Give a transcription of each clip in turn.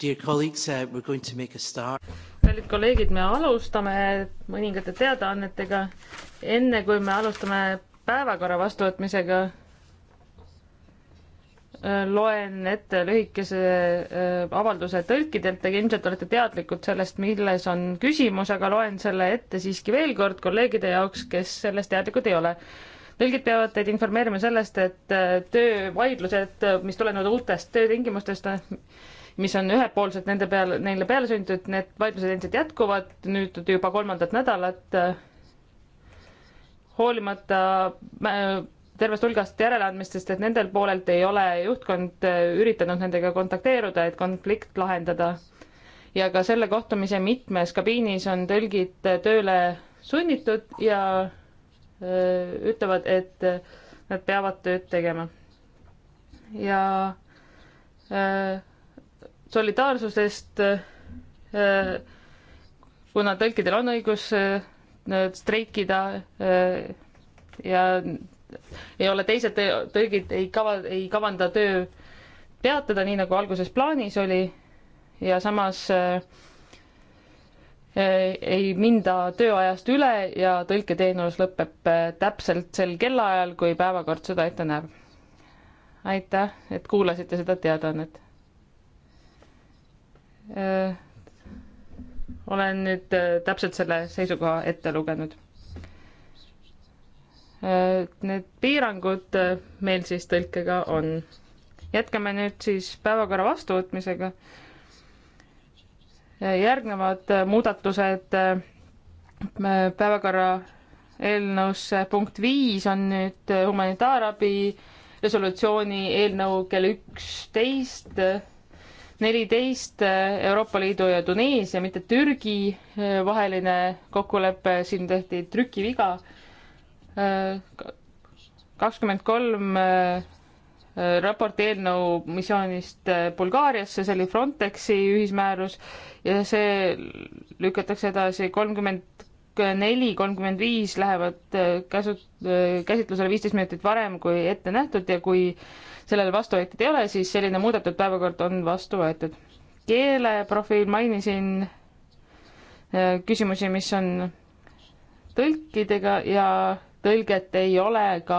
Dear colleagues, uh, we're going to make a start. kallid kolleegid, me alustame mõningate teadaannetega. enne kui me alustame päevakorra vastuvõtmisega, äh, loen ette lühikese äh, avalduse tõlkidelt, te ilmselt olete teadlikud sellest, milles on küsimus, aga loen selle ette siiski veel kord kolleegide jaoks, kes sellest teadlikud ei ole tõlgid peavad teid informeerima sellest, et äh, töövaidlused, mis tulenevad uutest töötingimustest, mis on ühepoolselt nende peale, neile peale sunnitud, need vaidlused endiselt jätkuvad nüüd juba kolmandat nädalat. Äh, hoolimata äh, tervest hulgast järeleandmistest, et nendel poolelt ei ole juhtkond äh, üritanud nendega kontakteeruda, et konflikt lahendada. ja ka selle kohtumise mitmes kabiinis on tõlgid tööle sunnitud ja öö, ütlevad, et nad peavad tööd tegema. ja öö, solidaarsusest, äh, kuna tõlkidel on õigus äh, streikida äh, ja ei ole teised tõlgid, ei kava, ei kavanda töö peatada, nii nagu alguses plaanis oli ja samas ei minda tööajast üle ja tõlketeenus lõpeb täpselt sel kellaajal, kui päevakord seda ette näeb. aitäh, et kuulasite seda teadaannet. Äh, olen nüüd äh, täpselt selle seisukoha ette lugenud. Äh, need piirangud meil siis tõlkega on. jätkame nüüd siis päevakorra vastuvõtmisega. järgnevad muudatused päevakorra eelnõusse. punkt viis on nüüd humanitaarabi resolutsiooni eelnõu kell üksteist neliteist äh, Euroopa Liidu ja Tuneesia, mitte Türgi äh, vaheline kokkulepe, siin tehti trükiviga. Äh, kakskümmend kolm raporti eelnõu missioonist Bulgaariasse, see oli Frontexi ühismäärus ja see lükatakse edasi kolmkümmend neli, kolmkümmend viis lähevad käsu-, käsitlusele viisteist minutit varem kui ette nähtud ja kui äh, sellele vastuväiteid ei ole, siis selline muudetud päevakord on vastu võetud. keeleprofiil mainisin äh, küsimusi, mis on tõlkidega ja tõlget ei ole ka,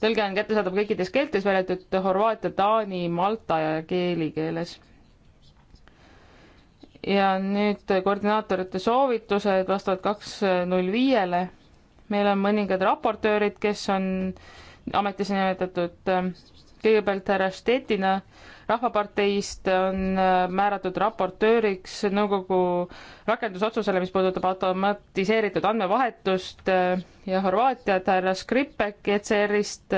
tõlge on kättesaadav kõikides keeltes, välja arvatud horvaatia, taani, malta ja keeli keeles. ja nüüd koordinaatorite soovitused vastavad kaks null viiele. meil on mõningad raportöörid, kes on äh, ametisse nimetatud. Äh, kõigepealt härra Štetina Rahvaparteist on äh, määratud raportööriks nõukogu rakendusotsusele, mis puudutab automatiseeritud andmevahetust äh, ja Horvaatiat, härra Skripek ECR-ist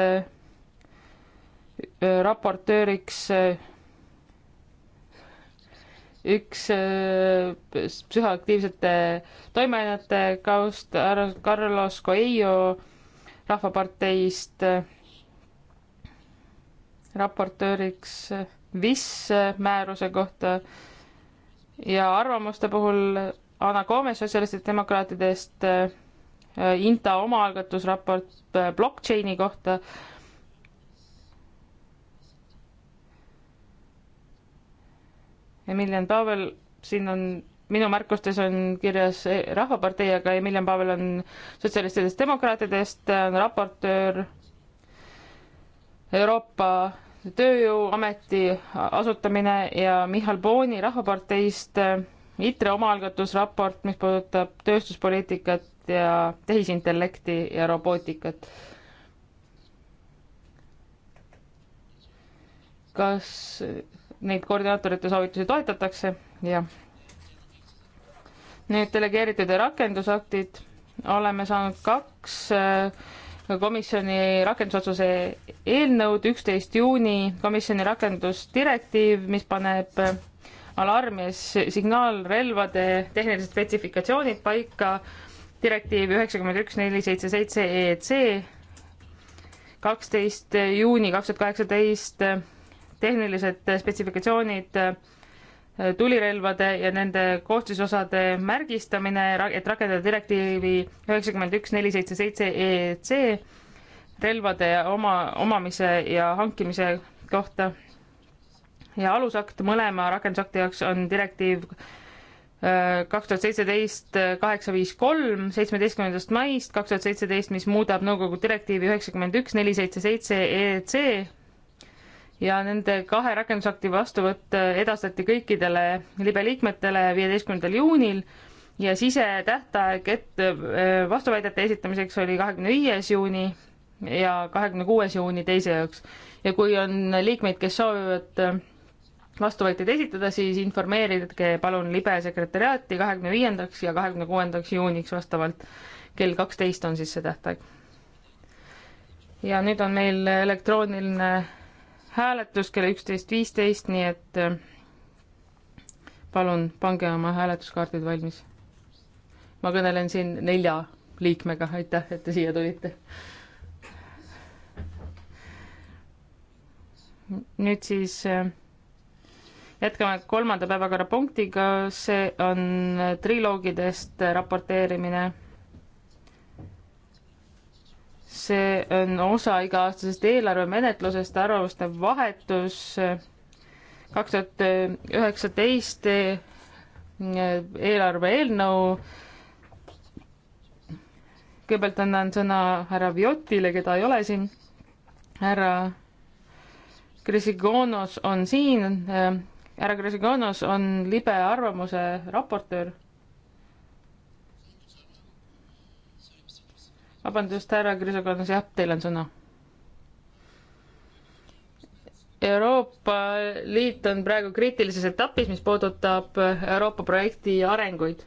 raportööriks üks psühhoaktiivsete toimeainete kaust, Carlos Coelho Rahvaparteist äh, raportööriks äh, VIS äh, määruse kohta ja arvamuste puhul Anna Koome sotsialistide demokraatidest, INTA omaalgatusraport blockchain'i kohta Emilian Pavel, siin on minu märkustes on kirjas eh, Rahvapartei, aga Emilian Pavel on sotsialistidest demokraatidest, on raportöör Euroopa Tööjõuameti asutamine ja Michal Booni Rahvaparteist eh, ITRE omaalgatusraport, mis puudutab tööstuspoliitikat ja tehisintellekti ja robootikat. kas neid koordinaatorite soovitusi toetatakse? jah nüüd delegeeritud ja rakendusaktid, oleme saanud kaks äh, komisjoni rakendusotsuse eelnõud, üksteist juuni komisjoni rakendusdirektiiv, mis paneb äh, alarmis signaalrelvade tehnilised spetsifikatsioonid paika, direktiiv üheksakümmend üks neli seitse seitse EEC, kaksteist juuni kaks tuhat kaheksateist äh, tehnilised spetsifikatsioonid tulirelvade ja nende koostisosade märgistamine, et rakendada direktiivi üheksakümmend üks neli seitse seitse EEC relvade oma, omamise ja hankimise kohta. ja alusakt mõlema rakendusakti jaoks on direktiiv äh, kaks tuhat seitseteist äh, kaheksa viis kolm seitsmeteistkümnendast maist kaks tuhat seitseteist, mis muudab nõukogu direktiivi üheksakümmend üks neli seitse seitse EEC ja nende kahe rakendusakti vastuvõtt edastati kõikidele libe liikmetele viieteistkümnendal juunil ja sisetähtaeg et vastuväidete esitamiseks oli kahekümne viies juuni ja kahekümne kuues juuni teise jaoks. ja kui on liikmeid, kes soovivad vastuväiteid esitada, siis informeerige palun libe sekretäriaati kahekümne viiendaks ja kahekümne kuuendaks juuniks vastavalt. kell kaksteist on siis see tähtaeg. ja nüüd on meil elektrooniline hääletus kell üksteist viisteist, nii et äh, palun pange oma hääletuskaardid valmis. ma kõnelen siin nelja liikmega, aitäh, et te siia tulite. nüüd siis äh, jätkame kolmanda päevakorrapunktiga, see on triloogidest raporteerimine see on osa iga-aastasest eelarvemenetlusest, arvamuste vahetus eh, kaks tuhat üheksateist eh, eelarve eelnõu. kõigepealt annan sõna härra Viotile, keda ei ole siin. härra Krisigonos on siin, eh, härra Krisigonos on libe arvamuse raportöör vabandust, härra Krisokonnas, jah, teil on sõna. Euroopa Liit on praegu kriitilises etapis, mis puudutab Euroopa projekti arenguid.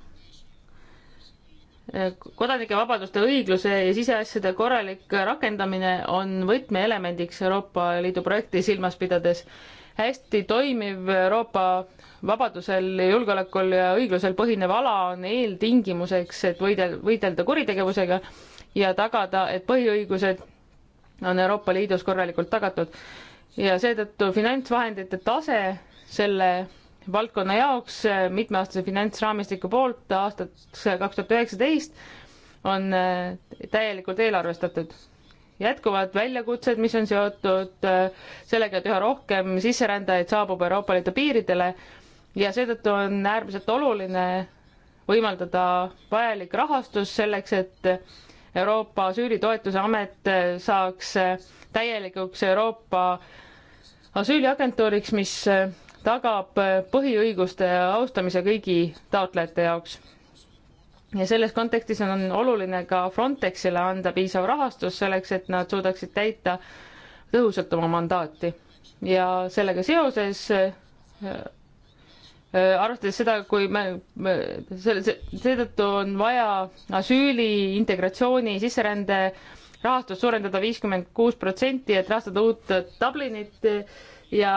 kodanike vabaduste õigluse ja siseasjade korralik rakendamine on võtmeelemendiks Euroopa Liidu projekti silmas pidades hästi toimiv Euroopa vabadusel, julgeolekul ja õiglusel põhinev ala on eeltingimuseks, et võidel-, võidelda kuritegevusega ja tagada, et põhiõigused on Euroopa Liidus korralikult tagatud. ja seetõttu finantsvahendite tase selle valdkonna jaoks mitmeaastase finantsraamistiku poolt aastaks kaks tuhat üheksateist on äh, täielikult eelarvestatud jätkuvad väljakutsed, mis on seotud äh, sellega, et üha rohkem sisserändajaid saabub Euroopa Liidu piiridele ja seetõttu on äärmiselt oluline võimaldada vajalik rahastus selleks, et Euroopa Asüülitoetuse Amet eh, saaks eh, täielikuks Euroopa asüüliagentuuriks, mis eh, tagab põhiõiguste austamise kõigi taotlejate jaoks. ja selles kontekstis on oluline ka Frontexile anda piisav rahastus selleks, et nad suudaksid täita tõhusalt oma mandaati ja sellega seoses Äh, arvestades seda, kui me, me selle, seetõttu on vaja asüüli, integratsiooni, sisserände rahastust suurendada viiskümmend kuus protsenti, et rahastada uut Dublinit ja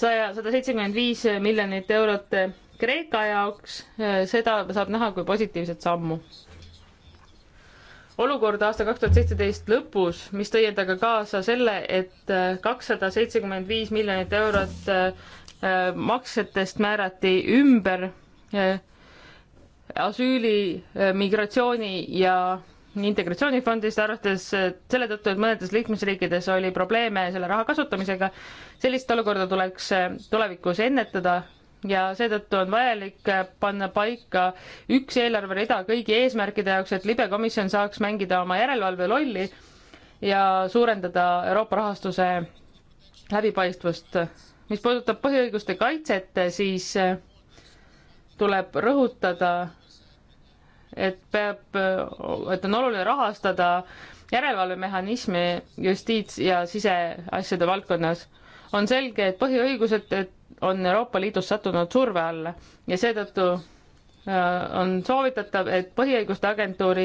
saja, sada seitsekümmend viis miljonit eurot Kreeka jaoks, äh, seda saab näha kui positiivset sammu. olukord aasta kaks tuhat seitseteist lõpus, mis tõi endaga kaasa selle, et äh, kakssada seitsekümmend viis miljonit eurot Äh, maksetest määrati ümber äh, asüüli, äh, migratsiooni ja integratsioonifondist, arvates selle tõttu, et mõnedes liikmesriikides oli probleeme selle raha kasutamisega, sellist olukorda tuleks tulevikus ennetada ja seetõttu on vajalik panna paika üks eelarverida kõigi eesmärkide jaoks, et libekomisjon saaks mängida oma järelevalve lolli ja suurendada Euroopa rahastuse läbipaistvust mis puudutab põhiõiguste kaitset, siis äh, tuleb rõhutada, et peab, äh, et on oluline rahastada järelevalvemehhanismi justiits- ja siseasjade valdkonnas. on selge, et põhiõigused on Euroopa Liidus sattunud surve alla ja seetõttu äh, on soovitatav, et Põhiõiguste Agentuuri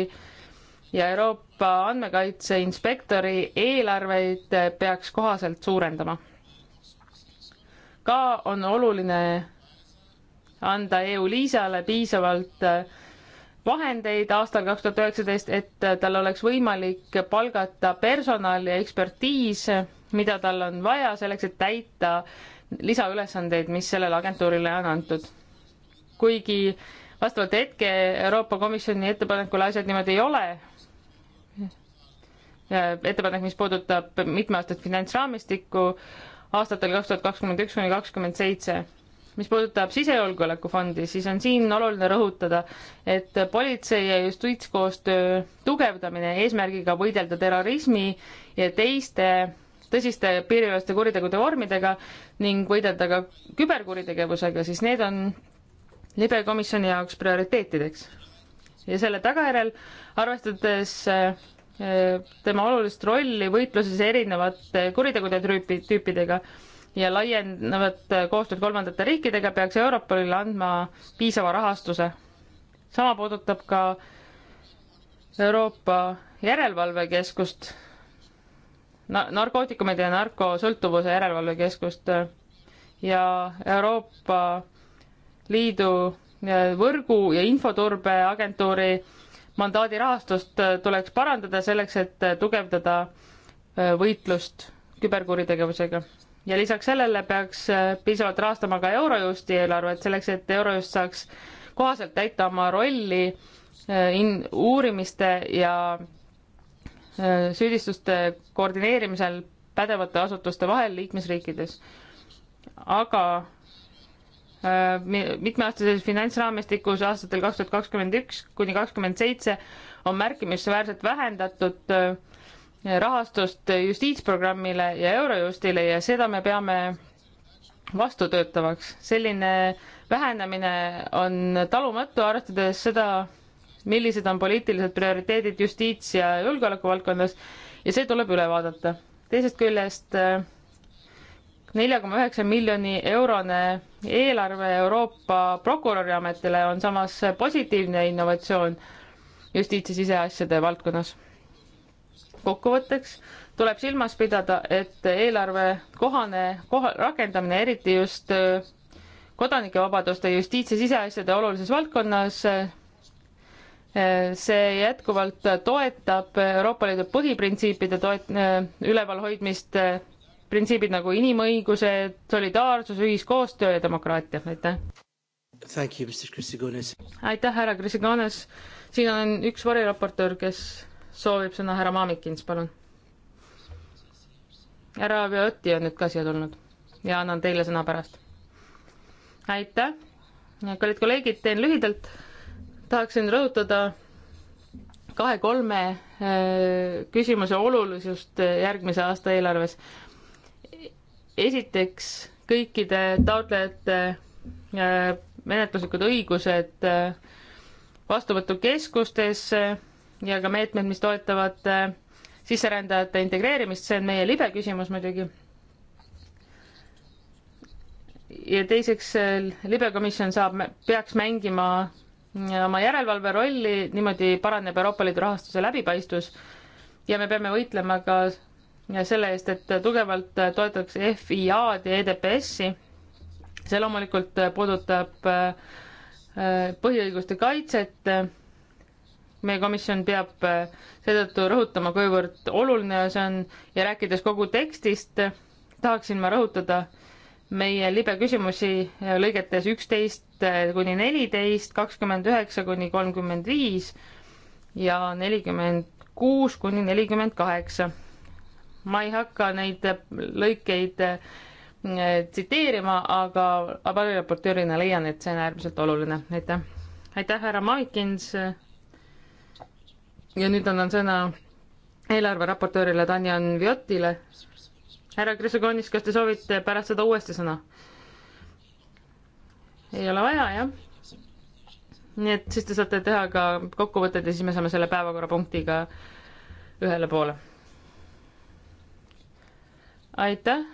ja Euroopa Andmekaitse Inspektori eelarveid peaks kohaselt suurendama ka on oluline anda EU-Liisale piisavalt äh, vahendeid aastal kaks tuhat üheksateist, et äh, tal oleks võimalik palgata personal ja ekspertiis, mida tal on vaja selleks, et täita lisaülesandeid, mis sellele agentuurile on antud. kuigi vastavalt hetke Euroopa Komisjoni ettepanekule asjad niimoodi ei ole, äh, ettepanek, mis puudutab mitmeaastast finantsraamistikku, aastatel kaks tuhat kakskümmend üks kuni kakskümmend seitse. mis puudutab sisejulgeolekufondi, siis on siin oluline rõhutada, et politsei ja justiitskoostöö tugevdamine eesmärgiga võidelda terrorismi ja teiste tõsiste piiriüleste kuritegude vormidega ning võidelda ka küberkuritegevusega, siis need on libe komisjoni jaoks prioriteetideks. ja selle tagajärjel, arvestades äh, tema olulist rolli võitluses erinevate kuritegude tüüpi, tüüpidega ja laienevat koostööd kolmandate riikidega peaks Europolile andma piisava rahastuse. sama puudutab ka Euroopa Järelevalvekeskust, narkootikumide ja narkosõltuvuse järelevalvekeskust ja Euroopa Liidu eh, võrgu- ja infoturbeagentuuri mandaadi rahastust äh, tuleks parandada selleks, et äh, tugevdada äh, võitlust küberkuritegevusega. ja lisaks sellele peaks piisavalt rahastama ka Eurojusti eelarvet selleks, et Eurojust saaks kohaselt täita oma rolli in-, uurimiste ja süüdistuste koordineerimisel pädevate asutuste vahel liikmesriikides. aga Äh, mitmeaastases finantsraamistikus aastatel kaks tuhat kakskümmend üks kuni kakskümmend seitse on märkimisväärselt vähendatud äh, rahastust justiitsprogrammile ja Eurojustile ja seda me peame vastutöötavaks. selline vähenemine on talumatu, arvestades seda, millised on poliitilised prioriteedid justiits- ja julgeolekuvaldkonnas ja see tuleb üle vaadata. teisest küljest äh, nelja koma üheksa miljoni eurone eelarve Euroopa prokuröri ametile on samas positiivne innovatsioon justiits- ja siseasjade valdkonnas. kokkuvõtteks tuleb silmas pidada, et eelarve kohane koha, rakendamine, eriti just äh, kodanikevabaduste justiits- ja siseasjade olulises valdkonnas, äh, see jätkuvalt toetab Euroopa Liidu põhiprintsiipide toet-, äh, ülevalhoidmist printsiibid nagu inimõigused, solidaarsus, ühiskoostöö ja demokraatia, aitäh. aitäh, härra Kristiganes. siin on üks variraportöör, kes soovib sõna, härra Maamikins, palun. härra Viotti on nüüd ka siia tulnud ja annan teile sõna pärast. aitäh, kallid kolleegid, teen lühidalt. tahaksin rõhutada kahe-kolme äh, küsimuse olulisust järgmise aasta eelarves esiteks kõikide taotlejate äh, menetluslikud õigused äh, vastuvõtukeskustesse ja ka meetmed, mis toetavad äh, sisserändajate integreerimist, see on meie libe küsimus muidugi. ja teiseks, libekomisjon saab, peaks mängima oma järelevalve rolli, niimoodi paraneb Euroopa Liidu rahastuse läbipaistvus ja me peame võitlema ka selle eest, et tugevalt toetatakse FIA-d ja EDPS-i. see loomulikult puudutab äh, põhiõiguste kaitset. meie komisjon peab äh, seetõttu rõhutama, kuivõrd oluline see on ja rääkides kogu tekstist, tahaksin ma rõhutada meie libe küsimusi äh, lõigetes üksteist kuni neliteist, kakskümmend üheksa kuni kolmkümmend viis ja nelikümmend kuus kuni nelikümmend kaheksa ma ei hakka neid lõikeid eh, tsiteerima, aga abieluraportöörina leian, et see on äärmiselt oluline, aitäh. aitäh, härra Mamikins. ja nüüd annan sõna eelarveraportöörile Danjan Viotile. härra Krisokonis, kas te soovite pärast seda uuesti sõna? ei ole vaja, jah? nii et siis te saate teha ka kokkuvõtted ja siis me saame selle päevakorrapunktiga ühele poole aitäh,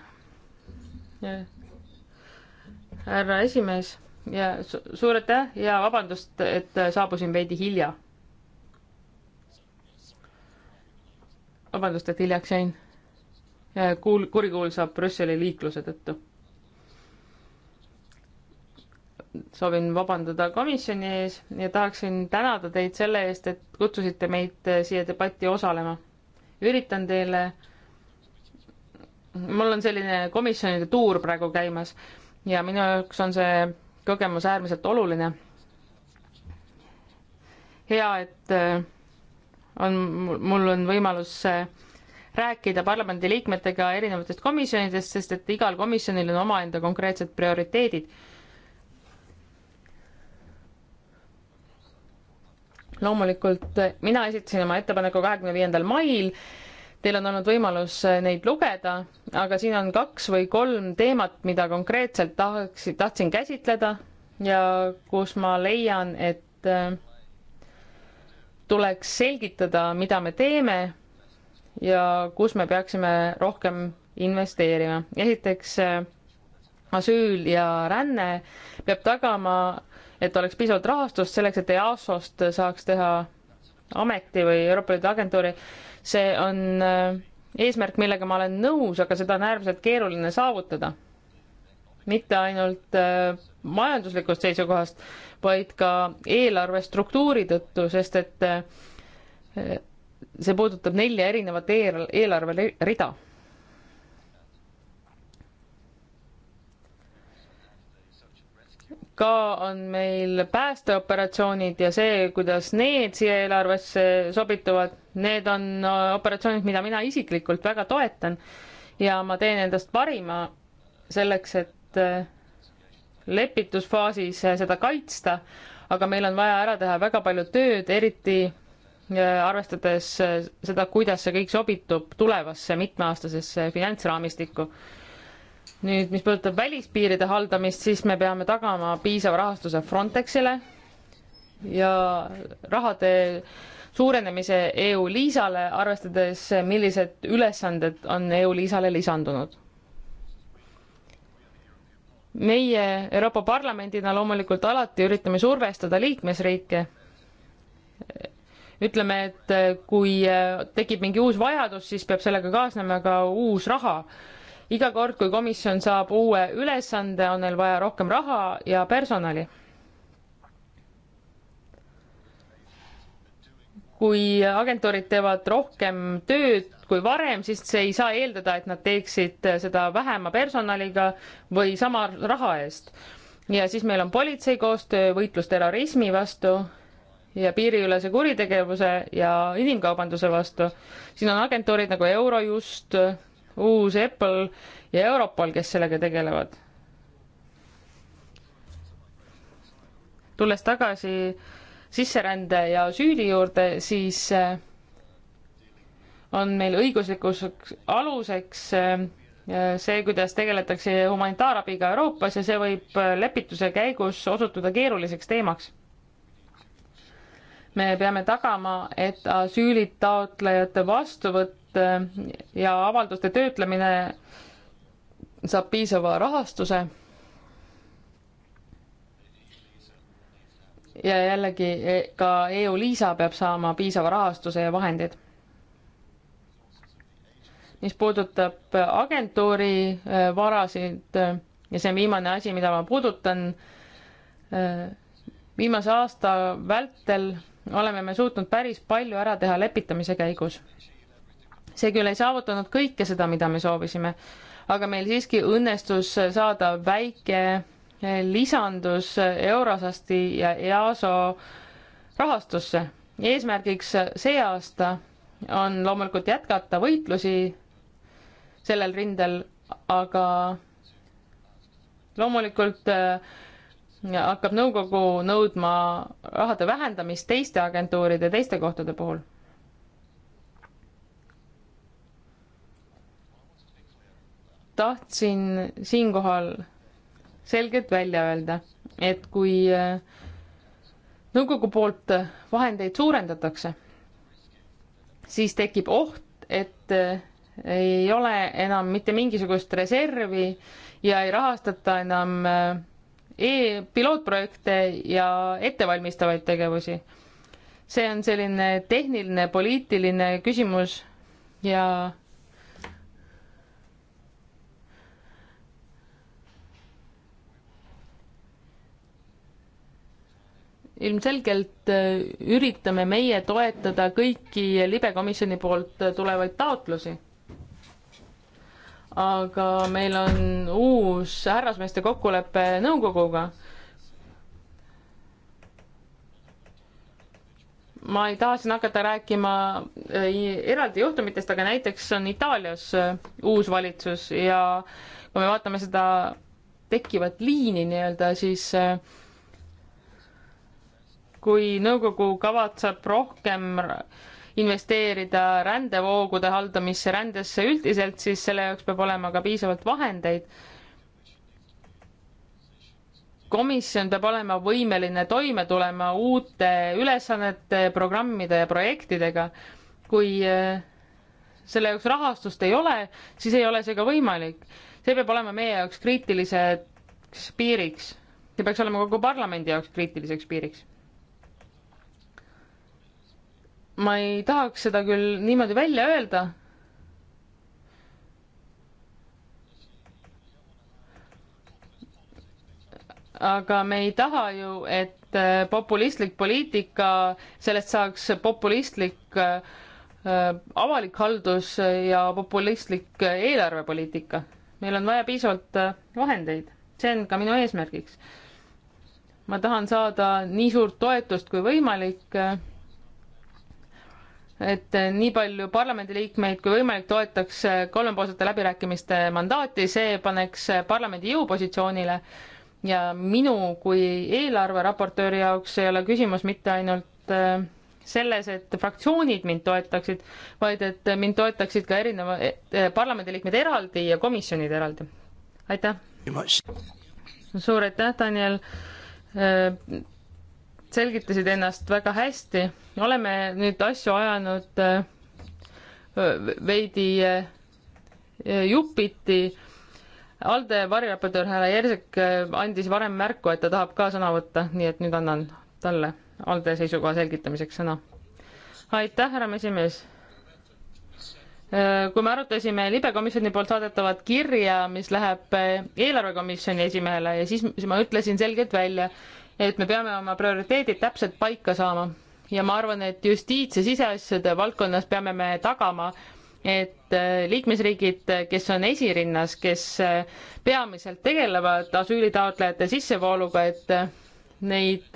härra esimees ja su suur aitäh ja vabandust, et saabusin veidi hilja. vabandust, et hiljaks jäin. kuul-, kurikuulsa Brüsseli liikluse tõttu. soovin vabandada komisjoni ees ja tahaksin tänada teid selle eest, et kutsusite meid siia debatti osalema. üritan teile äh, mul on selline komisjonide tuur praegu käimas ja minu jaoks on see kogemus äärmiselt oluline. hea, et äh, on, mul on võimalus äh, rääkida parlamendiliikmetega erinevatest komisjonidest, sest et igal komisjonil on omaenda konkreetsed prioriteedid. loomulikult äh, mina esitasin oma ettepaneku kahekümne viiendal mail Teil on olnud võimalus äh, neid lugeda, aga siin on kaks või kolm teemat, mida konkreetselt tahaks, tahtsin käsitleda ja kus ma leian, et äh, tuleks selgitada, mida me teeme ja kus me peaksime rohkem investeerima. esiteks äh, asüül ja ränne peab tagama, et oleks piisavalt rahastust selleks, et EASO-st saaks teha ameti või Euroopa Liidu agentuuri, see on äh, eesmärk, millega ma olen nõus, aga seda on äärmiselt keeruline saavutada. mitte ainult äh, majanduslikust seisukohast, vaid ka eelarve struktuuri tõttu, sest et äh, see puudutab nelja erinevat eelarverida ka on meil päästeoperatsioonid ja see, kuidas need siia eelarvesse sobituvad, need on äh, operatsioonid, mida mina isiklikult väga toetan ja ma teen endast parima selleks, et äh, lepitusfaasis äh, seda kaitsta, aga meil on vaja ära teha väga palju tööd, eriti arvestades seda, kuidas see kõik sobitub tulevasse mitmeaastasesse finantsraamistikku nüüd, mis puudutab välispiiride haldamist, siis me peame tagama piisava rahastuse Frontexile ja rahade suurenemise EU-liisale, arvestades, millised ülesanded on EU-liisale lisandunud. meie Euroopa Parlamendina loomulikult alati üritame survestada liikmesriike. ütleme, et kui tekib mingi uus vajadus, siis peab sellega kaasnema ka uus raha iga kord, kui komisjon saab uue ülesande, on neil vaja rohkem raha ja personali. kui agentuurid teevad rohkem tööd kui varem, siis ei saa eeldada, et nad teeksid seda vähema personaliga või sama raha eest. ja siis meil on politsei koostöö, võitlus terrorismi vastu ja piiriülese kuritegevuse ja inimkaubanduse vastu. siin on agentuurid nagu Eurojust, uus Apple ja Europol, kes sellega tegelevad. tulles tagasi sisserände ja süüdi juurde, siis äh, on meil õiguslikuks aluseks äh, see, kuidas tegeletakse humanitaarabiga Euroopas ja see võib äh, lepituse käigus osutuda keeruliseks teemaks me peame tagama, et asüülitaotlejate vastuvõtt Eh, ja avalduste töötlemine saab piisava rahastuse. ja jällegi e, ka EU-LISA peab saama piisava rahastuse ja vahendid. mis puudutab agentuuri eh, varasid eh, ja see on viimane asi, mida ma puudutan. viimase aasta vältel oleme me suutnud päris palju ära teha lepitamise käigus see küll ei saavutanud kõike seda, mida me soovisime, aga meil siiski õnnestus saada väike lisandus Eurosasti ja EASO rahastusse. eesmärgiks see aasta on loomulikult jätkata võitlusi sellel rindel, aga loomulikult äh, hakkab nõukogu nõudma rahade vähendamist teiste agentuuride, teiste kohtade puhul tahtsin siinkohal selgelt välja öelda, et kui äh, nõukogu poolt vahendeid suurendatakse, siis tekib oht, et äh, ei ole enam mitte mingisugust reservi ja ei rahastata enam äh, e-pilootprojekte ja ettevalmistavaid tegevusi. see on selline tehniline poliitiline küsimus ja ilmselgelt äh, üritame meie toetada kõiki libekomisjoni poolt äh, tulevaid taotlusi. aga meil on uus härrasmeeste kokkulepe nõukoguga. ma ei taha siin hakata rääkima äh, eraldi juhtumitest, aga näiteks on Itaalias uus valitsus ja kui me vaatame seda tekkivat liini nii-öelda, siis äh, kui nõukogu kavatseb rohkem investeerida rändevoogude haldamisse, rändesse üldiselt, siis selle jaoks peab olema ka piisavalt vahendeid. komisjon peab olema võimeline toime tulema uute ülesannete, programmide ja projektidega. kui äh, selle jaoks rahastust ei ole, siis ei ole see ka võimalik. see peab olema meie jaoks kriitiliseks piiriks. see peaks olema kogu parlamendi jaoks kriitiliseks piiriks ma ei tahaks seda küll niimoodi välja öelda. aga me ei taha ju, et äh, populistlik poliitika, sellest saaks populistlik äh, äh avalik haldus ja populistlik äh, eelarvepoliitika. meil on vaja piisavalt äh, vahendeid, see on ka minu eesmärgiks. ma tahan saada nii suurt toetust kui võimalik äh, et eh, nii palju parlamendiliikmeid kui võimalik toetaks eh, kolmepoolsete läbirääkimiste mandaati, see paneks eh, parlamendi jõupositsioonile. ja minu kui eelarveraportööri jaoks ei ole küsimus mitte ainult selles, et fraktsioonid mind toetaksid, vaid et mind toetaksid ka erineva, parlamendiliikmed eraldi ja komisjonid eraldi. aitäh! suur aitäh, Daniel! selgitasid ennast väga hästi. oleme nüüd asju ajanud äh, veidi äh, äh, jupiti. ALDE variraportöör härra Jersek andis varem märku, et ta tahab ka sõna võtta, nii et nüüd annan talle ALDE seisukoha selgitamiseks sõna. aitäh, härra esimees kui me arutasime libekomisjoni poolt saadetavat kirja, mis läheb eelarvekomisjoni esimehele ja siis ma ütlesin selgelt välja, et me peame oma prioriteedid täpselt paika saama ja ma arvan, et justiits- ja siseasjade valdkonnas peame me tagama, et äh, liikmesriigid, kes on esirinnas, kes äh, peamiselt tegelevad asüülitaotlejate sissevooluga, et äh, neid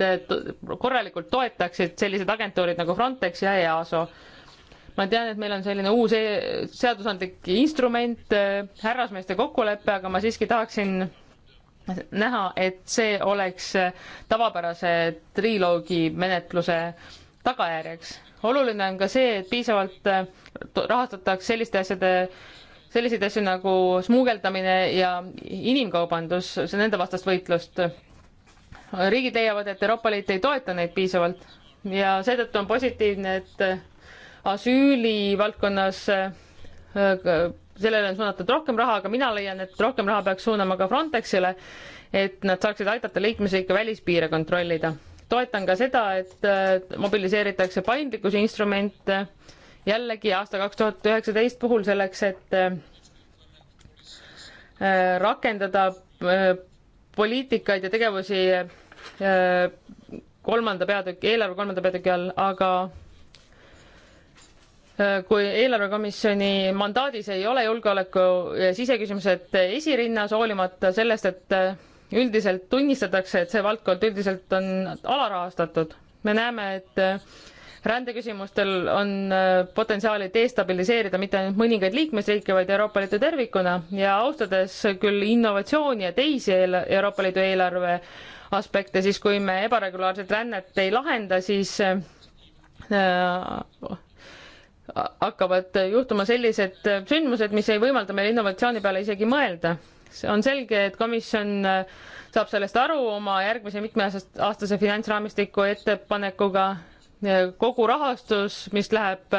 korralikult toetaksid sellised agentuurid nagu Frontex ja EASO. ma tean, et meil on selline uus e-, seadusandlik instrument, härrasmeeste kokkulepe, aga ma siiski tahaksin näha, et see oleks tavapärase triloogi menetluse tagajärjeks. oluline on ka see, et piisavalt äh, rahastatakse selliste asjade, selliseid asju nagu smugeldamine ja inimkaubandus, see nende vastast võitlust. riigid leiavad, et Euroopa Liit ei toeta neid piisavalt ja seetõttu on positiivne, et asüüli valdkonnas äh, sellele on suunatud rohkem raha, aga mina leian, et rohkem raha peaks suunama ka Frontexile, et nad saaksid aidata liikmesriike välispiire kontrollida. toetan ka seda, et äh, mobiliseeritakse paindlikkuse instrument jällegi aasta kaks tuhat üheksateist puhul selleks, et äh, rakendada äh, poliitikaid ja tegevusi kolmanda peatüki, eelarve kolmanda peatüki all, aga kui eelarvekomisjoni mandaadis ei ole julgeoleku ja siseküsimused esirinnas, hoolimata sellest, et üldiselt tunnistatakse, et see valdkond üldiselt on alarahastatud. me näeme, et rändeküsimustel on potentsiaali destabiliseerida mitte ainult mõningaid liikmesriike, vaid Euroopa Liitu tervikuna ja austades küll innovatsiooni ja teisi Euroopa Liidu eelarve aspekte, siis kui me ebaregulaarset rännet ei lahenda, siis äh, hakkavad juhtuma sellised sündmused, mis ei võimalda meil innovatsiooni peale isegi mõelda. on selge, et komisjon saab sellest aru oma järgmise mitmeaastase finantsraamistiku ettepanekuga. kogu rahastus, mis läheb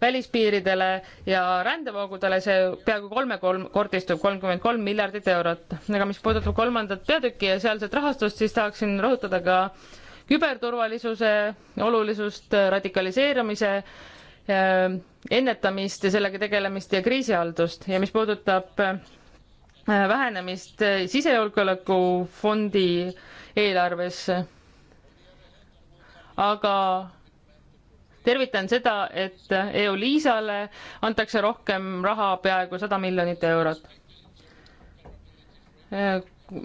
välispiiridele ja rändevoogudele, see peaaegu kolmekordistub, kolmkümmend kolm miljardit eurot. aga mis puudutab kolmandat peatükki ja sealset rahastust, siis tahaksin rõhutada ka küberturvalisuse olulisust, radikaliseerumise Äh, ennetamist ja sellega tegelemist ja kriisihaldust ja mis puudutab äh, vähenemist äh, sisejulgeoleku fondi eelarves. aga tervitan seda, et EULISale antakse rohkem raha, peaaegu sada miljonit eurot.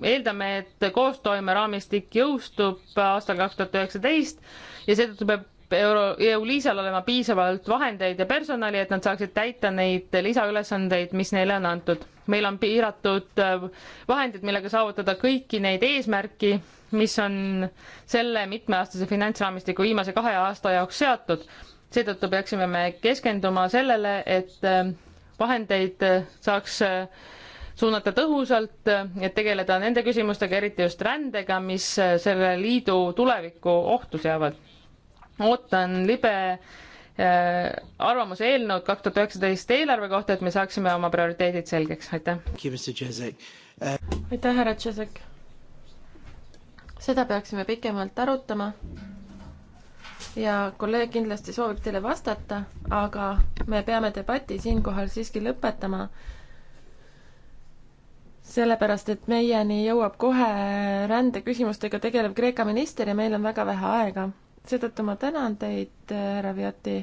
eeldame, et koostoimeraamistik jõustub aastal kaks tuhat üheksateist ja seetõttu peab euro, EU-Liisal olema piisavalt vahendeid ja personali, et nad saaksid täita neid lisaülesandeid, mis neile on antud. meil on piiratud äh, vahendid, millega saavutada kõiki neid eesmärki, mis on selle mitmeaastase finantsraamistiku viimase kahe aasta jaoks seatud. seetõttu peaksime me keskenduma sellele, et äh, vahendeid äh, saaks suunata tõhusalt, et tegeleda nende küsimustega, eriti just rändega, mis selle liidu tulevikku ohtu seavad ootan libe äh, arvamuse eelnõud kaks tuhat üheksateist eelarve kohta, et me saaksime oma prioriteedid selgeks, aitäh. Äh, aitäh, härra Tšesek. seda peaksime pikemalt arutama. ja kolleeg kindlasti soovib teile vastata, aga me peame debati siinkohal siiski lõpetama. sellepärast, et meieni jõuab kohe rändeküsimustega tegelev Kreeka minister ja meil on väga vähe aega seetõttu ma tänan teid, äh, härra Viati.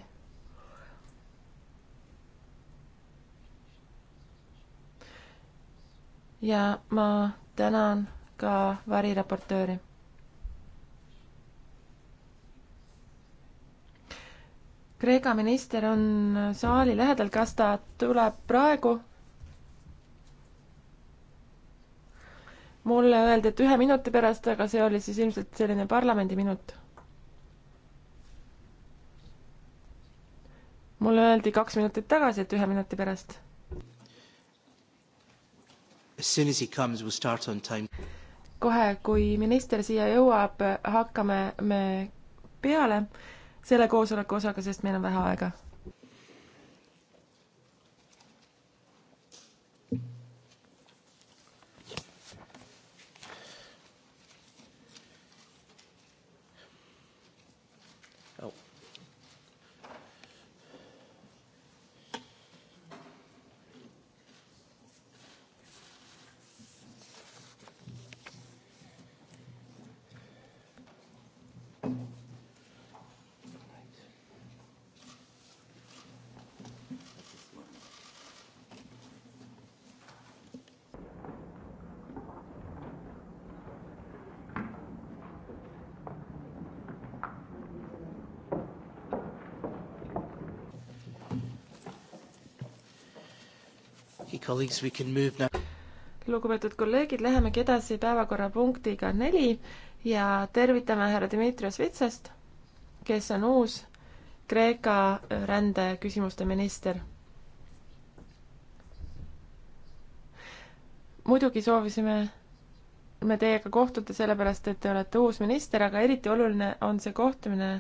ja ma tänan ka variraportööri Kreeka minister on saali lähedal, kas ta tuleb praegu? mulle öeldi, et ühe minuti pärast, aga see oli siis ilmselt selline parlamendi minut mulle öeldi kaks minutit tagasi, et ühe minuti pärast. kohe, kui minister siia jõuab, hakkame me peale selle koosoleku osaga, sest meil on vähe aega colleagues, we can move now. lugupeetud kolleegid, lähemegi edasi päevakorrapunktiga neli ja tervitame härra Dimitrios Vitsast, kes on uus Kreeka rändeküsimuste minister. muidugi soovisime me teiega kohtuda sellepärast, et te olete uus minister, aga eriti oluline on see kohtumine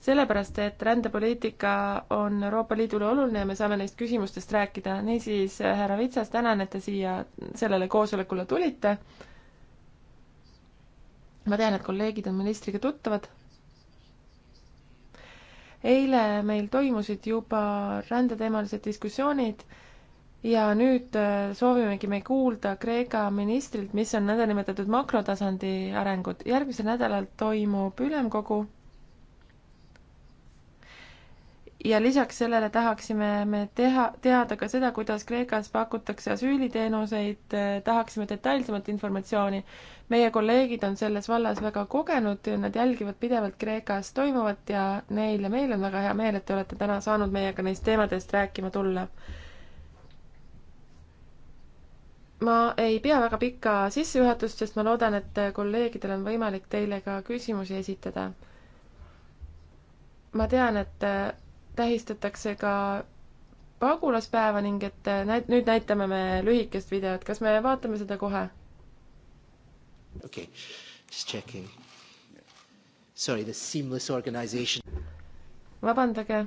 sellepärast, et rändepoliitika on Euroopa Liidule oluline ja me saame neist küsimustest rääkida. niisiis, härra Vitsas, tänan, et te siia sellele koosolekule tulite. ma tean, et kolleegid on ministriga tuttavad. eile meil toimusid juba rändeteemalised diskussioonid ja nüüd äh, soovimegi me kuulda Kreeka ministrilt, mis on nõndanimetatud makrotasandi arengud. järgmisel nädalal toimub ülemkogu ja lisaks sellele tahaksime me teha, teada ka seda, kuidas Kreekas pakutakse asüüliteenuseid, tahaksime detailsemat informatsiooni. meie kolleegid on selles vallas väga kogenud, nad jälgivad pidevalt Kreekas toimuvat ja neil ja meil on väga hea meel, et te olete täna saanud meiega neist teemadest rääkima tulla. ma ei pea väga pikka sissejuhatust, sest ma loodan, et kolleegidel on võimalik teile ka küsimusi esitada. ma tean, et tähistatakse ka pagulaspäeva ning et äh, näit-, nüüd näitame me lühikest videot, kas me vaatame seda kohe? okei okay., just checking. Sorry, the seamless organization. vabandage.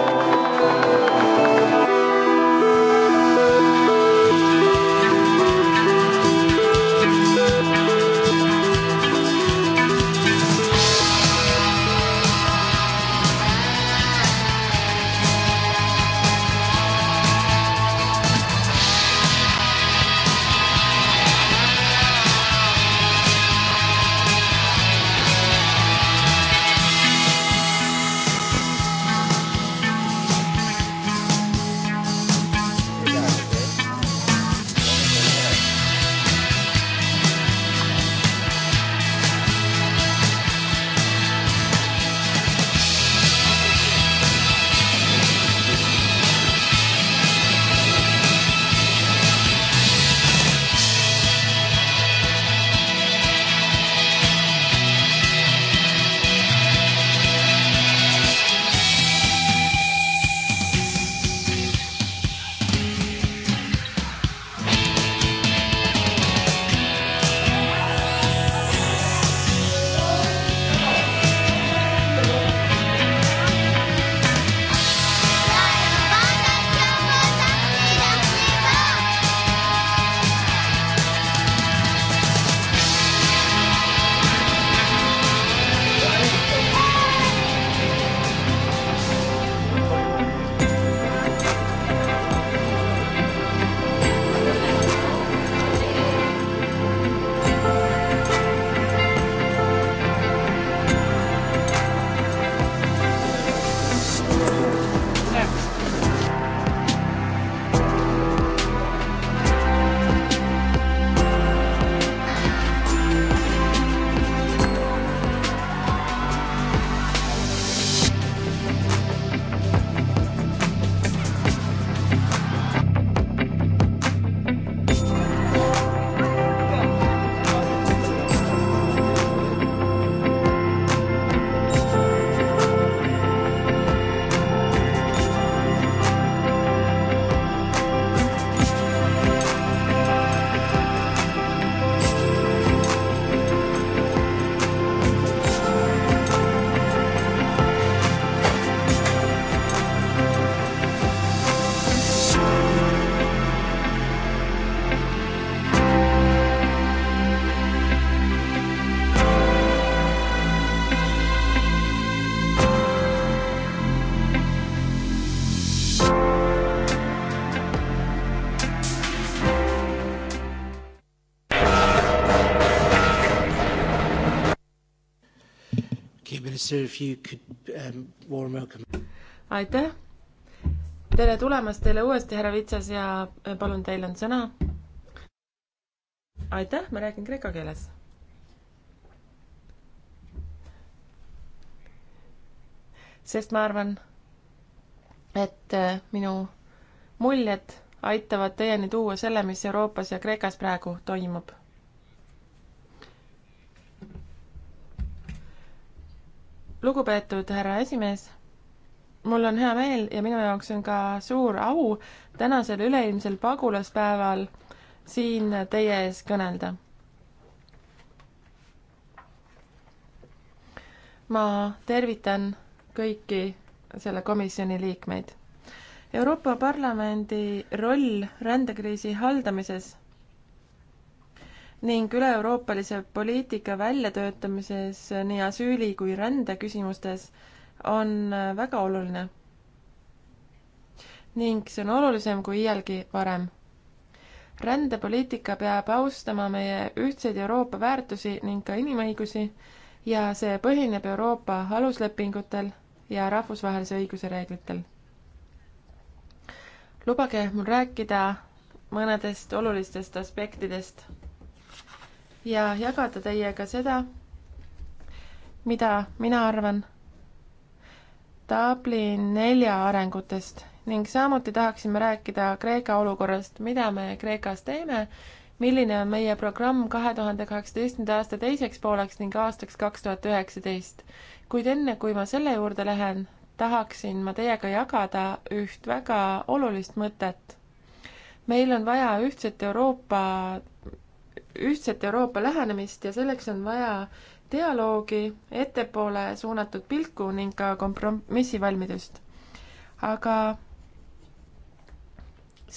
Um, aitäh! tere tulemast teile uuesti, härra Vitsas, ja äh, palun, teil on sõna. aitäh, ma räägin kreeka keeles. sest ma arvan, et äh, minu muljed aitavad teieni tuua selle, mis Euroopas ja Kreekas praegu toimub lugupeetud härra esimees, mul on hea meel ja minu jaoks on ka suur au tänasel üleilmsel pagulaspäeval siin teie ees kõnelda. ma tervitan kõiki selle komisjoni liikmeid Euroopa Parlamendi roll rändekriisi haldamises ning üle-euroopalise poliitika väljatöötamises nii asüüli kui rändeküsimustes on väga oluline. ning see on olulisem kui iialgi varem. rändepoliitika peab austama meie ühtseid Euroopa väärtusi ning ka inimõigusi ja see põhineb Euroopa aluslepingutel ja rahvusvahelise õiguse reeglitel. lubage mul rääkida mõnedest olulistest aspektidest ja jagada teiega seda, mida mina arvan Dublin nelja arengutest ning samuti tahaksime rääkida Kreeka olukorrast, mida me Kreekas teeme, milline on meie programm kahe tuhande kaheksateistkümnenda aasta teiseks pooleks ning aastaks kaks tuhat üheksateist. kuid enne, kui ma selle juurde lähen, tahaksin ma teiega jagada üht väga olulist mõtet. meil on vaja ühtset Euroopa ühtset Euroopa lähenemist ja selleks on vaja dialoogi, ettepoole suunatud pilku ning ka kompromissivalmidust. aga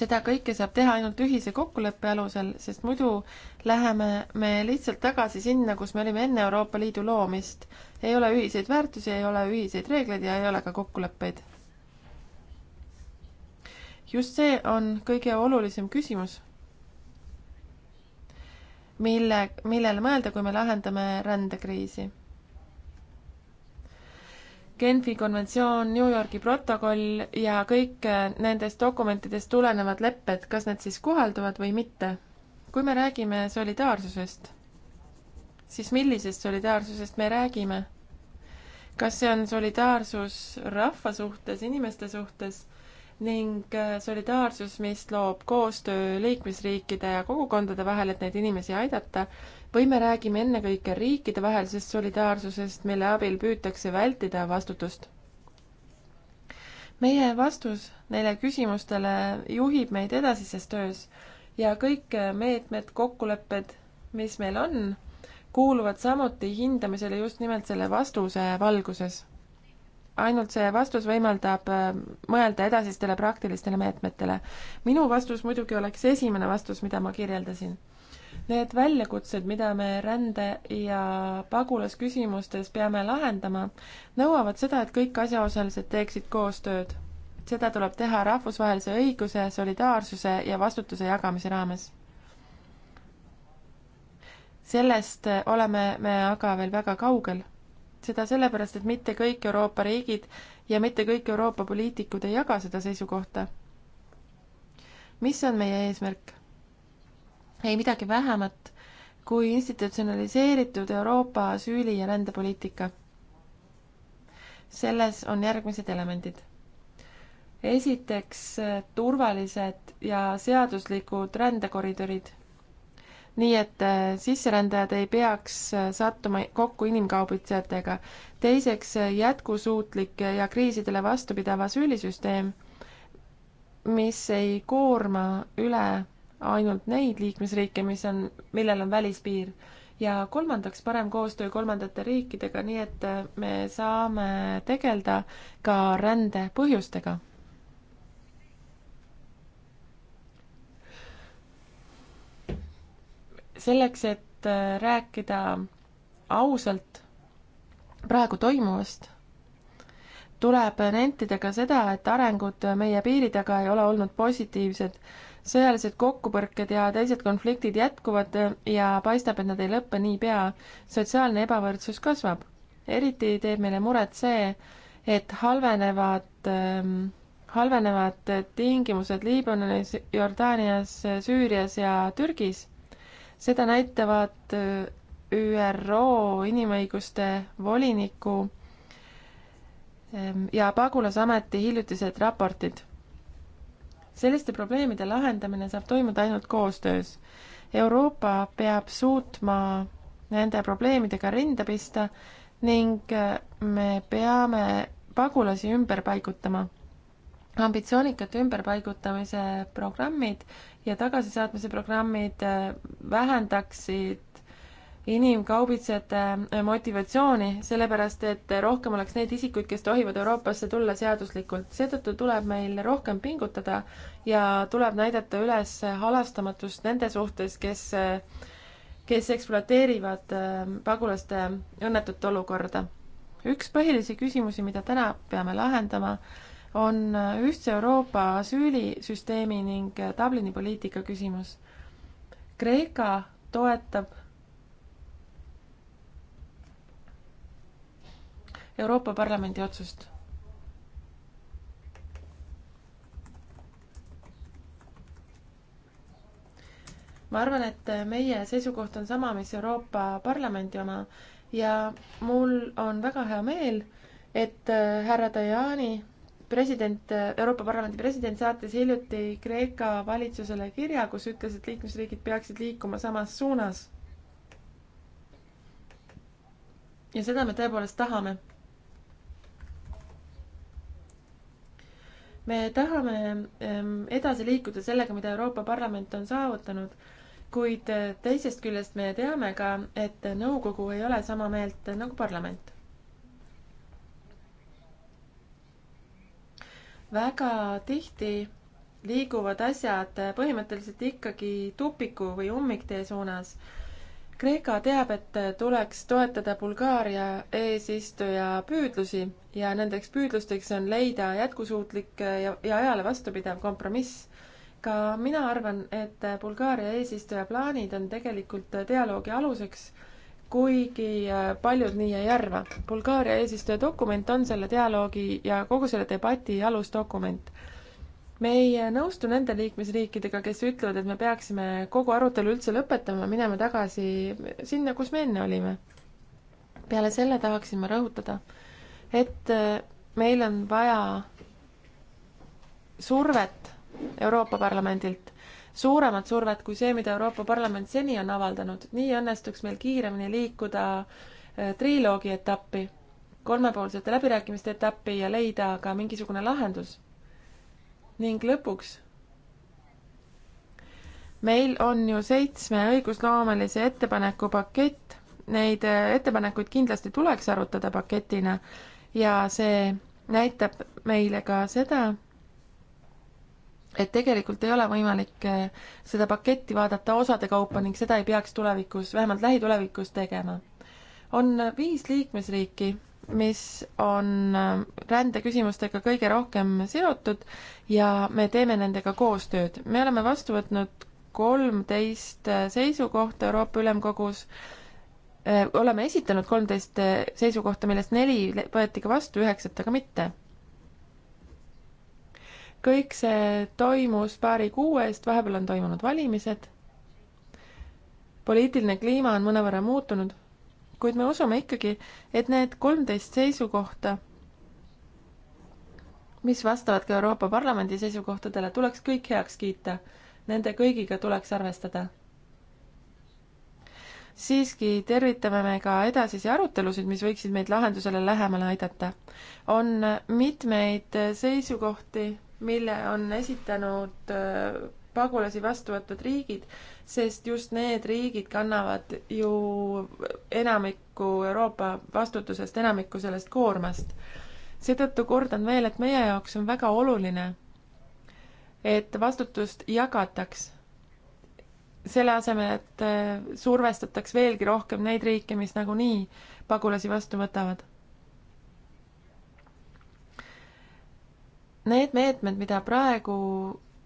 seda kõike saab teha ainult ühise kokkuleppe alusel, sest muidu läheme me lihtsalt tagasi sinna, kus me olime enne Euroopa Liidu loomist. ei ole ühiseid väärtusi, ei ole ühiseid reegleid ja ei ole ka kokkuleppeid. just see on kõige olulisem küsimus mille, millele mõelda, kui me lahendame rändekriisi. Genfi konventsioon, New Yorgi protokoll ja kõik äh, nendest dokumentidest tulenevad lepped, kas need siis kohalduvad või mitte. kui me räägime solidaarsusest, siis millisest solidaarsusest me räägime? kas see on solidaarsus rahva suhtes, inimeste suhtes ning äh, solidaarsus, mis loob koostöö liikmesriikide ja kogukondade vahel, et neid inimesi aidata, või me räägime ennekõike riikidevahelisest solidaarsusest, mille abil püütakse vältida vastutust? meie vastus neile küsimustele juhib meid edasises töös ja kõik äh, meetmed, kokkulepped, mis meil on, kuuluvad samuti hindamisele just nimelt selle vastuse valguses ainult see vastus võimaldab äh, mõelda edasistele praktilistele meetmetele. minu vastus muidugi oleks esimene vastus, mida ma kirjeldasin. Need väljakutsed, mida me rände- ja pagulasküsimustes peame lahendama, nõuavad seda, et kõik asjaosalised teeksid koostööd. seda tuleb teha rahvusvahelise õiguse, solidaarsuse ja vastutuse jagamise raames. sellest oleme me aga veel väga kaugel seda sellepärast, et mitte kõik Euroopa riigid ja mitte kõik Euroopa poliitikud ei jaga seda seisukohta. mis on meie eesmärk? ei midagi vähemat kui institutsionaliseeritud Euroopa asüüli- ja rändepoliitika. selles on järgmised elemendid. esiteks turvalised ja seaduslikud rändekoridorid nii et äh, sisserändajad ei peaks äh, sattuma kokku inimkaubitsejatega. teiseks, äh, jätkusuutlik ja kriisidele vastupidav asüülisüsteem, mis ei koorma üle ainult neid liikmesriike, mis on, millel on välispiir. ja kolmandaks, parem koostöö kolmandate riikidega, nii et me saame tegeleda ka rände põhjustega selleks, et äh, rääkida ausalt praegu toimuvast, tuleb nentida ka seda, et arengud meie piiri taga ei ole olnud positiivsed. sõjalised kokkupõrked ja teised konfliktid jätkuvad ja paistab, et nad ei lõppe niipea. sotsiaalne ebavõrdsus kasvab. eriti teeb meile muret see, et halvenevad ähm, halvenevad tingimused Liibanonis, Jordaanias, Süürias ja Türgis seda näitavad äh, ÜRO inimõiguste voliniku ähm, ja pagulasameti hiljutised raportid. selliste probleemide lahendamine saab toimuda ainult koostöös. Euroopa peab suutma nende probleemidega rinda pista ning äh, me peame pagulasi ümber paigutama ambitsioonikate ümberpaigutamise programmid ja tagasisaatmise programmid äh, vähendaksid inimkaubitsejate äh, motivatsiooni, sellepärast et äh, rohkem oleks neid isikuid, kes tohivad Euroopasse tulla seaduslikult. seetõttu tuleb meil rohkem pingutada ja tuleb näidata üles halastamatust nende suhtes, kes, kes ekspluateerivad pagulaste õnnetut olukorda. üks põhilisi küsimusi, mida täna peame lahendama, on ühtse Euroopa asüülisüsteemi ning Dublini poliitika küsimus. Kreeka toetab Euroopa Parlamendi otsust. ma arvan, et meie seisukoht on sama, mis Euroopa Parlamendi oma ja mul on väga hea meel, et härra Tajani president, Euroopa Parlamendi president saatis hiljuti Kreeka valitsusele kirja, kus ütles, et liikmesriigid peaksid liikuma samas suunas. ja seda me tõepoolest tahame. me tahame ehm, edasi liikuda sellega, mida Euroopa Parlament on saavutanud, kuid eh, teisest küljest me teame ka, et nõukogu ei ole sama meelt nagu parlament väga tihti liiguvad asjad põhimõtteliselt ikkagi tupiku või ummiktee suunas. Kreeka teab, et tuleks toetada Bulgaaria eesistuja püüdlusi ja nendeks püüdlusteks on leida jätkusuutlik ja, ja ajale vastupidav kompromiss. ka mina arvan, et Bulgaaria eesistuja plaanid on tegelikult dialoogi aluseks kuigi äh, paljud nii ei arva. Bulgaaria eesistuja dokument on selle dialoogi ja kogu selle debati alusdokument. me ei äh, nõustu nende liikmesriikidega, kes ütlevad, et me peaksime kogu arutelu üldse lõpetama, minema tagasi sinna, kus me enne olime. peale selle tahaksin ma rõhutada, et äh, meil on vaja survet Euroopa Parlamendilt suuremat survet kui see, mida Euroopa Parlament seni on avaldanud. nii õnnestuks meil kiiremini liikuda äh, triloogi etappi, kolmepoolsete läbirääkimiste etappi ja leida ka mingisugune lahendus. ning lõpuks meil on ju seitsme õigusloomelise ettepaneku pakett, neid äh, ettepanekuid kindlasti tuleks arutada paketina ja see näitab meile ka seda, et tegelikult ei ole võimalik eh, seda paketti vaadata osade kaupa ning seda ei peaks tulevikus, vähemalt lähitulevikus tegema. on viis liikmesriiki, mis on eh, rändeküsimustega kõige rohkem seotud ja me teeme nendega koostööd. me oleme vastu võtnud kolmteist eh, seisukohta Euroopa Ülemkogus, oleme esitanud kolmteist seisukohta, millest neli võeti ka vastu, üheksat aga mitte kõik see toimus paari kuu eest, vahepeal on toimunud valimised. poliitiline kliima on mõnevõrra muutunud, kuid me usume ikkagi, et need kolmteist seisukohta, mis vastavad ka Euroopa Parlamendi seisukohtadele, tuleks kõik heaks kiita. Nende kõigiga tuleks arvestada. siiski tervitame me ka edasisi arutelusid, mis võiksid meid lahendusele lähemale aidata. on mitmeid seisukohti mille on esitanud äh, pagulasi vastu võtnud riigid, sest just need riigid kannavad ju enamikku Euroopa vastutusest, enamikku sellest koormast. seetõttu kordan veel, et meie jaoks on väga oluline, et vastutust jagataks selle asemel, et äh, survestataks veelgi rohkem neid riike, mis nagunii pagulasi vastu võtavad Need meetmed, mida praegu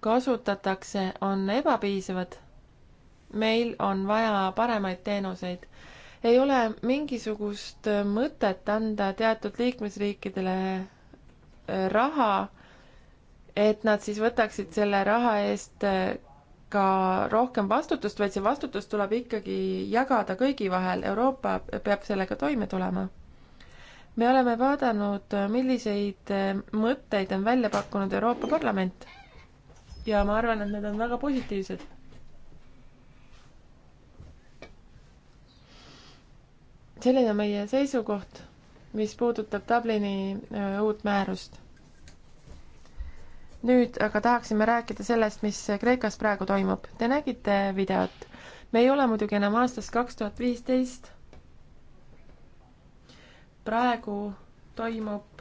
kasutatakse, on ebapiisavad. meil on vaja paremaid teenuseid. ei ole mingisugust mõtet anda teatud liikmesriikidele äh, raha, et nad siis võtaksid selle raha eest äh, ka rohkem vastutust, vaid see vastutus tuleb ikkagi jagada kõigi vahel, Euroopa peab sellega toime tulema me oleme vaadanud, milliseid eh, mõtteid on välja pakkunud Euroopa Parlament. ja ma arvan, et need on väga positiivsed. selline on meie seisukoht, mis puudutab Dublini eh, uut määrust. nüüd aga tahaksime rääkida sellest, mis Kreekas praegu toimub. Te nägite videot. me ei ole muidugi enam aastas kaks tuhat viisteist praegu toimub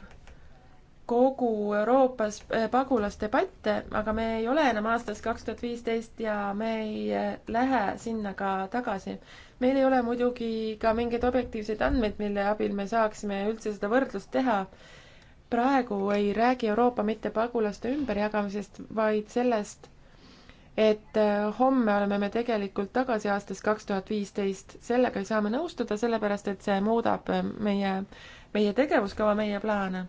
kogu Euroopas eh, pagulasdebatte, aga me ei ole enam aastas kaks tuhat viisteist ja me ei eh, lähe sinna ka tagasi. meil ei ole muidugi ka mingeid objektiivseid andmeid, mille abil me saaksime üldse seda võrdlust teha. praegu ei räägi Euroopa mitte pagulaste ümberjagamisest, vaid sellest, et äh, homme oleme me tegelikult tagasi aastas kaks tuhat viisteist. sellega ei saa me nõustuda, sellepärast et see muudab äh, meie, meie tegevuskava, meie plaane.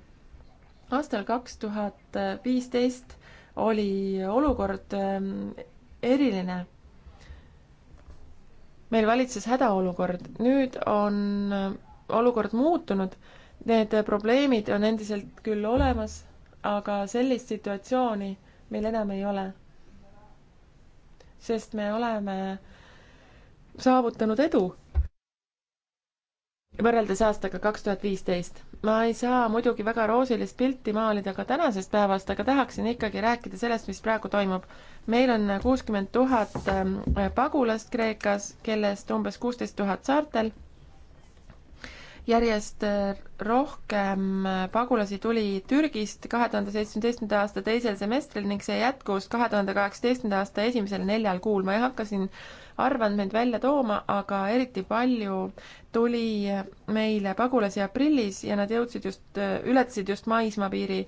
aastal kaks tuhat viisteist oli olukord äh, eriline meil valitses hädaolukord, nüüd on olukord muutunud, need probleemid on endiselt küll olemas, aga sellist situatsiooni meil enam ei ole sest me oleme saavutanud edu võrreldes aastaga kaks tuhat viisteist. ma ei saa muidugi väga roosilist pilti maalida ka tänasest päevast, aga tahaksin ikkagi rääkida sellest, mis praegu toimub. meil on kuuskümmend tuhat ähm, pagulast Kreekas, kellest umbes kuusteist tuhat saartel järjest rohkem pagulasi tuli Türgist kahe tuhande seitsmeteistkümnenda aasta teisel semestril ning see jätkus kahe tuhande kaheksateistkümnenda aasta esimesel neljal kuul. ma ei hakka siin arvandmeid välja tooma, aga eriti palju tuli meile pagulasi aprillis ja nad jõudsid just, ületasid just maismaapiiri.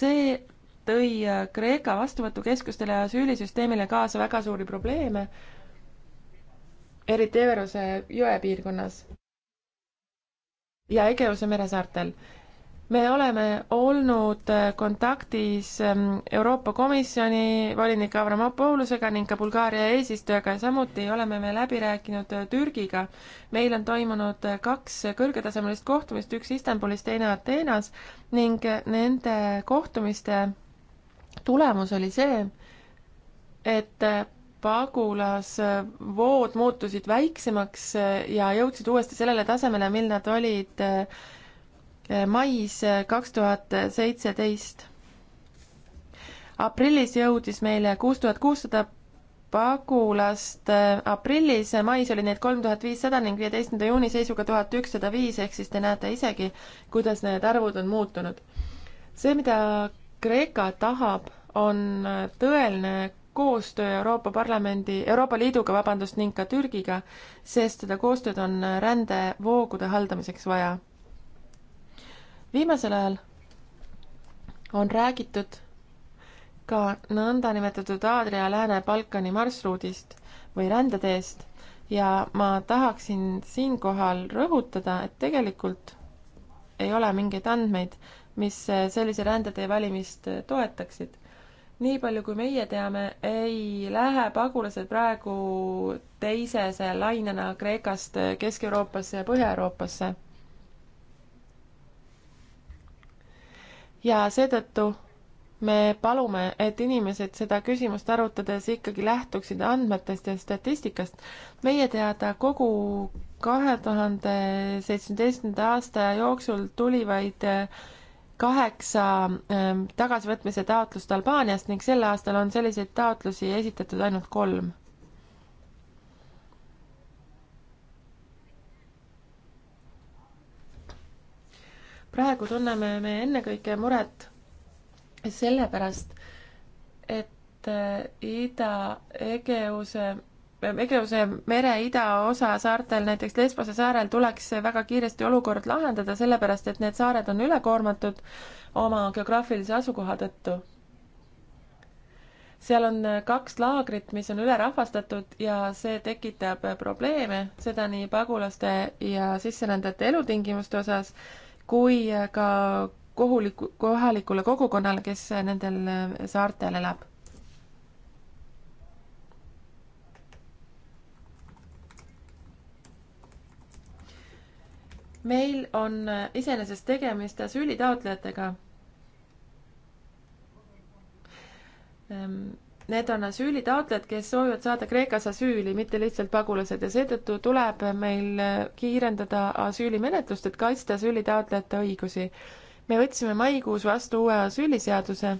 see tõi Kreeka vastuvõtukeskustele ja asüülisüsteemile kaasa väga suuri probleeme, eriti Everose jõe piirkonnas ja Egeuse meresaartel. me oleme olnud äh, kontaktis ähm, Euroopa Komisjoni volinik Avramopoulusega ning ka Bulgaaria eesistujaga ja samuti oleme me läbi rääkinud äh, Türgiga. meil on toimunud äh, kaks kõrgetasemelist kohtumist, üks Istanbulis, teine Ateenas ning nende kohtumiste tulemus oli see, et pagulasvood muutusid väiksemaks ja jõudsid uuesti sellele tasemele, mil nad olid eh, mais kaks tuhat seitseteist. aprillis jõudis meile kuus tuhat kuussada pagulast eh, aprillis, mais oli neid kolm tuhat viissada ning viieteistkümnenda juuni seisuga tuhat ükssada viis, ehk siis te näete isegi, kuidas need arvud on muutunud. see, mida Kreeka tahab, on tõeline koostöö Euroopa Parlamendi, Euroopa Liiduga, vabandust, ning ka Türgiga, sest seda koostööd on rändevoogude haldamiseks vaja. viimasel ajal on räägitud ka nõndanimetatud Aadria Lääne-Balkani marsruudist või rändeteest ja ma tahaksin siinkohal rõhutada, et tegelikult ei ole mingeid andmeid, mis sellise rändetee valimist toetaksid nii palju, kui meie teame, ei lähe pagulased praegu teisese lainena Kreekast Kesk-Euroopasse ja Põhja-Euroopasse. ja seetõttu me palume, et inimesed seda küsimust arutades ikkagi lähtuksid andmetest ja statistikast. meie teada kogu kahe tuhande seitsmeteistkümnenda aasta jooksul tuli vaid kaheksa ähm, tagasivõtmise taotlust Albaaniast ning sel aastal on selliseid taotlusi esitatud ainult kolm. praegu tunneme me ennekõike muret sellepärast, et äh, Ida-Egeuse Egeuse mere idaosa saartel, näiteks Lesbose saarel, tuleks väga kiiresti olukord lahendada, sellepärast et need saared on ülekoormatud oma geograafilise asukoha tõttu. seal on kaks laagrit, mis on ülerahvastatud ja see tekitab probleeme, seda nii pagulaste ja sisserändajate elutingimuste osas kui ka kohuliku, kohalikule kogukonnale, kes nendel saartel elab meil on äh, iseenesest tegemist asüülitaotlejatega. Ehm, need on asüülitaotlejad, kes soovivad saada Kreekas asüüli, mitte lihtsalt pagulased ja seetõttu tuleb meil äh, kiirendada asüülimenetlust, et kaitsta asüülitaotlejate õigusi. me võtsime maikuus vastu uue asüüliseaduse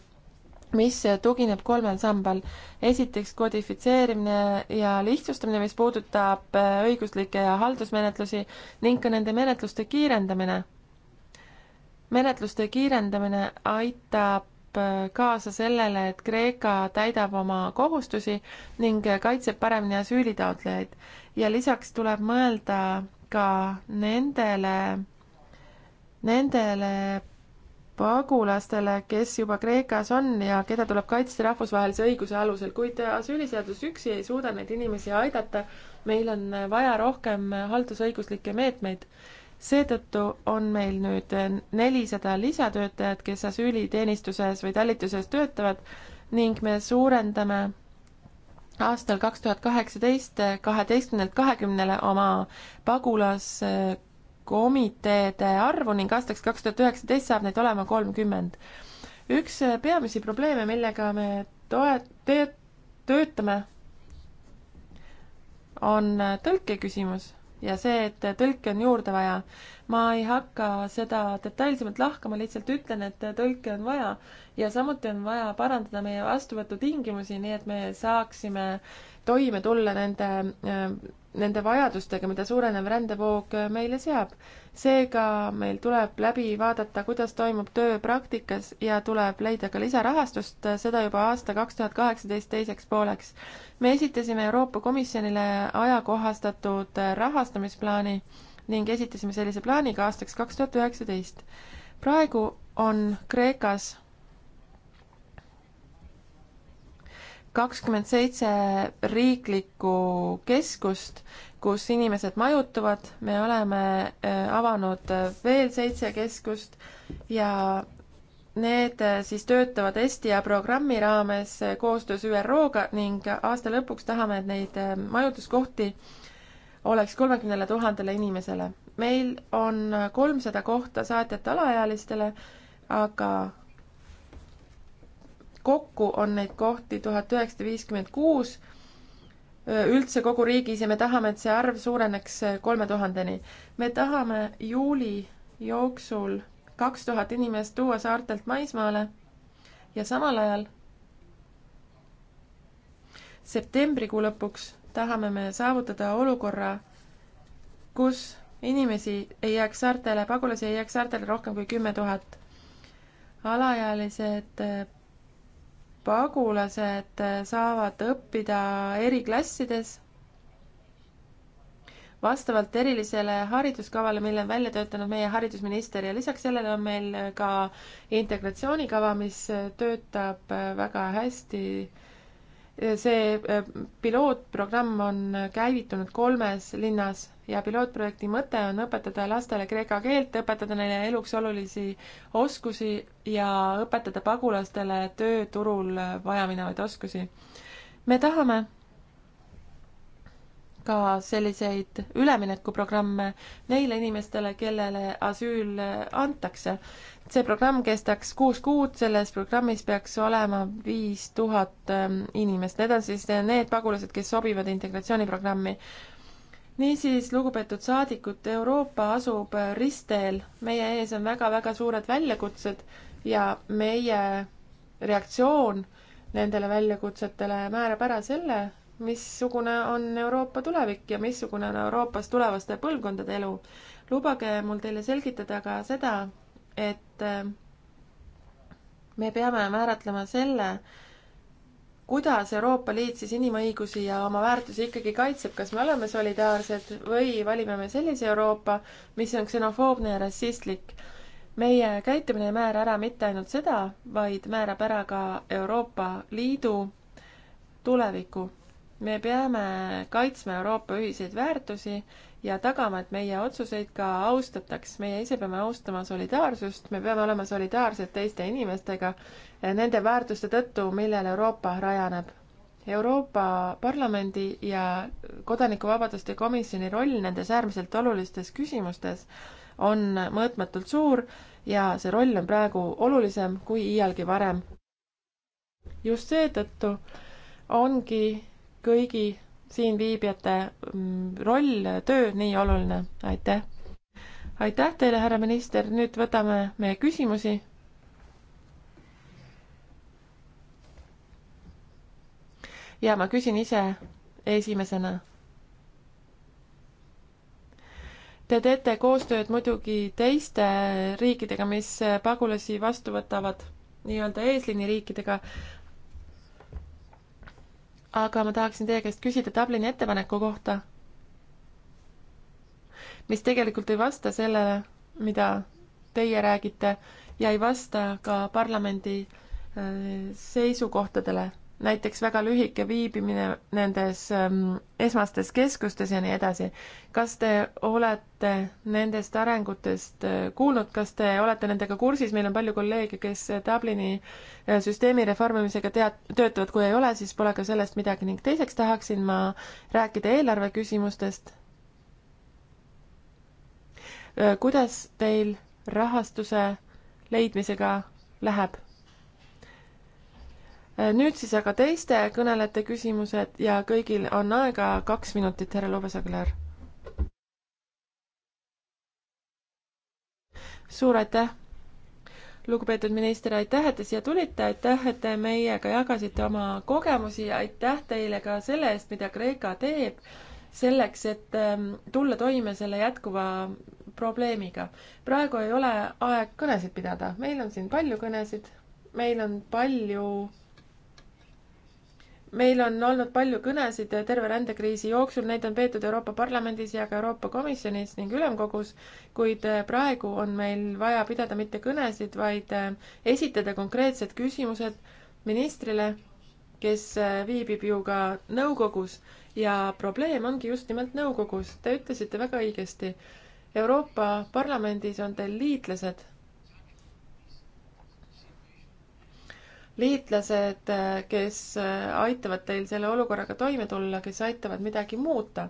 mis tugineb kolmel sambal. esiteks kodifitseerimine ja lihtsustamine, mis puudutab äh, õiguslikke ja haldusmenetlusi ning ka nende menetluste kiirendamine. menetluste kiirendamine aitab äh, kaasa sellele, et Kreeka täidab oma kohustusi ning kaitseb paremini asüülitaotlejaid ja lisaks tuleb mõelda ka nendele, nendele pagulastele, kes juba Kreekas on ja keda tuleb kaitsta rahvusvahelise õiguse alusel, kuid asüüliseadus üksi ei suuda neid inimesi aidata. meil on vaja rohkem haldusõiguslikke meetmeid. seetõttu on meil nüüd nelisada lisatöötajat, kes asüüliteenistuses või talituses töötavad ning me suurendame aastal kaks tuhat kaheksateist kaheteistkümnelt kahekümnele oma pagulas komiteede arvu ning aastaks kaks tuhat üheksateist saab neid olema kolmkümmend. üks äh, peamisi probleeme, millega me toe-, töö-, töötame, on äh, tõlke küsimus ja see, et äh, tõlke on juurde vaja. ma ei hakka seda detailsemalt lahkama, lihtsalt ütlen, et tõlke on vaja ja samuti on vaja parandada meie vastuvõtutingimusi, nii et me saaksime toime tulla nende nende vajadustega, mida suurenev rändevoog meile seab. seega meil tuleb läbi vaadata, kuidas toimub töö praktikas ja tuleb leida ka lisarahastust, seda juba aasta kaks tuhat kaheksateist teiseks pooleks. me esitasime Euroopa Komisjonile ajakohastatud rahastamisplaani ning esitasime sellise plaani ka aastaks kaks tuhat üheksateist. praegu on Kreekas kakskümmend seitse riiklikku keskust, kus inimesed majutuvad, me oleme äh, avanud äh, veel seitse keskust ja need äh, siis töötavad Estia programmi raames koostöös ÜRO-ga ning aasta lõpuks tahame, et neid majutuskohti oleks kolmekümnele tuhandele inimesele. meil on kolmsada kohta saatjate alaealistele, aga kokku on neid kohti tuhat üheksasada viiskümmend kuus üldse kogu riigis ja me tahame, et see arv suureneks kolme tuhandeni. me tahame juuli jooksul kaks tuhat inimest tuua saartelt maismaale ja samal ajal septembrikuu lõpuks tahame me saavutada olukorra, kus inimesi ei jääks saartele, pagulasi ei jääks saartele rohkem kui kümme tuhat. alaealised pagulased saavad õppida eriklassides vastavalt erilisele hariduskavale, mille on välja töötanud meie haridusminister ja lisaks sellele on meil ka integratsioonikava, mis töötab väga hästi see äh, pilootprogramm on käivitunud kolmes linnas ja pilootprojekti mõte on õpetada lastele kreeka keelt, õpetada neile eluks olulisi oskusi ja õpetada pagulastele tööturul vajaminevaid oskusi. me tahame, ka selliseid üleminekuprogramme neile inimestele, kellele asüül antakse. see programm kestaks kuus kuud, selles programmis peaks olema viis tuhat ähm, inimest, need on siis need pagulased, kes sobivad integratsiooniprogrammi. niisiis, lugupeetud saadikud, Euroopa asub ristteel, meie ees on väga-väga suured väljakutsed ja meie reaktsioon nendele väljakutsetele määrab ära selle, missugune on Euroopa tulevik ja missugune on Euroopas tulevaste põlvkondade elu. lubage mul teile selgitada ka seda, et me peame määratlema selle, kuidas Euroopa Liit siis inimõigusi ja oma väärtusi ikkagi kaitseb, kas me oleme solidaarsed või valime me sellise Euroopa, mis on ksenofoobne ja rassistlik. meie käitumine ei määra ära mitte ainult seda, vaid määrab ära ka Euroopa Liidu tuleviku me peame kaitsma Euroopa ühiseid väärtusi ja tagama, et meie otsuseid ka austataks. meie ise peame austama solidaarsust, me peame olema solidaarsed teiste inimestega nende väärtuste tõttu, millel Euroopa rajaneb. Euroopa Parlamendi ja Kodanikuvabaduste Komisjoni roll nendes äärmiselt olulistes küsimustes on mõõtmatult suur ja see roll on praegu olulisem kui iialgi varem. just seetõttu ongi kõigi siinviibijate mm, roll, töö nii oluline, aitäh! aitäh teile, härra minister, nüüd võtame meie küsimusi. ja ma küsin ise esimesena. Te teete koostööd muidugi teiste riikidega, mis pagulasi vastu võtavad, nii-öelda eesliiniriikidega, aga ma tahaksin teie käest küsida Dublini ettepaneku kohta, mis tegelikult ei vasta sellele, mida teie räägite ja ei vasta ka parlamendi äh, seisukohtadele näiteks väga lühike viibimine nendes ähm, esmastes keskustes ja nii edasi. kas te olete nendest arengutest äh, kuulnud, kas te olete nendega kursis, meil on palju kolleege, kes äh, Dublini äh, süsteemi reformimisega tead-, töötavad, kui ei ole, siis pole ka sellest midagi ning teiseks tahaksin ma rääkida eelarve küsimustest. kuidas teil rahastuse leidmisega läheb? Äh, nüüd siis aga teiste kõnelejate küsimused ja kõigil on aega kaks minutit, härra Lobes-Agler. suur aitäh, lugupeetud minister, aitäh, et te siia tulite, aitäh, et te meiega jagasite oma kogemusi ja aitäh teile ka selle eest, mida Kreeka teeb selleks, et ähm, tulla toime selle jätkuva probleemiga. praegu ei ole aeg kõnesid pidada, meil on siin palju kõnesid, meil on palju meil on olnud palju kõnesid terve rändekriisi jooksul, neid on peetud Euroopa Parlamendis ja ka Euroopa Komisjonis ning Ülemkogus, kuid äh, praegu on meil vaja pidada mitte kõnesid, vaid äh, esitada konkreetsed küsimused ministrile, kes äh, viibib ju ka nõukogus ja probleem ongi just nimelt nõukogus. Te ütlesite väga õigesti, Euroopa Parlamendis on teil liitlased liitlased, kes aitavad teil selle olukorraga toime tulla, kes aitavad midagi muuta.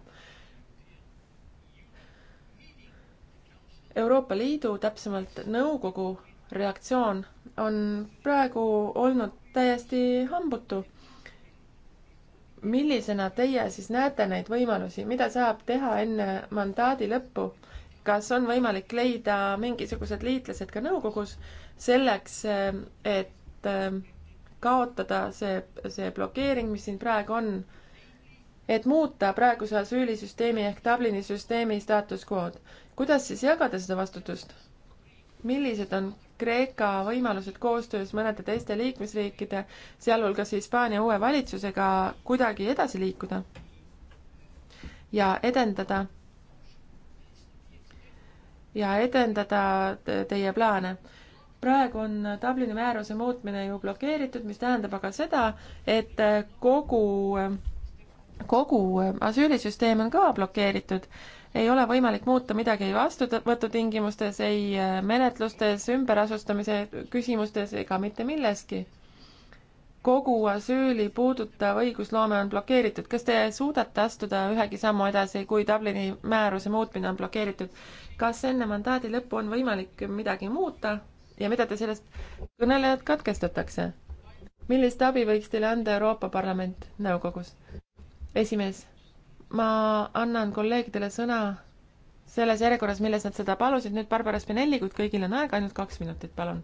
Euroopa Liidu, täpsemalt nõukogu reaktsioon on praegu olnud täiesti hambutu millisena teie siis näete neid võimalusi, mida saab teha enne mandaadi lõppu? kas on võimalik leida mingisugused liitlased ka nõukogus selleks, et kaotada see, see blokeering, mis siin praegu on, et muuta praeguse asüülisüsteemi ehk Dublini süsteemi staatus quo'd. kuidas siis jagada seda vastutust? millised on Kreeka võimalused koostöös mõnede teiste liikmesriikide, sealhulgas Hispaania uue valitsusega, kuidagi edasi liikuda ja edendada, ja edendada teie plaane? praegu on Dublini määruse muutmine ju blokeeritud, mis tähendab aga seda, et kogu, kogu asüülisüsteem on ka blokeeritud. ei ole võimalik muuta midagi ei vastuvõtutingimustes, ei menetlustes, ümberasustamise küsimustes ega mitte milleski. kogu asüüli puudutav õigusloome on blokeeritud. kas te suudate astuda ühegi sammu edasi, kui Dublini määruse muutmine on blokeeritud? kas enne mandaadi lõppu on võimalik midagi muuta? ja mida te sellest, kõnelejad katkestatakse. millist abi võiks teile anda Euroopa Parlament nõukogus? esimees, ma annan kolleegidele sõna selles järjekorras, milles nad seda palusid, nüüd Barbara Spinelli, kuid kõigil on aega ainult kaks minutit, palun.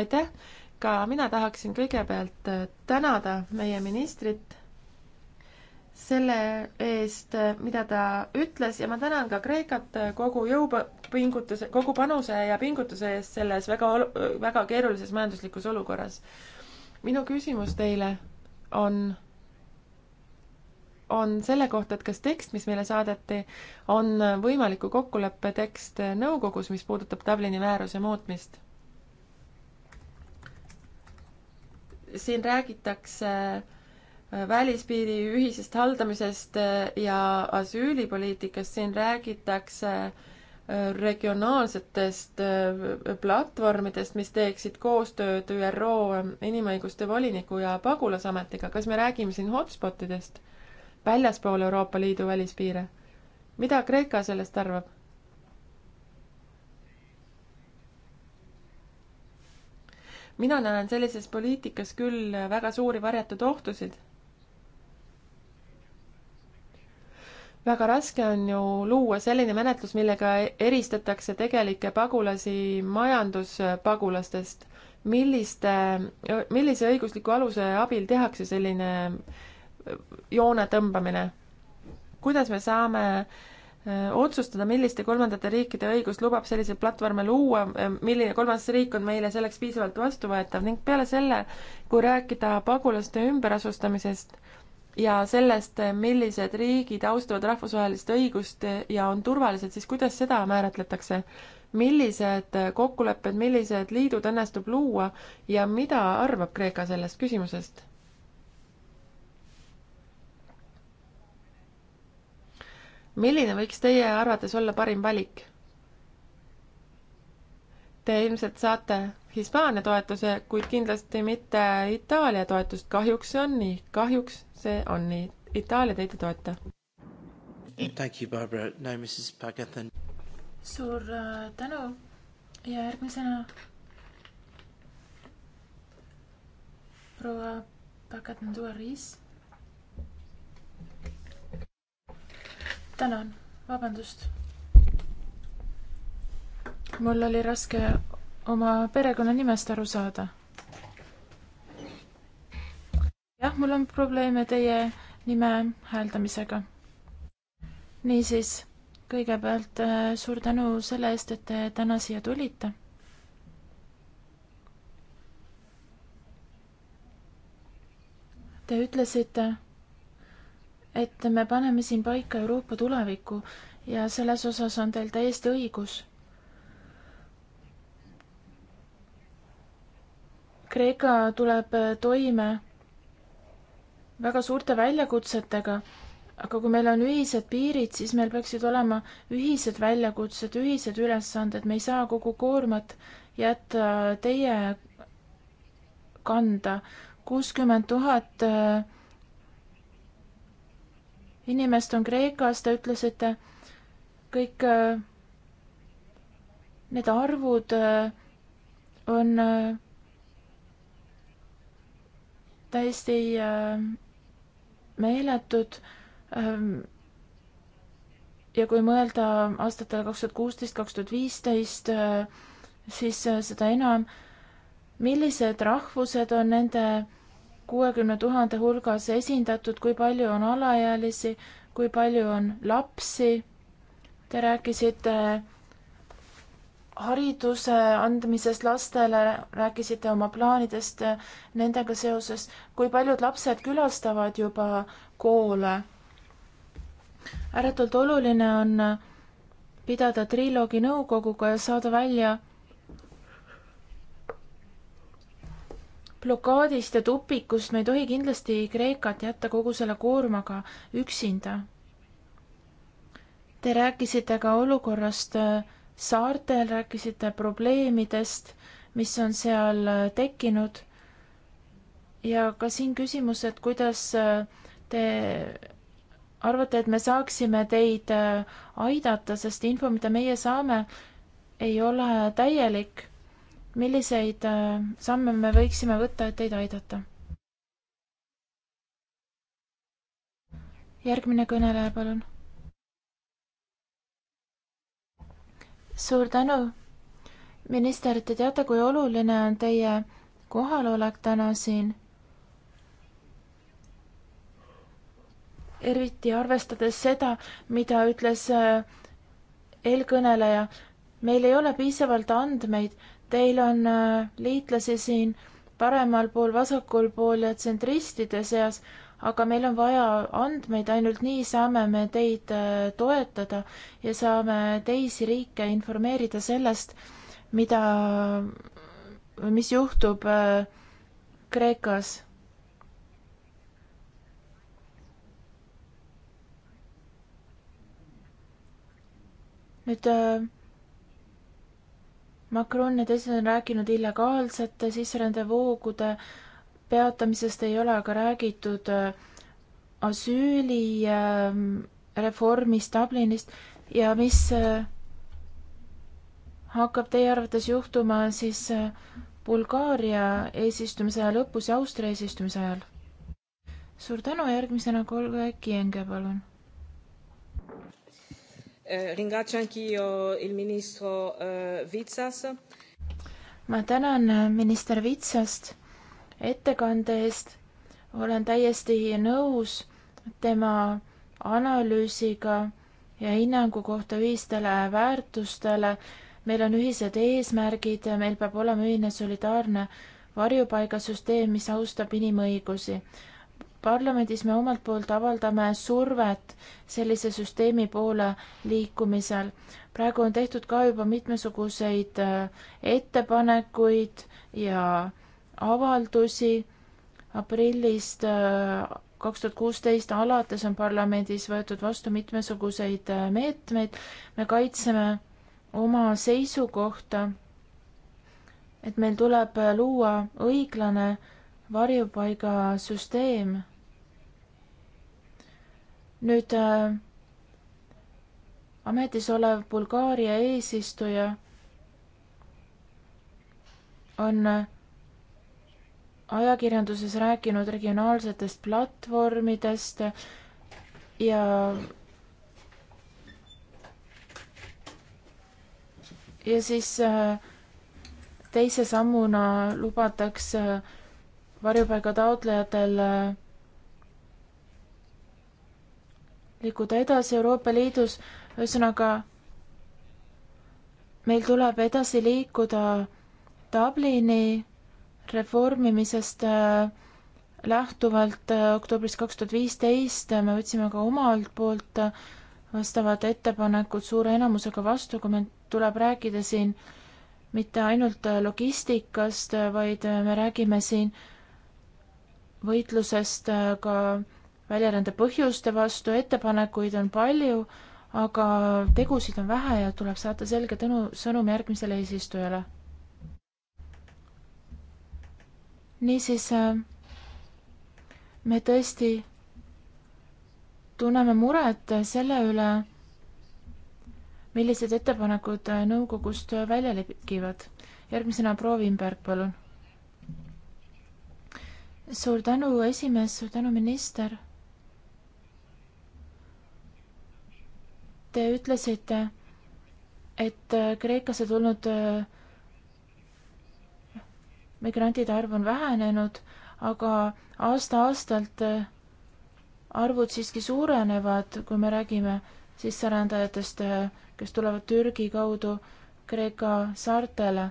aitäh, ka mina tahaksin kõigepealt äh, tänada meie ministrit selle eest, mida ta ütles ja ma tänan ka Kreekat kogu jõupingutuse, kogu panuse ja pingutuse eest selles väga, väga keerulises majanduslikus olukorras. minu küsimus teile on, on selle kohta, et kas tekst, mis meile saadeti, on võimaliku kokkuleppe tekst nõukogus, mis puudutab Dublini määruse muutmist? siin räägitakse äh, välispiiri ühisest haldamisest eh, ja asüülipoliitikast, siin räägitakse eh, regionaalsetest eh, platvormidest, mis teeksid koostööd ÜRO inimõiguste voliniku ja pagulasametiga. kas me räägime siin hotspotidest väljaspool Euroopa Liidu välispiire? mida Kreeka sellest arvab? mina näen sellises poliitikas küll väga suuri varjatud ohtusid väga raske on ju luua selline menetlus, millega eristatakse tegelikke pagulasi majanduspagulastest. milliste, millise õigusliku aluse abil tehakse selline joone tõmbamine? kuidas me saame äh, otsustada, milliste kolmandate riikide õigus lubab selliseid platvorme luua, äh, milline kolmas riik on meile selleks piisavalt vastuvõetav ning peale selle, kui rääkida pagulaste ümberasustamisest ja sellest, millised riigid austavad rahvusvahelist õigust ja on turvalised, siis kuidas seda määratletakse? millised kokkulepped, millised liidud õnnestub luua ja mida arvab Kreeka sellest küsimusest? milline võiks teie arvates olla parim valik? Te ilmselt saate Hispaania toetuse, kuid kindlasti mitte Itaalia toetust. kahjuks see on nii, kahjuks see on nii. Itaalia teid ei toeta. Thank you, Barbara. Now Mrs Pagathan. suur äh, tänu ja järgmisena proua Pagathan Tuariis. tänan, vabandust mul oli raske oma perekonnanimest aru saada. jah, mul on probleeme teie nime hääldamisega. niisiis, kõigepealt äh, suur tänu selle eest, et te täna siia tulite. Te ütlesite, et me paneme siin paika Euroopa tulevikku ja selles osas on teil täiesti õigus Kreeka tuleb äh, toime väga suurte väljakutsetega, aga kui meil on ühised piirid, siis meil peaksid olema ühised väljakutsed, ühised ülesanded, me ei saa kogu koormat jätta teie kanda. kuuskümmend tuhat äh, inimest on Kreekas, te ütlesite, kõik äh, need arvud on täiesti äh, meeletud. Ähm, ja kui mõelda aastatele kaks tuhat kuusteist, kaks tuhat viisteist, äh, siis äh, seda enam, millised rahvused on nende kuuekümne tuhande hulgas esindatud, kui palju on alaealisi, kui palju on lapsi. Te rääkisite äh, hariduse andmisest lastele, rääkisite oma plaanidest äh, nendega seoses, kui paljud lapsed külastavad juba koole? ääretult oluline on äh, pidada triloogi nõukoguga ja saada välja blokaadist ja tupikust, me ei tohi kindlasti Kreekat jätta kogu selle koormaga üksinda. Te rääkisite ka olukorrast äh, saartel, rääkisite probleemidest, mis on seal äh, tekkinud. ja ka siin küsimus, et kuidas äh, te arvate, et me saaksime teid äh, aidata, sest info, mida meie saame, ei ole täielik. milliseid samme me võiksime võtta, et teid aidata? järgmine kõneleja, palun suur tänu. minister, te teate, kui oluline on teie kohalolek täna siin? eriti arvestades seda, mida ütles äh, eelkõneleja, meil ei ole piisavalt andmeid, teil on äh, liitlasi siin paremal pool, vasakul pool ja tsentristide seas aga meil on vaja andmeid, ainult nii saame me teid äh, toetada ja saame teisi riike informeerida sellest, mida, mis juhtub äh, Kreekas. nüüd äh, Macron ja teised on rääkinud illegaalsete sisserändevoogude äh, peatamisest ei ole aga räägitud äh, asüülireformist ähm, Dublinist ja mis äh, hakkab teie arvates juhtuma siis äh, Bulgaaria eesistumise aja lõpus ja Austria eesistumise ajal? suur tänu, järgmisena kolleeg Kienge, palun. Eh, eh, ma tänan minister Vitsast ettekande eest. olen täiesti nõus tema analüüsiga ja hinnangu kohta ühistele väärtustele. meil on ühised eesmärgid, meil peab olema ühine solidaarne varjupaigasüsteem, mis austab inimõigusi. parlamendis me omalt poolt avaldame survet sellise süsteemi poole liikumisel. praegu on tehtud ka juba mitmesuguseid äh, ettepanekuid ja avaldusi aprillist äh, kaks tuhat kuusteist alates on parlamendis võetud vastu mitmesuguseid äh, meetmeid. me kaitseme oma seisukohta, et meil tuleb äh, luua õiglane varjupaigasüsteem. nüüd äh, ametis olev Bulgaaria eesistuja on äh, ajakirjanduses rääkinud regionaalsetest platvormidest ja ja siis äh, teise sammuna lubatakse varjupaiga taotlejatel äh, liikuda edasi Euroopa Liidus, ühesõnaga meil tuleb edasi liikuda Dublini reformimisest äh, lähtuvalt äh, oktoobris kaks tuhat viisteist äh, me võtsime ka omalt poolt vastavad ettepanekud suure enamusega vastu, kui meil tuleb rääkida siin mitte ainult logistikast, vaid me räägime siin võitlusest ka väljarände põhjuste vastu, ettepanekuid on palju, aga tegusid on vähe ja tuleb saata selge tõnu, sõnum järgmisele eesistujale niisiis äh, me tõesti tunneme muret selle üle, millised ettepanekud äh, nõukogust välja lekivad. järgmisena proua Wimberg, palun. suur tänu, esimees, suur tänu, minister. Te ütlesite, et äh, Kreekasse tulnud äh, migrantide arv on vähenenud, aga aasta-aastalt eh, arvud siiski suurenevad, kui me räägime sisserändajatest, eh, kes tulevad Türgi kaudu Kreeka saartele.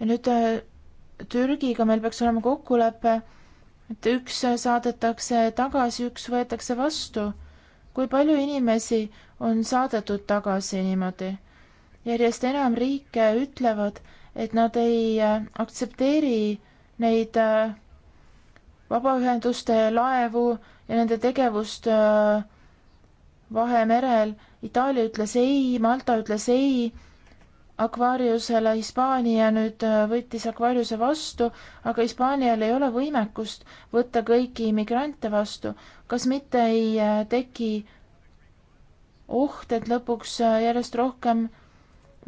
ja nüüd eh, Türgiga meil peaks olema kokkulepe, et üks saadetakse tagasi, üks võetakse vastu kui palju inimesi on saadetud tagasi niimoodi? järjest enam riike ütlevad, et nad ei äh, aktsepteeri neid äh, vabaühenduste laevu ja nende tegevust äh, Vahemerel. Itaalia ütles ei, Malta ütles ei akvaariusele, Hispaania nüüd võttis akvaariuse vastu, aga Hispaanial ei ole võimekust võtta kõiki migrante vastu kas mitte ei äh, teki oht, et lõpuks äh, järjest rohkem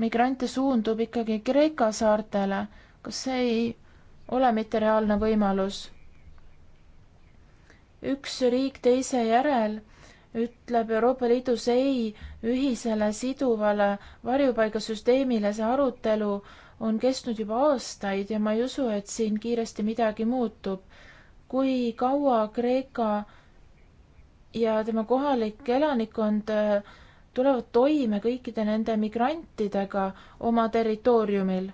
migrante suundub ikkagi Kreeka saartele, kas see ei ole mitte reaalne võimalus? üks riik teise järel ütleb Euroopa Liidus ei ühisele siduvale varjupaigasüsteemile, see arutelu on kestnud juba aastaid ja ma ei usu, et siin kiiresti midagi muutub. kui kaua Kreeka ja tema kohalik elanikkond äh, tulevad toime kõikide nende migrantidega oma territooriumil.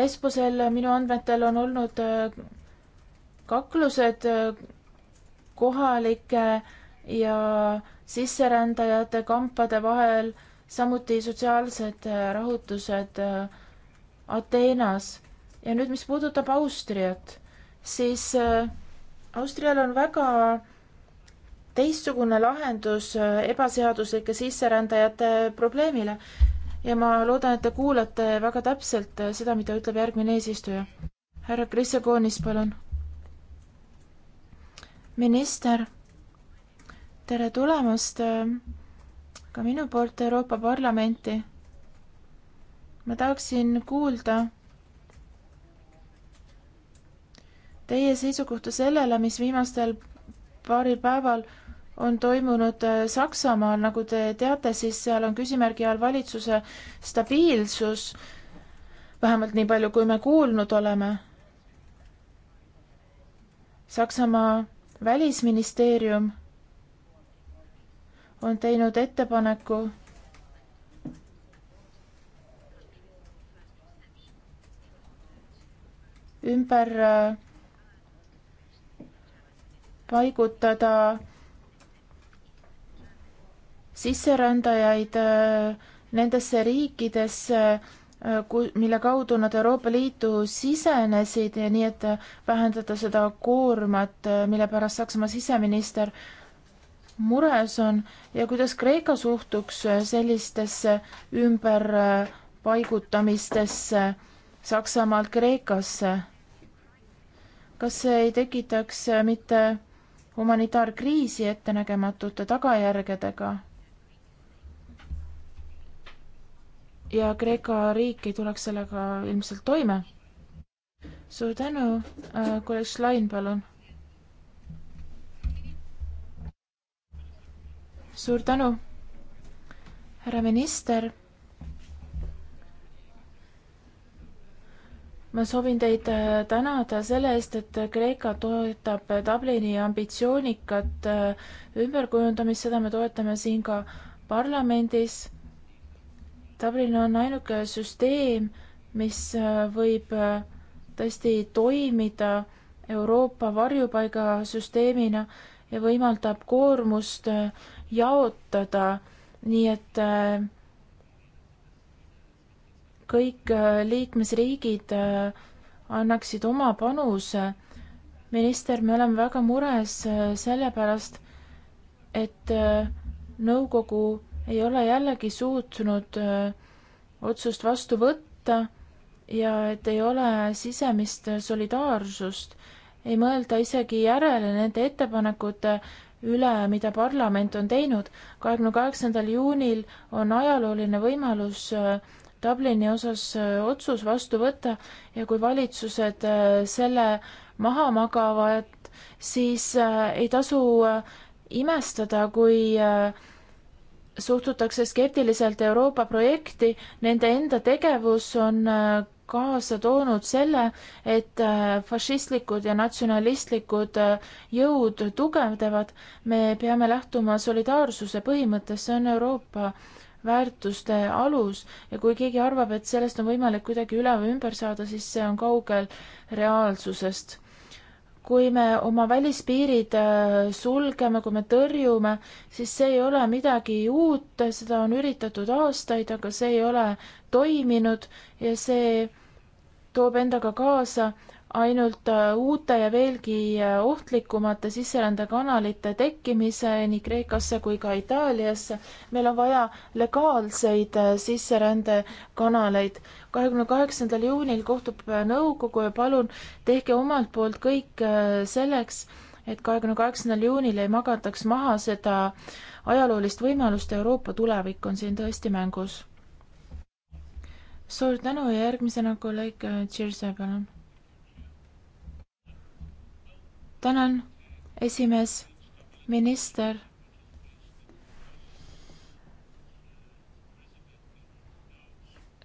Lesbosel minu andmetel on olnud äh, kaklused äh, kohalike ja sisserändajate kampade vahel, samuti sotsiaalsed rahutused Ateenas. ja nüüd, mis puudutab Austriat siis äh, Austrial on väga teistsugune lahendus äh, ebaseaduslike sisserändajate probleemile ja ma loodan, et te kuulate väga täpselt äh, seda, mida ütleb järgmine eesistuja. härra Kristjan Koonis, palun. minister, tere tulemast ka minu poolt Euroopa Parlamenti. ma tahaksin kuulda teie seisukohta sellele, mis viimastel paaril päeval on toimunud äh, Saksamaal, nagu te teate, siis seal on küsimärgi all valitsuse stabiilsus, vähemalt nii palju, kui me kuulnud oleme. Saksamaa välisministeerium on teinud ettepaneku ümber äh, paigutada sisserändajaid äh, nendesse riikidesse, äh, mille kaudu nad Euroopa Liitu sisenesid, nii et äh, vähendada seda koormat, mille pärast Saksamaa siseminister mures on ja kuidas Kreeka suhtuks sellistesse ümberpaigutamistesse Saksamaalt Kreekasse. kas see ei tekitaks mitte humanitaarkriisi ettenägematute tagajärgedega. ja Kreeka riik ei tuleks sellega ilmselt toime. suur tänu äh,, kolleeg Schlein, palun. suur tänu, härra minister ma soovin teid äh, tänada selle eest, et Kreeka toetab Dublini ambitsioonikat äh, ümberkujundamist, seda me toetame siin ka parlamendis. Dublin on ainuke süsteem, mis äh, võib tõesti toimida Euroopa varjupaigasüsteemina ja võimaldab koormust jaotada, nii et kõik äh, liikmesriigid äh, annaksid oma panuse. minister, me oleme väga mures äh, sellepärast, et nõukogu ei ole jällegi suutnud otsust vastu võtta ja et ei ole sisemist solidaarsust. ei mõelda isegi järele nende ettepanekute üle, mida parlament on teinud. kahekümne kaheksandal juunil on ajalooline võimalus Dublini osas äh, otsus vastu võtta ja kui valitsused äh, selle maha magavad, siis äh, ei tasu imestada, kui suhtutakse skeptiliselt Euroopa projekti, nende enda tegevus on kaasa toonud selle, et fašistlikud ja natsionalistlikud jõud tugevdavad. me peame lähtuma solidaarsuse põhimõttest, see on Euroopa väärtuste alus ja kui keegi arvab, et sellest on võimalik kuidagi üle või ümber saada, siis see on kaugel reaalsusest. kui me oma välispiirid äh, sulgeme, kui me tõrjume, siis see ei ole midagi uut, seda on üritatud aastaid, aga see ei ole toiminud ja see toob endaga kaasa ainult äh, uute ja veelgi äh, ohtlikumate sisserändekanalite tekkimiseni Kreekasse kui ka Itaaliasse. meil on vaja legaalseid äh, sisserändekanaleid. kahekümne kaheksandal juunil kohtub nõukogu ja palun tehke omalt poolt kõik selleks, et kahekümne kaheksandal juunil ei magataks maha seda ajaloolist võimalust, Euroopa tulevik on siin tõesti mängus. suur tänu ja järgmisena kolleeg Tširse, palun tänan, esimees, minister.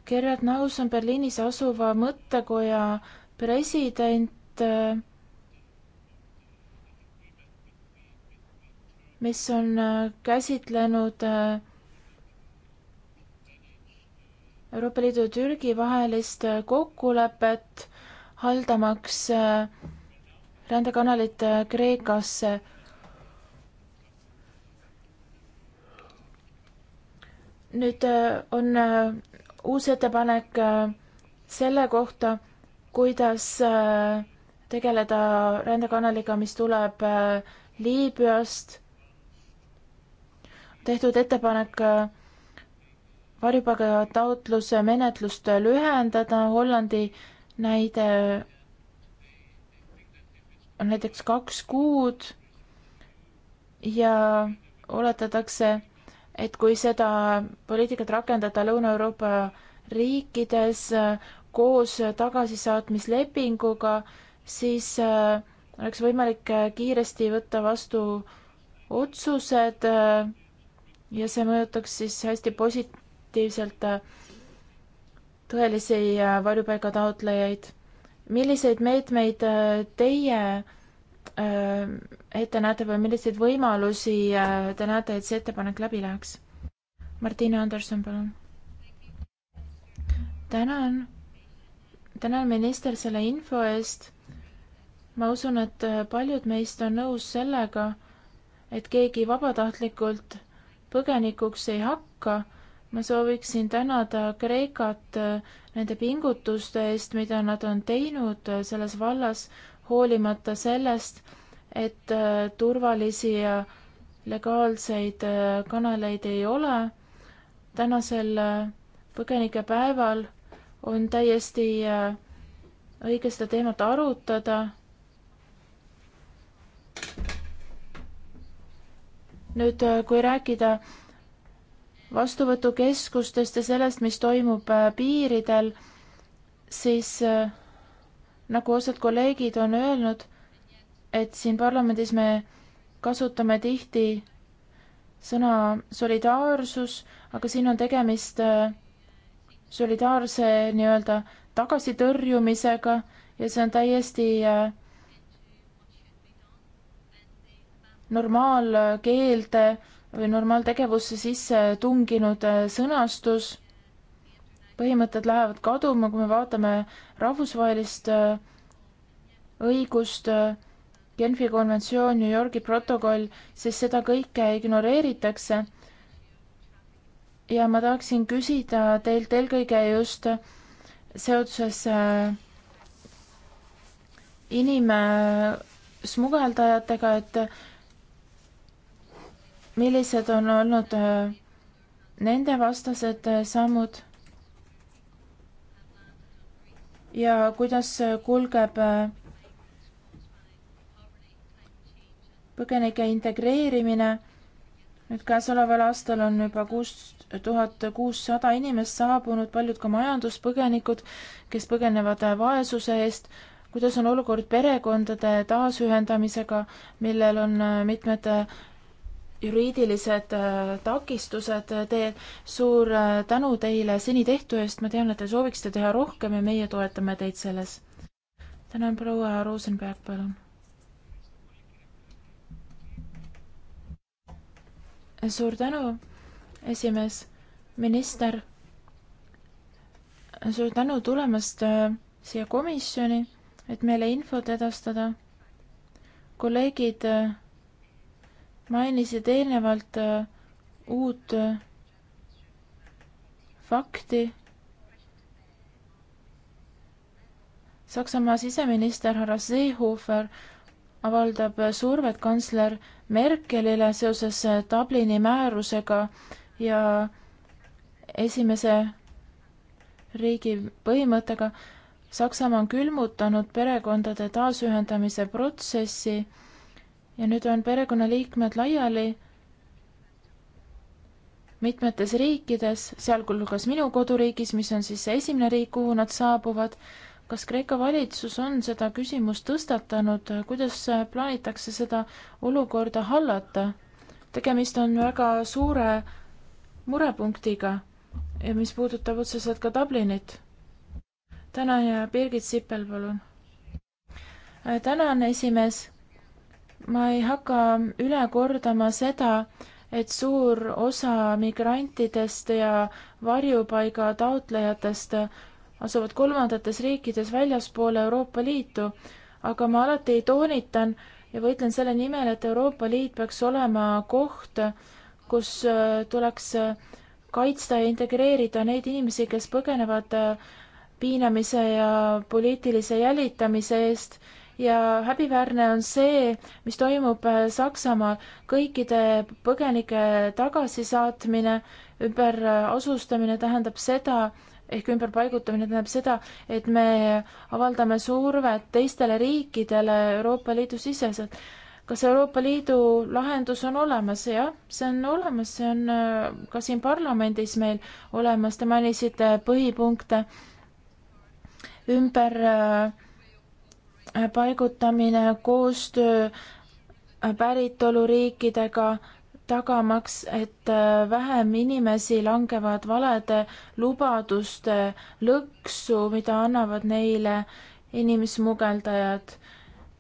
Gerard Naus on Berliinis asuva mõttekoja president, mis on äh, käsitlenud äh, Euroopa Liidu ja Türgi vahelist äh, kokkulepet haldamaks äh, rändekanalit äh, Kreekasse. Äh, nüüd äh, on uus ettepanek selle kohta, kuidas tegeleda rändekanaliga, mis tuleb Liibüast. tehtud ettepanek varjupaiga taotluse menetlust lühendada, Hollandi näide on näiteks kaks kuud ja oletatakse, et kui seda poliitikat rakendada Lõuna-Euroopa riikides äh, koos tagasisaatmislepinguga, siis äh, oleks võimalik äh, kiiresti võtta vastu otsused ja see mõjutaks siis hästi positiivselt tõelisi varjupaigataotlejaid milliseid meetmeid äh, teie äh, ette näete või milliseid võimalusi äh, te näete, et see ettepanek läbi läheks? Martina Anderson, palun. tänan, tänan minister selle info eest. ma usun, et paljud meist on nõus sellega, et keegi vabatahtlikult põgenikuks ei hakka ma sooviksin tänada Kreekat äh, nende pingutuste eest, mida nad on teinud äh, selles vallas, hoolimata sellest, et äh, turvalisi ja legaalseid kanaleid ei ole. tänasel põgenikepäeval on täiesti õige seda teemat arutada. nüüd, kui rääkida vastuvõtukeskustest ja sellest, mis toimub äh, piiridel, siis äh, nagu osad kolleegid on öelnud, et siin parlamendis me kasutame tihti sõna solidaarsus, aga siin on tegemist äh, solidaarse nii-öelda tagasitõrjumisega ja see on täiesti normaalkeelde või normaaltegevusse sisse tunginud äh, sõnastus. põhimõtted lähevad kaduma, kui me vaatame rahvusvahelist äh, õigust, äh, Genfi konventsioon, New Yorgi protokoll, siis seda kõike ignoreeritakse. ja ma tahaksin küsida teilt eelkõige just seoses inimsmugeldajatega, et millised on olnud äh, nende vastased äh, sammud ja kuidas äh, kulgeb põgenike integreerimine. nüüd käesoleval aastal on juba kuus tuhat kuussada inimest saabunud, paljud ka majanduspõgenikud, kes põgenevad vaesuse eest. kuidas on olukord perekondade taasühendamisega, millel on mitmed juriidilised äh, takistused teel. suur äh, tänu teile seni tehtu eest, ma tean, et te sooviksite teha rohkem ja meie toetame teid selles. tänan, proua Rosenberg, palun. suur tänu, esimees, minister. suur tänu tulemast äh, siia komisjoni, et meile infot edastada. kolleegid mainisid eelnevalt äh, uut äh, fakti. Saksamaa siseminister härra Seehofer avaldab äh, survet kantsler Merkelile seoses Dublini määrusega ja esimese riigi põhimõttega. Saksamaa on külmutanud perekondade taasühendamise protsessi ja nüüd on perekonnaliikmed laiali mitmetes riikides, sealhulgas minu koduriigis, mis on siis see esimene riik, kuhu nad saabuvad. kas Kreeka valitsus on seda küsimust tõstatanud, kuidas plaanitakse seda olukorda hallata? tegemist on väga suure murepunktiga, mis puudutab otseselt ka Dublinit. tänan ja Birgit Sipel, palun. tänan, esimees ma ei hakka üle kordama seda, et suur osa migrantidest ja varjupaiga taotlejatest asuvad kolmandates riikides väljaspool Euroopa Liitu, aga ma alati toonitan ja võitlen selle nimel, et Euroopa Liit peaks olema koht, kus äh, tuleks äh, kaitsta ja integreerida neid inimesi, kes põgenevad äh, piinamise ja poliitilise jälitamise eest ja häbiväärne on see, mis toimub äh, Saksamaal, kõikide põgenike tagasisaatmine, ümberasustamine äh, tähendab seda, ehk ümberpaigutamine tähendab seda, et me avaldame survet teistele riikidele Euroopa Liidu siseselt. kas Euroopa Liidu lahendus on olemas? jah, see on olemas, see on äh, ka siin parlamendis meil olemas, te mainisite põhipunkte ümber äh, paigutamine, koostöö päritoluriikidega, tagamaks, et äh, vähem inimesi langevad valede lubaduste lõksu, mida annavad neile inimsmugeldajad.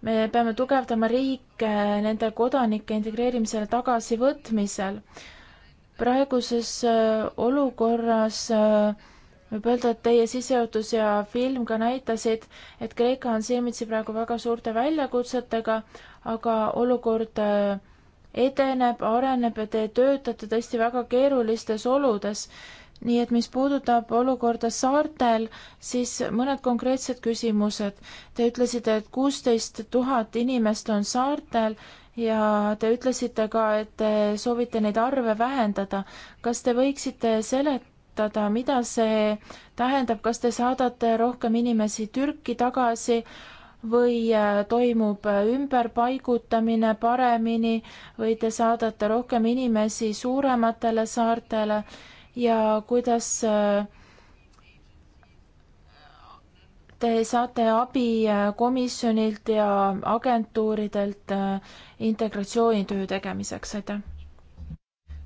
me peame tugevdama riike nende kodanike integreerimisel ja tagasivõtmisel. praeguses äh, olukorras äh, võib öelda, et teie sissejuhatus ja film ka näitasid, et Kreeka on silmitsi praegu väga suurte väljakutsetega, aga olukord äh, edeneb, areneb ja te töötate tõesti väga keerulistes oludes. nii et mis puudutab olukorda saartel, siis mõned konkreetsed küsimused. Te ütlesite, et kuusteist tuhat inimest on saartel ja te ütlesite ka, et te soovite neid arve vähendada. kas te võiksite selet-, arutada, mida see tähendab, kas te saadate rohkem inimesi Türki tagasi või äh, toimub äh, ümberpaigutamine paremini või te saadate rohkem inimesi suurematele saartele ja kuidas äh, te saate abi komisjonilt ja agentuuridelt integratsioonitöö tegemiseks, aitäh!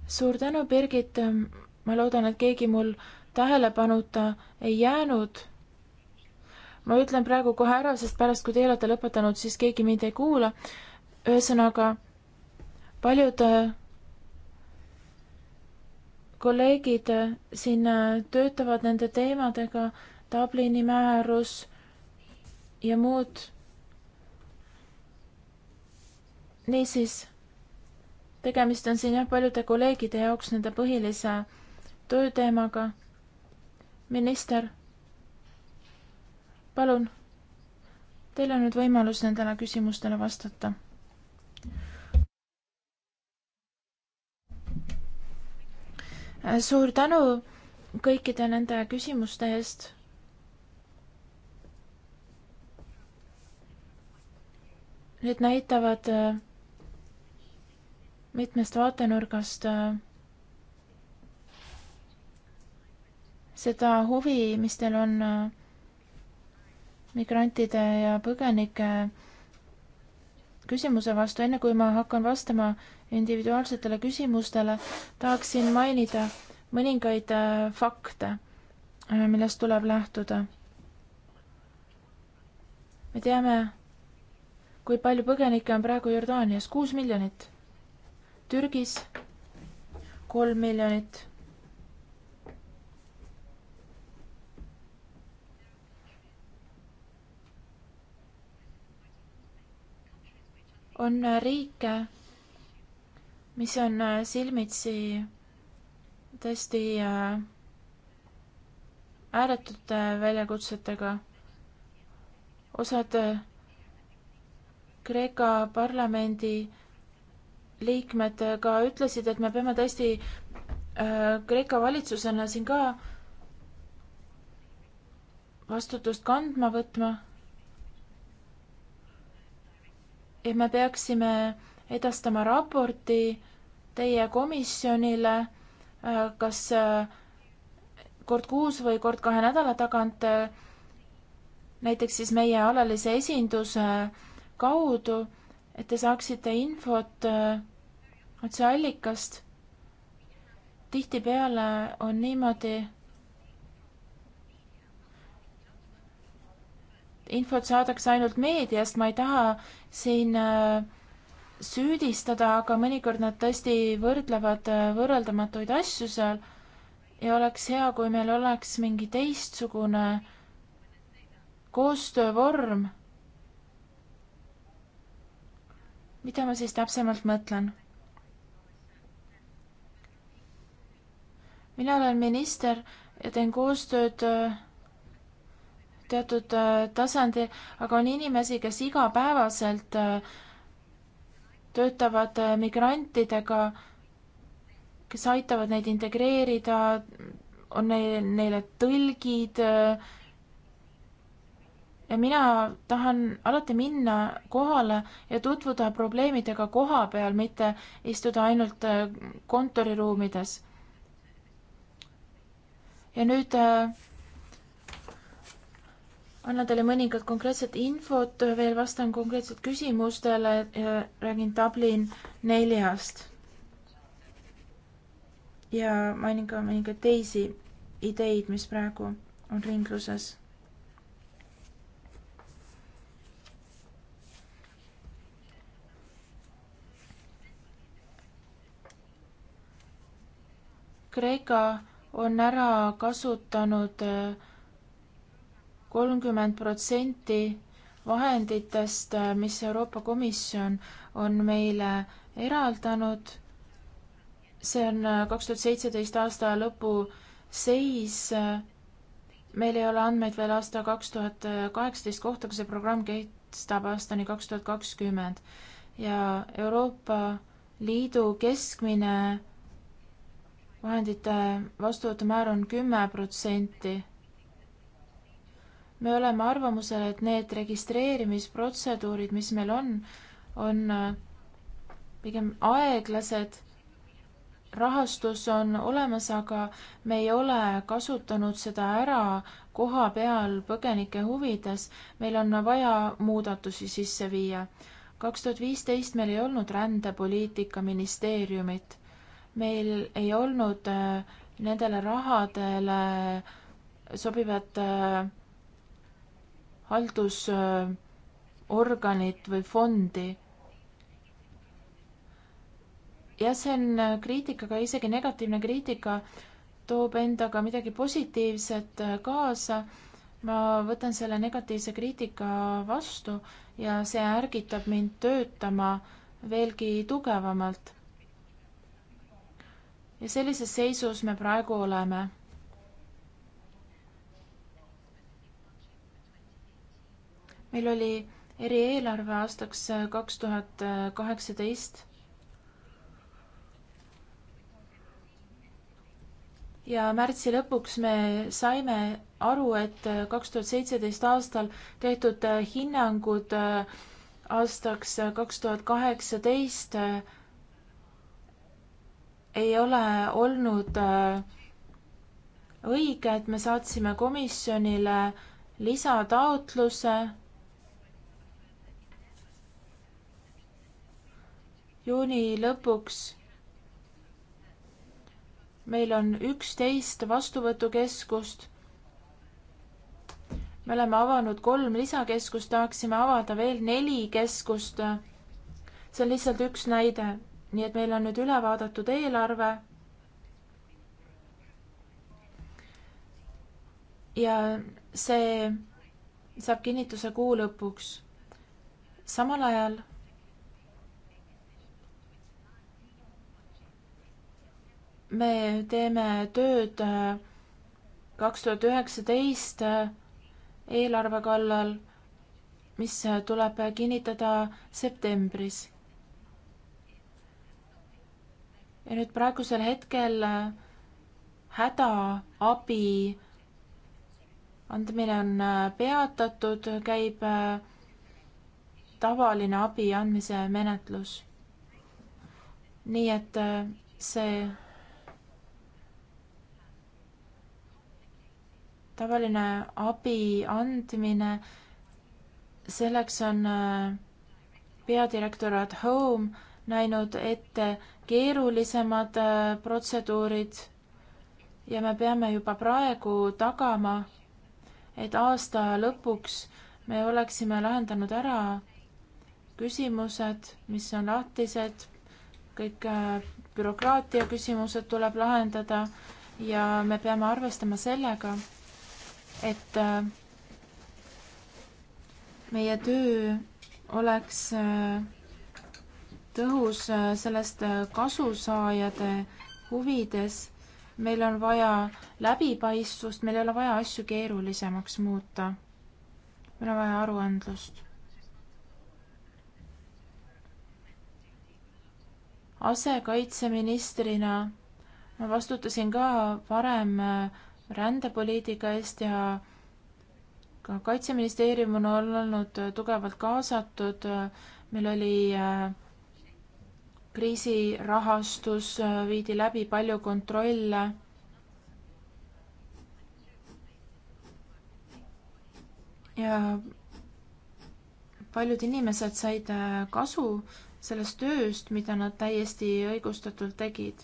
suur tänu, Birgit! ma loodan, et keegi mul tähelepanuta ei jäänud. ma ütlen praegu kohe ära, sest pärast, kui teie olete lõpetanud, siis keegi mind ei kuula. ühesõnaga, paljud äh, kolleegid äh, siin äh, töötavad nende teemadega, Dublini määrus ja muud. niisiis, tegemist on siin jah, paljude kolleegide jaoks nende põhilise tööteemaga. minister, palun, teil on nüüd võimalus nendele küsimustele vastata. suur tänu kõikide nende küsimuste eest need näitavad äh, mitmest vaatenurgast äh, seda huvi, mis teil on äh, migrantide ja põgenike küsimuse vastu, enne kui ma hakkan vastama individuaalsetele küsimustele, tahaksin mainida mõningaid äh, fakte, äh, millest tuleb lähtuda. me teame, kui palju põgenikke on praegu Jordaanias, kuus miljonit, Türgis kolm miljonit on riike, mis on äh, silmitsi tõesti äh, ääretute äh, väljakutsetega. osad Kreeka parlamendi liikmed ka ütlesid, et me peame tõesti Kreeka valitsusena siin ka vastutust kandma võtma et me peaksime edastama raporti teie komisjonile, äh, kas äh, kord kuus või kord kahe nädala tagant, äh, näiteks siis meie alalise esinduse kaudu, et te saaksite infot otseallikast. tihtipeale on niimoodi, infot saadakse ainult meediast, ma ei taha siin äh, süüdistada, aga mõnikord nad tõesti võrdlevad äh, võrreldamatuid asju seal ja oleks hea, kui meil oleks mingi teistsugune koostöövorm. mida ma siis täpsemalt mõtlen? mina olen minister ja teen koostööd äh, teatud äh, tasandil, aga on inimesi, kes igapäevaselt äh, töötavad äh, migrantidega, kes aitavad neid integreerida, on neil, neile tõlgid. ja mina tahan alati minna kohale ja tutvuda probleemidega koha peal, mitte istuda ainult kontoriruumides. ja nüüd äh, annan teile mõningat konkreetset infot, veel vastan konkreetselt küsimustele ja räägin Dublin neljast. ja mainin ka mõningaid teisi ideid, mis praegu on ringluses. Kreeka on ära kasutanud äh, kolmkümmend protsenti vahenditest, mis Euroopa Komisjon on meile eraldanud, see on kaks tuhat seitseteist aasta lõpu seis, meil ei ole andmeid veel aasta kaks tuhat kaheksateist kohta, aga see programm kestab aastani kaks tuhat kakskümmend. ja Euroopa Liidu keskmine vahendite vastuvõtumäär on kümme protsenti me oleme arvamusel, et need registreerimisprotseduurid, mis meil on, on äh, pigem aeglased. rahastus on olemas, aga me ei ole kasutanud seda ära koha peal põgenike huvides. meil on vaja muudatusi sisse viia. kaks tuhat viisteist meil ei olnud rändepoliitika ministeeriumit. meil ei olnud äh, nendele rahadele sobivat äh, haldusorganit või fondi. jah, see on kriitika, aga isegi negatiivne kriitika toob endaga midagi positiivset kaasa. ma võtan selle negatiivse kriitika vastu ja see ärgitab mind töötama veelgi tugevamalt. ja sellises seisus me praegu oleme meil oli erieelarve aastaks äh, kaks tuhat kaheksateist. ja märtsi lõpuks me saime aru, et äh, kaks tuhat seitseteist aastal tehtud äh, hinnangud aastaks kaks tuhat kaheksateist ei ole olnud õige, et me saatsime komisjonile lisataotluse juuni lõpuks meil on üksteist vastuvõtukeskust. me oleme avanud kolm lisakeskust, tahaksime avada veel neli keskust. see on lihtsalt üks näide, nii et meil on nüüd üle vaadatud eelarve. ja see saab kinnituse kuu lõpuks. samal ajal me teeme tööd äh, kaks tuhat üheksateist äh, eelarve kallal, mis äh, tuleb kinnitada septembris. ja nüüd praegusel hetkel hädaabi andmine on peatatud, käib tavaline abi andmise menetlus. nii et see tavaline abi andmine, selleks on äh, peadirektoraat Home näinud ette keerulisemad äh, protseduurid ja me peame juba praegu tagama, et aasta lõpuks me oleksime lahendanud ära küsimused, mis on lahtised, kõik äh, bürokraatia küsimused tuleb lahendada ja me peame arvestama sellega, et äh, meie töö oleks äh, tõhus äh, sellest kasusaajade huvides. meil on vaja läbipaistvust, meil ei ole vaja asju keerulisemaks muuta. meil on vaja aruandlust. asekaitseministrina ma vastutasin ka varem äh, rändepoliitika eest ja ka Kaitseministeerium on olnud tugevalt kaasatud. meil oli äh, kriisirahastus, äh, viidi läbi palju kontrolle. ja paljud inimesed said äh, kasu sellest tööst, mida nad täiesti õigustatult tegid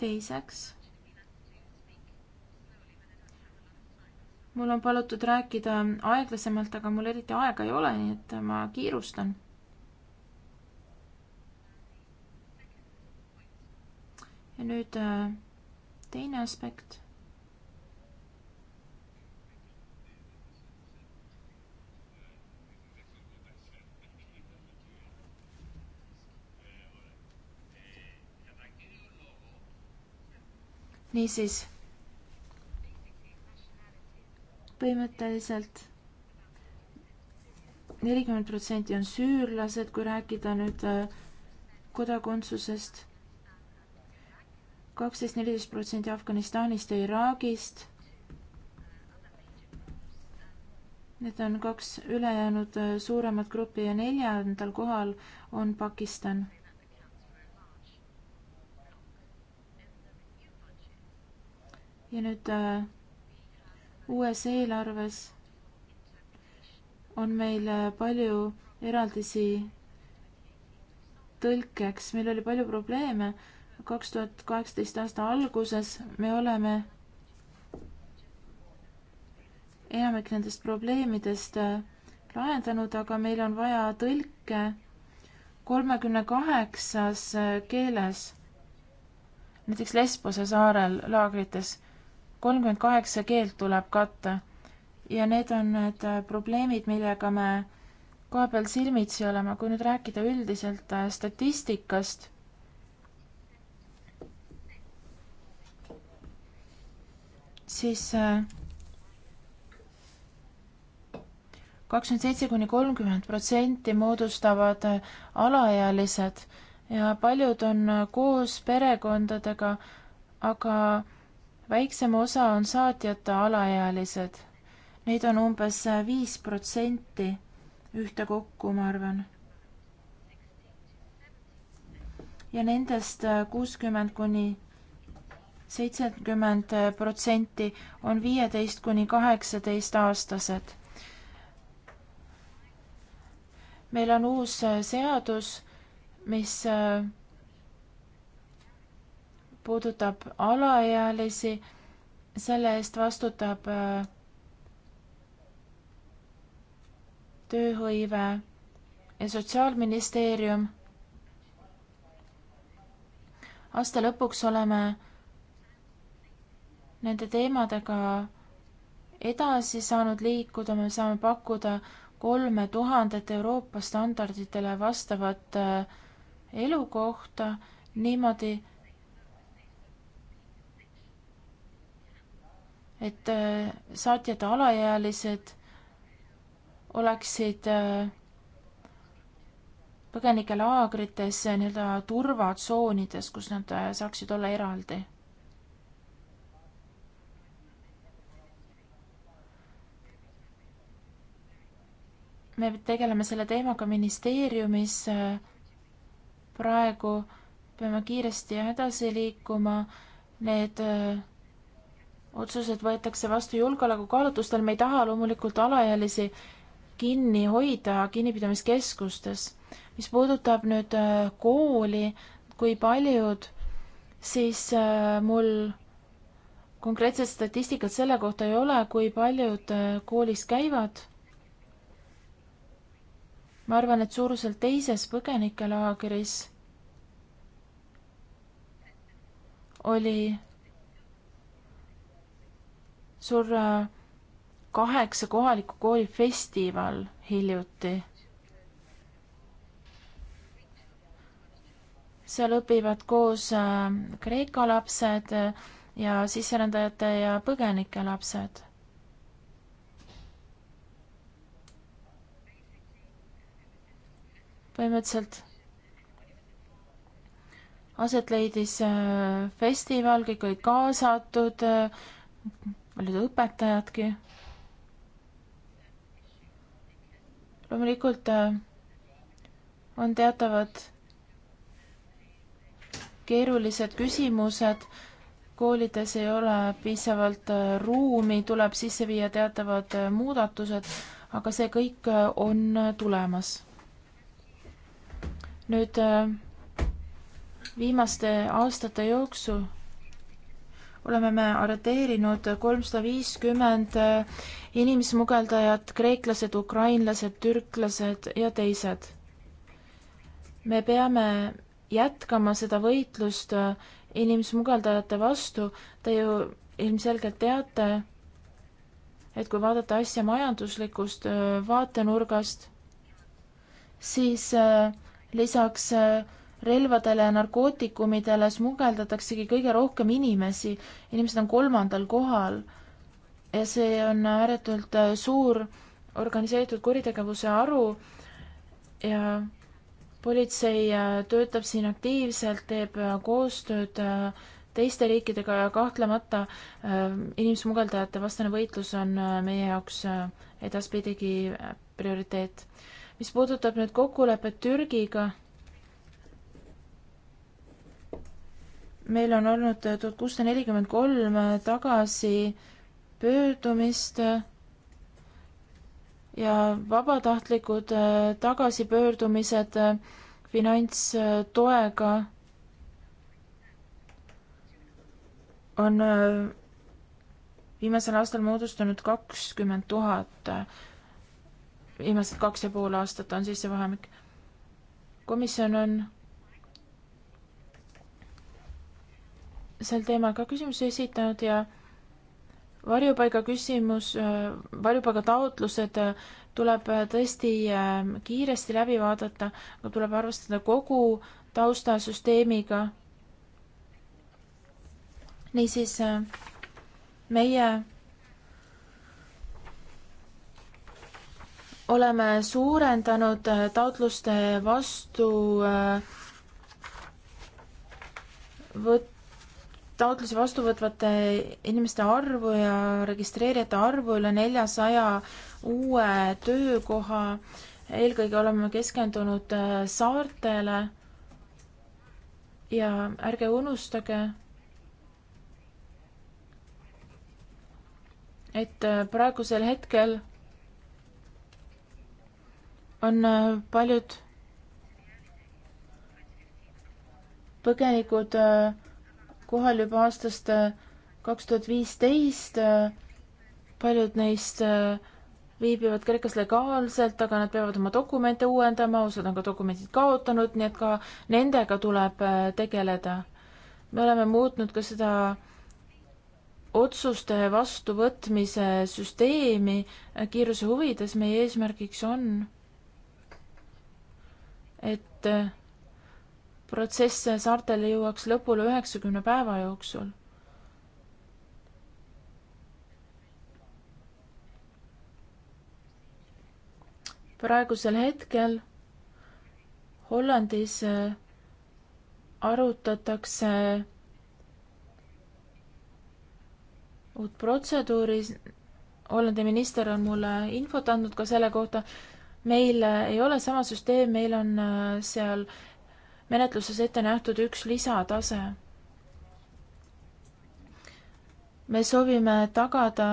teiseks, mul on palutud rääkida aeglasemalt, aga mul eriti aega ei ole, nii et ma kiirustan. ja nüüd äh, teine aspekt niisiis, põhimõtteliselt nelikümmend protsenti on süürlased, kui rääkida nüüd äh, kodakondsusest, kaksteist, neliteist protsenti Afganistanist ja Iraagist. Need on kaks ülejäänud äh, suuremat gruppi ja neljandal kohal on Pakistan ja nüüd äh, uues eelarves on meil äh, palju eraldisi tõlkeks, meil oli palju probleeme. kaks tuhat kaheksateist aasta alguses me oleme enamik nendest probleemidest äh, lahendanud, aga meil on vaja tõlke kolmekümne kaheksas keeles, näiteks Lesbose saarel laagrites kolmkümmend kaheksa keelt tuleb katta ja need on need äh, probleemid, millega me kohapeal silmitsi olema, kui nüüd rääkida üldiselt äh, statistikast, siis äh, kakskümmend seitse kuni kolmkümmend protsenti moodustavad alaealised ja paljud on koos perekondadega, aga väiksem osa on saatjata alaealised. Neid on umbes viis protsenti ühtekokku, ma arvan. ja nendest kuuskümmend kuni seitsekümmend protsenti on viieteist kuni kaheksateist aastased. meil on uus seadus, mis äh, puudutab alaealisi, selle eest vastutab äh, tööhõive ja Sotsiaalministeerium. aasta lõpuks oleme nende teemadega edasi saanud liikuda, me saame pakkuda kolme tuhandet Euroopa standarditele vastavat äh, elukohta niimoodi, et äh, saatjad alaealised oleksid äh, põgenikelaagrites äh, nii-öelda turvatsoonides, kus nad saaksid olla eraldi. me tegeleme selle teemaga ministeeriumis praegu, peame kiiresti edasi liikuma, need äh, otsused võetakse vastu julgeolekukaalutlustel, me ei taha loomulikult alaealisi kinni hoida kinnipidamiskeskustes. mis puudutab nüüd äh, kooli, kui paljud, siis äh, mul konkreetset statistikat selle kohta ei ole, kui paljud äh, koolis käivad. ma arvan, et suuruselt teises põgenikelaagris oli suur äh, kaheksa kohaliku kooli festival hiljuti. seal õpivad koos äh, Kreeka lapsed äh, ja sisserändajate ja põgenike lapsed. põhimõtteliselt aset leidis festival, kõik olid kaasatud paljud õpetajadki. loomulikult äh, on teatavad keerulised küsimused, koolides ei ole piisavalt äh, ruumi, tuleb sisse viia teatavad äh, muudatused, aga see kõik on tulemas. nüüd viimaste aastate jooksul oleme me arreteerinud kolmsada viiskümmend äh, inimsmugeldajat, kreeklased, ukrainlased, türklased ja teised. me peame jätkama seda võitlust äh, inimsmugeldajate vastu, te ju ilmselgelt teate, et kui vaadata asja majanduslikust äh, vaatenurgast, siis lisaks relvadele ja narkootikumidele smugeldataksegi kõige rohkem inimesi, inimesed on kolmandal kohal ja see on ääretult äh, suur organiseeritud kuritegevuse haru ja politsei äh, töötab siin aktiivselt, teeb äh, koostööd teiste riikidega ja kahtlemata inimsmugeldajate vastane võitlus on meie jaoks edaspidigi prioriteet. mis puudutab nüüd kokkulepet Türgiga, meil on olnud tuhat kuussada nelikümmend kolm tagasipöördumist ja vabatahtlikud äh, tagasipöördumised äh, finantstoega on äh, viimasel aastal moodustanud kakskümmend tuhat. viimased kaks ja pool aastat on siis see vahemik. komisjon on sel teemal ka küsimusi esitanud ja varjupaiga küsimus, varjupaiga taotlused tuleb tõesti ähm, kiiresti läbi vaadata, aga tuleb arvestada kogu taustasüsteemiga. niisiis ähm, meie oleme suurendanud äh, taotluste vastu äh, võt-, taotlusi vastu võtvate inimeste arvu ja registreerijate arvu üle neljasaja uue töökoha. eelkõige oleme keskendunud äh, saartele. ja ärge unustage, et äh, praegusel hetkel on äh, paljud põgenikud äh, kohal juba aastast äh, kaks tuhat viisteist. paljud neist äh, viibivad Kreekas legaalselt, aga nad peavad oma dokumente uuendama, osad on ka dokumendid kaotanud, nii et ka nendega tuleb äh, tegeleda. me oleme muutnud ka seda otsuste vastuvõtmise süsteemi kiiruse huvides, meie eesmärgiks on, et protsess saartele jõuaks lõpule üheksakümne päeva jooksul. praegusel hetkel Hollandis äh, arutatakse uut protseduuri. Hollandi minister on mulle infot andnud ka selle kohta. meil äh, ei ole sama süsteem, meil on äh, seal menetluses ette nähtud üks lisatase. me soovime tagada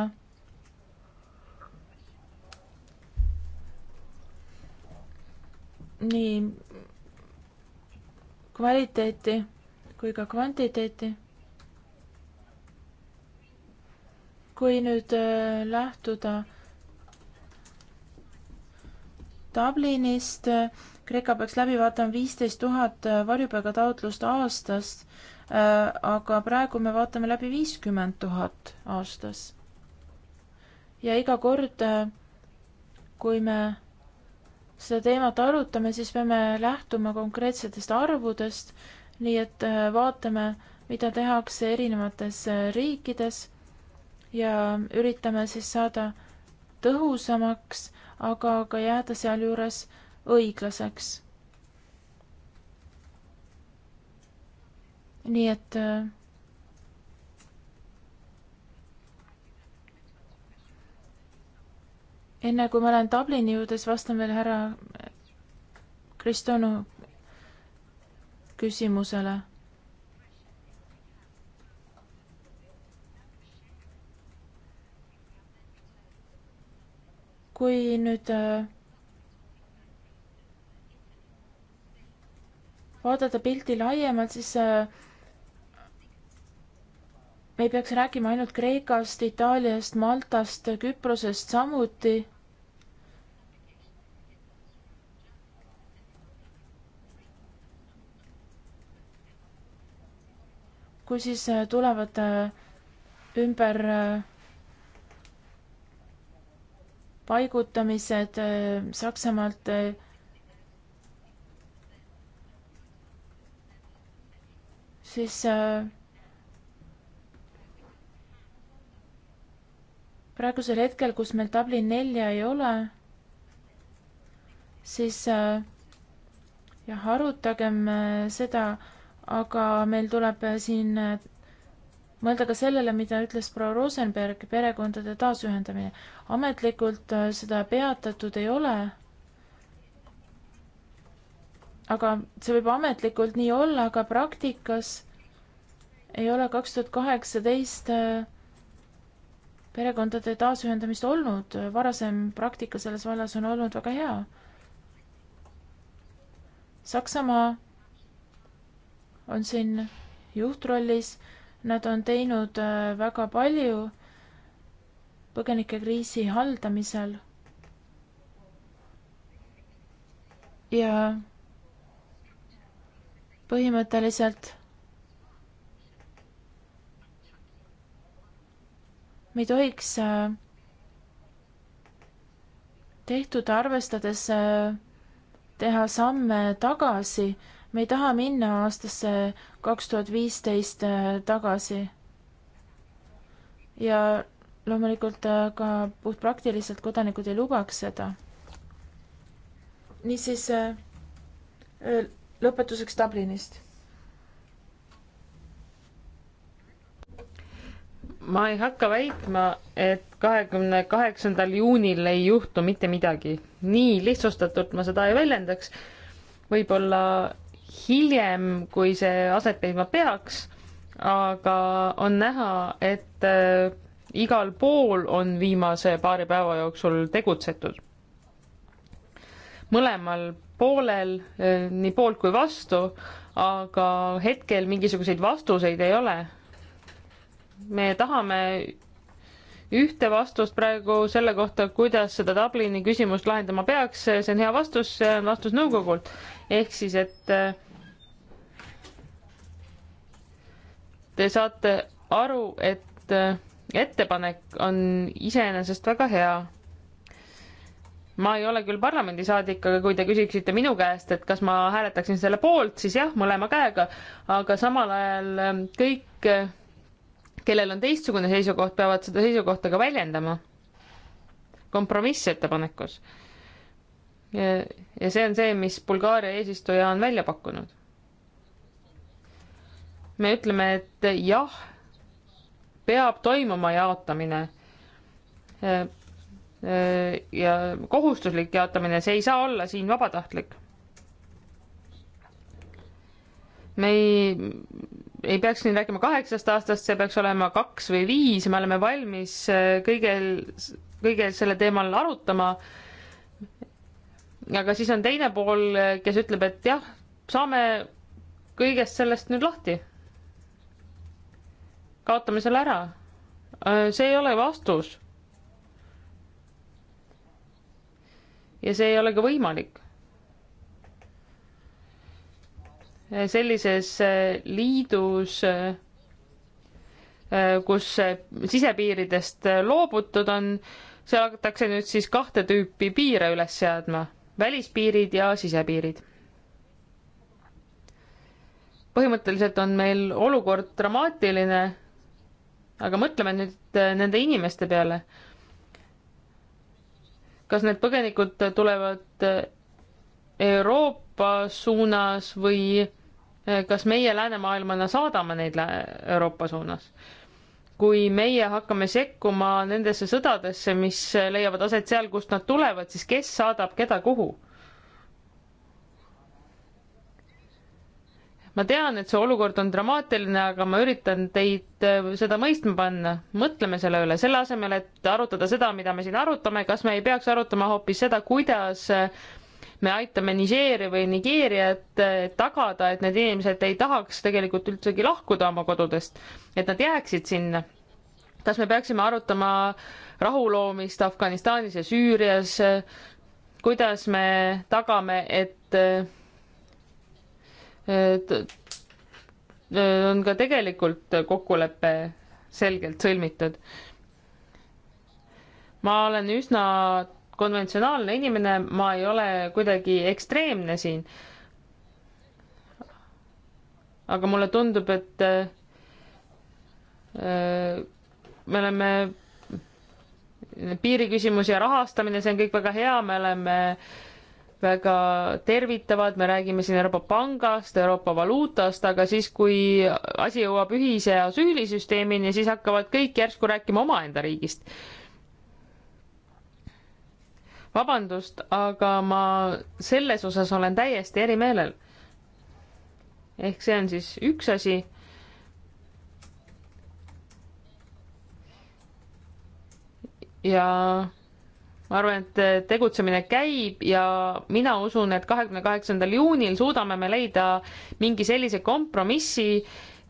nii kvaliteeti kui ka kvantiteeti. kui nüüd äh, lähtuda Dublinist, Kreeka peaks läbi vaatama viisteist tuhat äh, varjupaigataotlust aastas, äh, aga praegu me vaatame läbi viiskümmend tuhat aastas. ja iga kord, äh, kui me seda teemat arutame, siis peame lähtuma konkreetsetest arvudest, nii et vaatame, mida tehakse erinevates riikides ja üritame siis saada tõhusamaks, aga ka jääda sealjuures õiglaseks. nii et äh, enne kui ma lähen Dublini juurde, siis vastan veel härra Kristjanu küsimusele kui nüüd äh, vaadata pilti laiemalt, siis me äh, ei peaks rääkima ainult Kreekast, Itaaliast, Maltast, Küprosest samuti. kui siis äh, tulevad äh, ümber paigutamised Saksamaalt siis äh, praegusel hetkel, kus meil tabli nelja ei ole, siis äh, jah, arutagem äh, seda, aga meil tuleb siin mõelda ka sellele, mida ütles proua Rosenberg, perekondade taasühendamine. ametlikult seda peatatud ei ole. aga see võib ametlikult nii olla, aga praktikas ei ole kaks tuhat kaheksateist äh, perekondade taasühendamist olnud, varasem praktika selles vallas on olnud väga hea. Saksamaa on siin juhtrollis, nad on teinud äh, väga palju põgenikekriisi haldamisel. ja põhimõtteliselt me ei tohiks äh, tehtud arvestades äh, teha samme tagasi, me ei taha minna aastasse kaks tuhat viisteist äh, tagasi. ja loomulikult ka puhtpraktiliselt kodanikud ei lubaks seda. niisiis lõpetuseks Dublinist ma ei hakka väitma, et kahekümne kaheksandal juunil ei juhtu mitte midagi. nii lihtsustatult ma seda ei väljendaks. võib-olla hiljem, kui see aset leidma peaks, aga on näha, et äh, igal pool on viimase paari päeva jooksul tegutsetud. mõlemal poolel, äh, nii poolt kui vastu, aga hetkel mingisuguseid vastuseid ei ole me tahame ühte vastust praegu selle kohta, kuidas seda Dublini küsimust lahendama peaks, see on hea vastus, see on vastus nõukogult. ehk siis, et äh, te saate aru, et äh, ettepanek on iseenesest väga hea. ma ei ole küll parlamendisaadik, aga kui te küsiksite minu käest, et kas ma hääletaksin selle poolt, siis jah, mõlema käega, aga samal ajal äh, kõik kellel on teistsugune seisukoht, peavad seda seisukohta ka väljendama kompromissettepanekus. ja see on see, mis Bulgaaria eesistuja on välja pakkunud. me ütleme, et jah, peab toimuma jaotamine. ja kohustuslik jaotamine, see ei saa olla siin vabatahtlik. me ei ei peaks siin rääkima kaheksast aastast, see peaks olema kaks või viis, me oleme valmis äh, kõigel, kõigel selle teemal arutama. aga siis on teine pool, äh, kes ütleb, et jah, saame kõigest sellest nüüd lahti. kaotame selle ära. Äh, see ei ole vastus. ja see ei ole ka võimalik sellises äh, liidus, äh, kus äh, sisepiiridest loobutud on, seal hakatakse nüüd siis kahte tüüpi piire üles seadma, välispiirid ja sisepiirid. põhimõtteliselt on meil olukord dramaatiline, aga mõtleme nüüd nende inimeste peale. kas need põgenikud tulevad Euroopa suunas või Eh, kas meie läänemaailmana saadame neid Euroopa suunas. kui meie hakkame sekkuma nendesse sõdadesse, mis eh, leiavad aset seal, kust nad tulevad, siis kes saadab keda kuhu? ma tean, et see olukord on dramaatiline, aga ma üritan teid eh, seda mõistma panna. mõtleme selle üle, selle asemel, et arutada seda, mida me siin arutame, kas me ei peaks arutama hoopis seda, kuidas äh, me aitame Nigeeria või Nigeeriat eh, tagada, et need inimesed ei tahaks tegelikult üldsegi lahkuda oma kodudest, et nad jääksid sinna. kas me peaksime arutama rahuloomist Afganistanis ja Süürias, kuidas me tagame, et, et on ka tegelikult kokkulepe selgelt sõlmitud. ma olen üsna konventsionaalne inimene, ma ei ole kuidagi ekstreemne siin. aga mulle tundub, et äh, me oleme piiriküsimus ja rahastamine, see on kõik väga hea, me oleme väga tervitavad, me räägime siin Euroopa Pangast, Euroopa valuutast, aga siis, kui asi jõuab ühise asüülisüsteemini, siis hakkavad kõik järsku rääkima omaenda riigist vabandust, aga ma selles osas olen täiesti eri meelel. ehk see on siis üks asi. ja ma arvan, et tegutsemine käib ja mina usun, et kahekümne kaheksandal juunil suudame me leida mingi sellise kompromissi,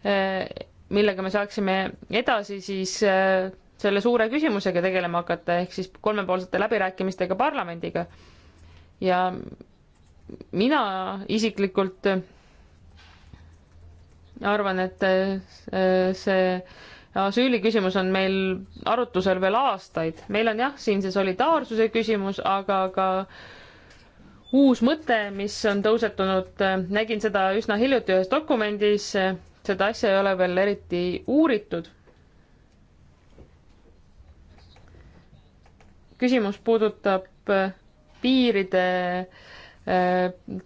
eh, millega me saaksime edasi siis eh, selle suure küsimusega tegelema hakata, ehk siis kolmepoolsete läbirääkimistega parlamendiga. ja mina isiklikult arvan, et äh, see asüüliküsimus on meil arutusel veel aastaid, meil on jah, siin see solidaarsuse küsimus, aga ka uus mõte, mis on tõusetunud, äh, nägin seda üsna hiljuti ühes dokumendis, äh, seda asja ei ole veel eriti uuritud küsimus puudutab äh, piiride äh,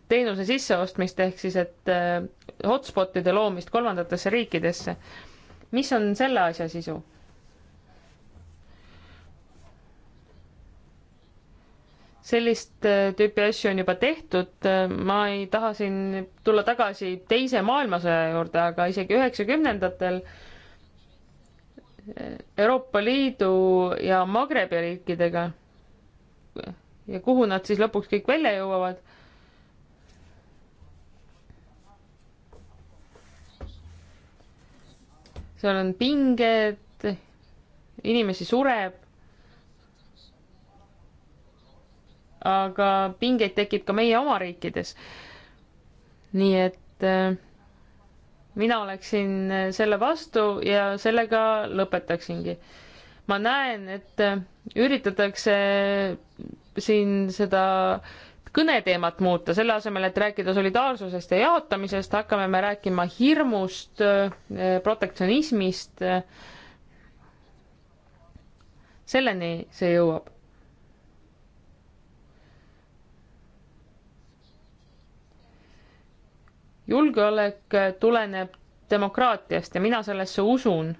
teenuse sisseostmist ehk siis, et äh, hotspotide loomist kolmandatesse riikidesse. mis on selle asja sisu? sellist tüüpi asju on juba tehtud, ma ei taha siin tulla tagasi teise maailmasõja juurde, aga isegi üheksakümnendatel 90 Euroopa Liidu ja Magrebi riikidega ja kuhu nad siis lõpuks kõik välja jõuavad. seal on pinged, inimesi sureb. aga pingeid tekib ka meie oma riikides. nii et äh, mina oleksin äh, selle vastu ja sellega lõpetaksingi. ma näen, et äh, üritatakse äh, siin seda kõneteemat muuta, selle asemel, et rääkida solidaarsusest ja jaotamisest, hakkame me rääkima hirmust, protektsionismist. selleni see jõuab julgeolek tuleneb demokraatiast ja mina sellesse usun.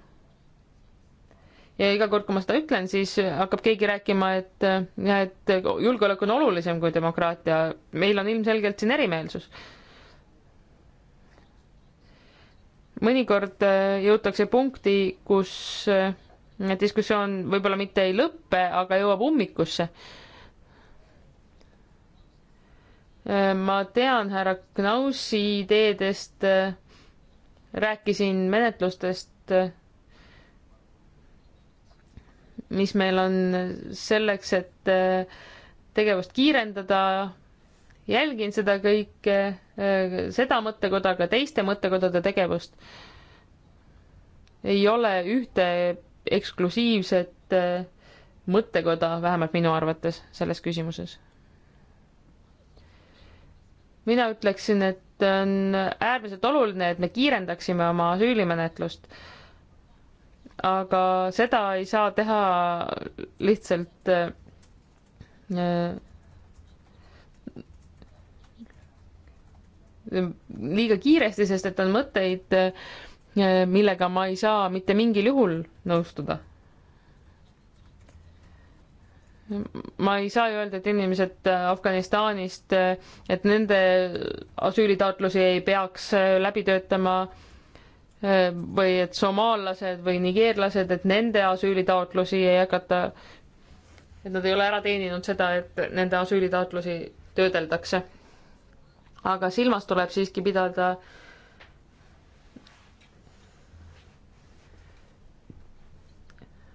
ja iga kord, kui ma seda ütlen, siis hakkab keegi rääkima, et, et julgeolek on olulisem kui demokraatia. meil on ilmselgelt siin erimeelsus. mõnikord jõutakse punkti, kus diskussioon võib-olla mitte ei lõppe, aga jõuab ummikusse ma tean härra Knausi ideedest, rääkisin menetlustest, mis meil on selleks, et tegevust kiirendada, jälgin seda kõike, seda mõttekoda, ka teiste mõttekodade tegevust. ei ole ühte eksklusiivset mõttekoda, vähemalt minu arvates, selles küsimuses mina ütleksin, et on äärmiselt oluline, et me kiirendaksime oma asüülimenetlust. aga seda ei saa teha lihtsalt äh, liiga kiiresti, sest et on mõtteid, äh, millega ma ei saa mitte mingil juhul nõustuda ma ei saa ju öelda, et inimesed äh, Afganistanist, äh, et nende asüülitaotlusi ei peaks äh, läbi töötama või et somaallased või nigeerlased, et nende asüülitaotlusi ei hakata, et nad ei ole ära teeninud seda, et nende asüülitaotlusi töödeldakse. aga silmas tuleb siiski pidada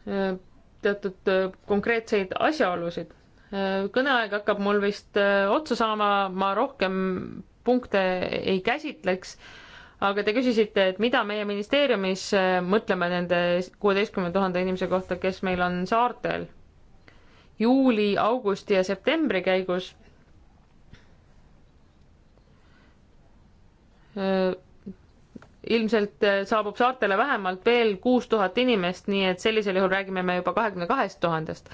äh, teatud äh, konkreetseid asjaolusid. Äh, kõneaeg hakkab mul vist äh, otsa saama, ma rohkem punkte ei käsitleks, aga te küsisite, et mida meie ministeeriumis mõtleme nende kuueteistkümne tuhande inimese kohta, kes meil on saartel juuli, augusti ja septembri käigus ilmselt äh, saabub saartele vähemalt veel kuus tuhat inimest, nii et sellisel juhul räägime me juba kahekümne kahest tuhandest.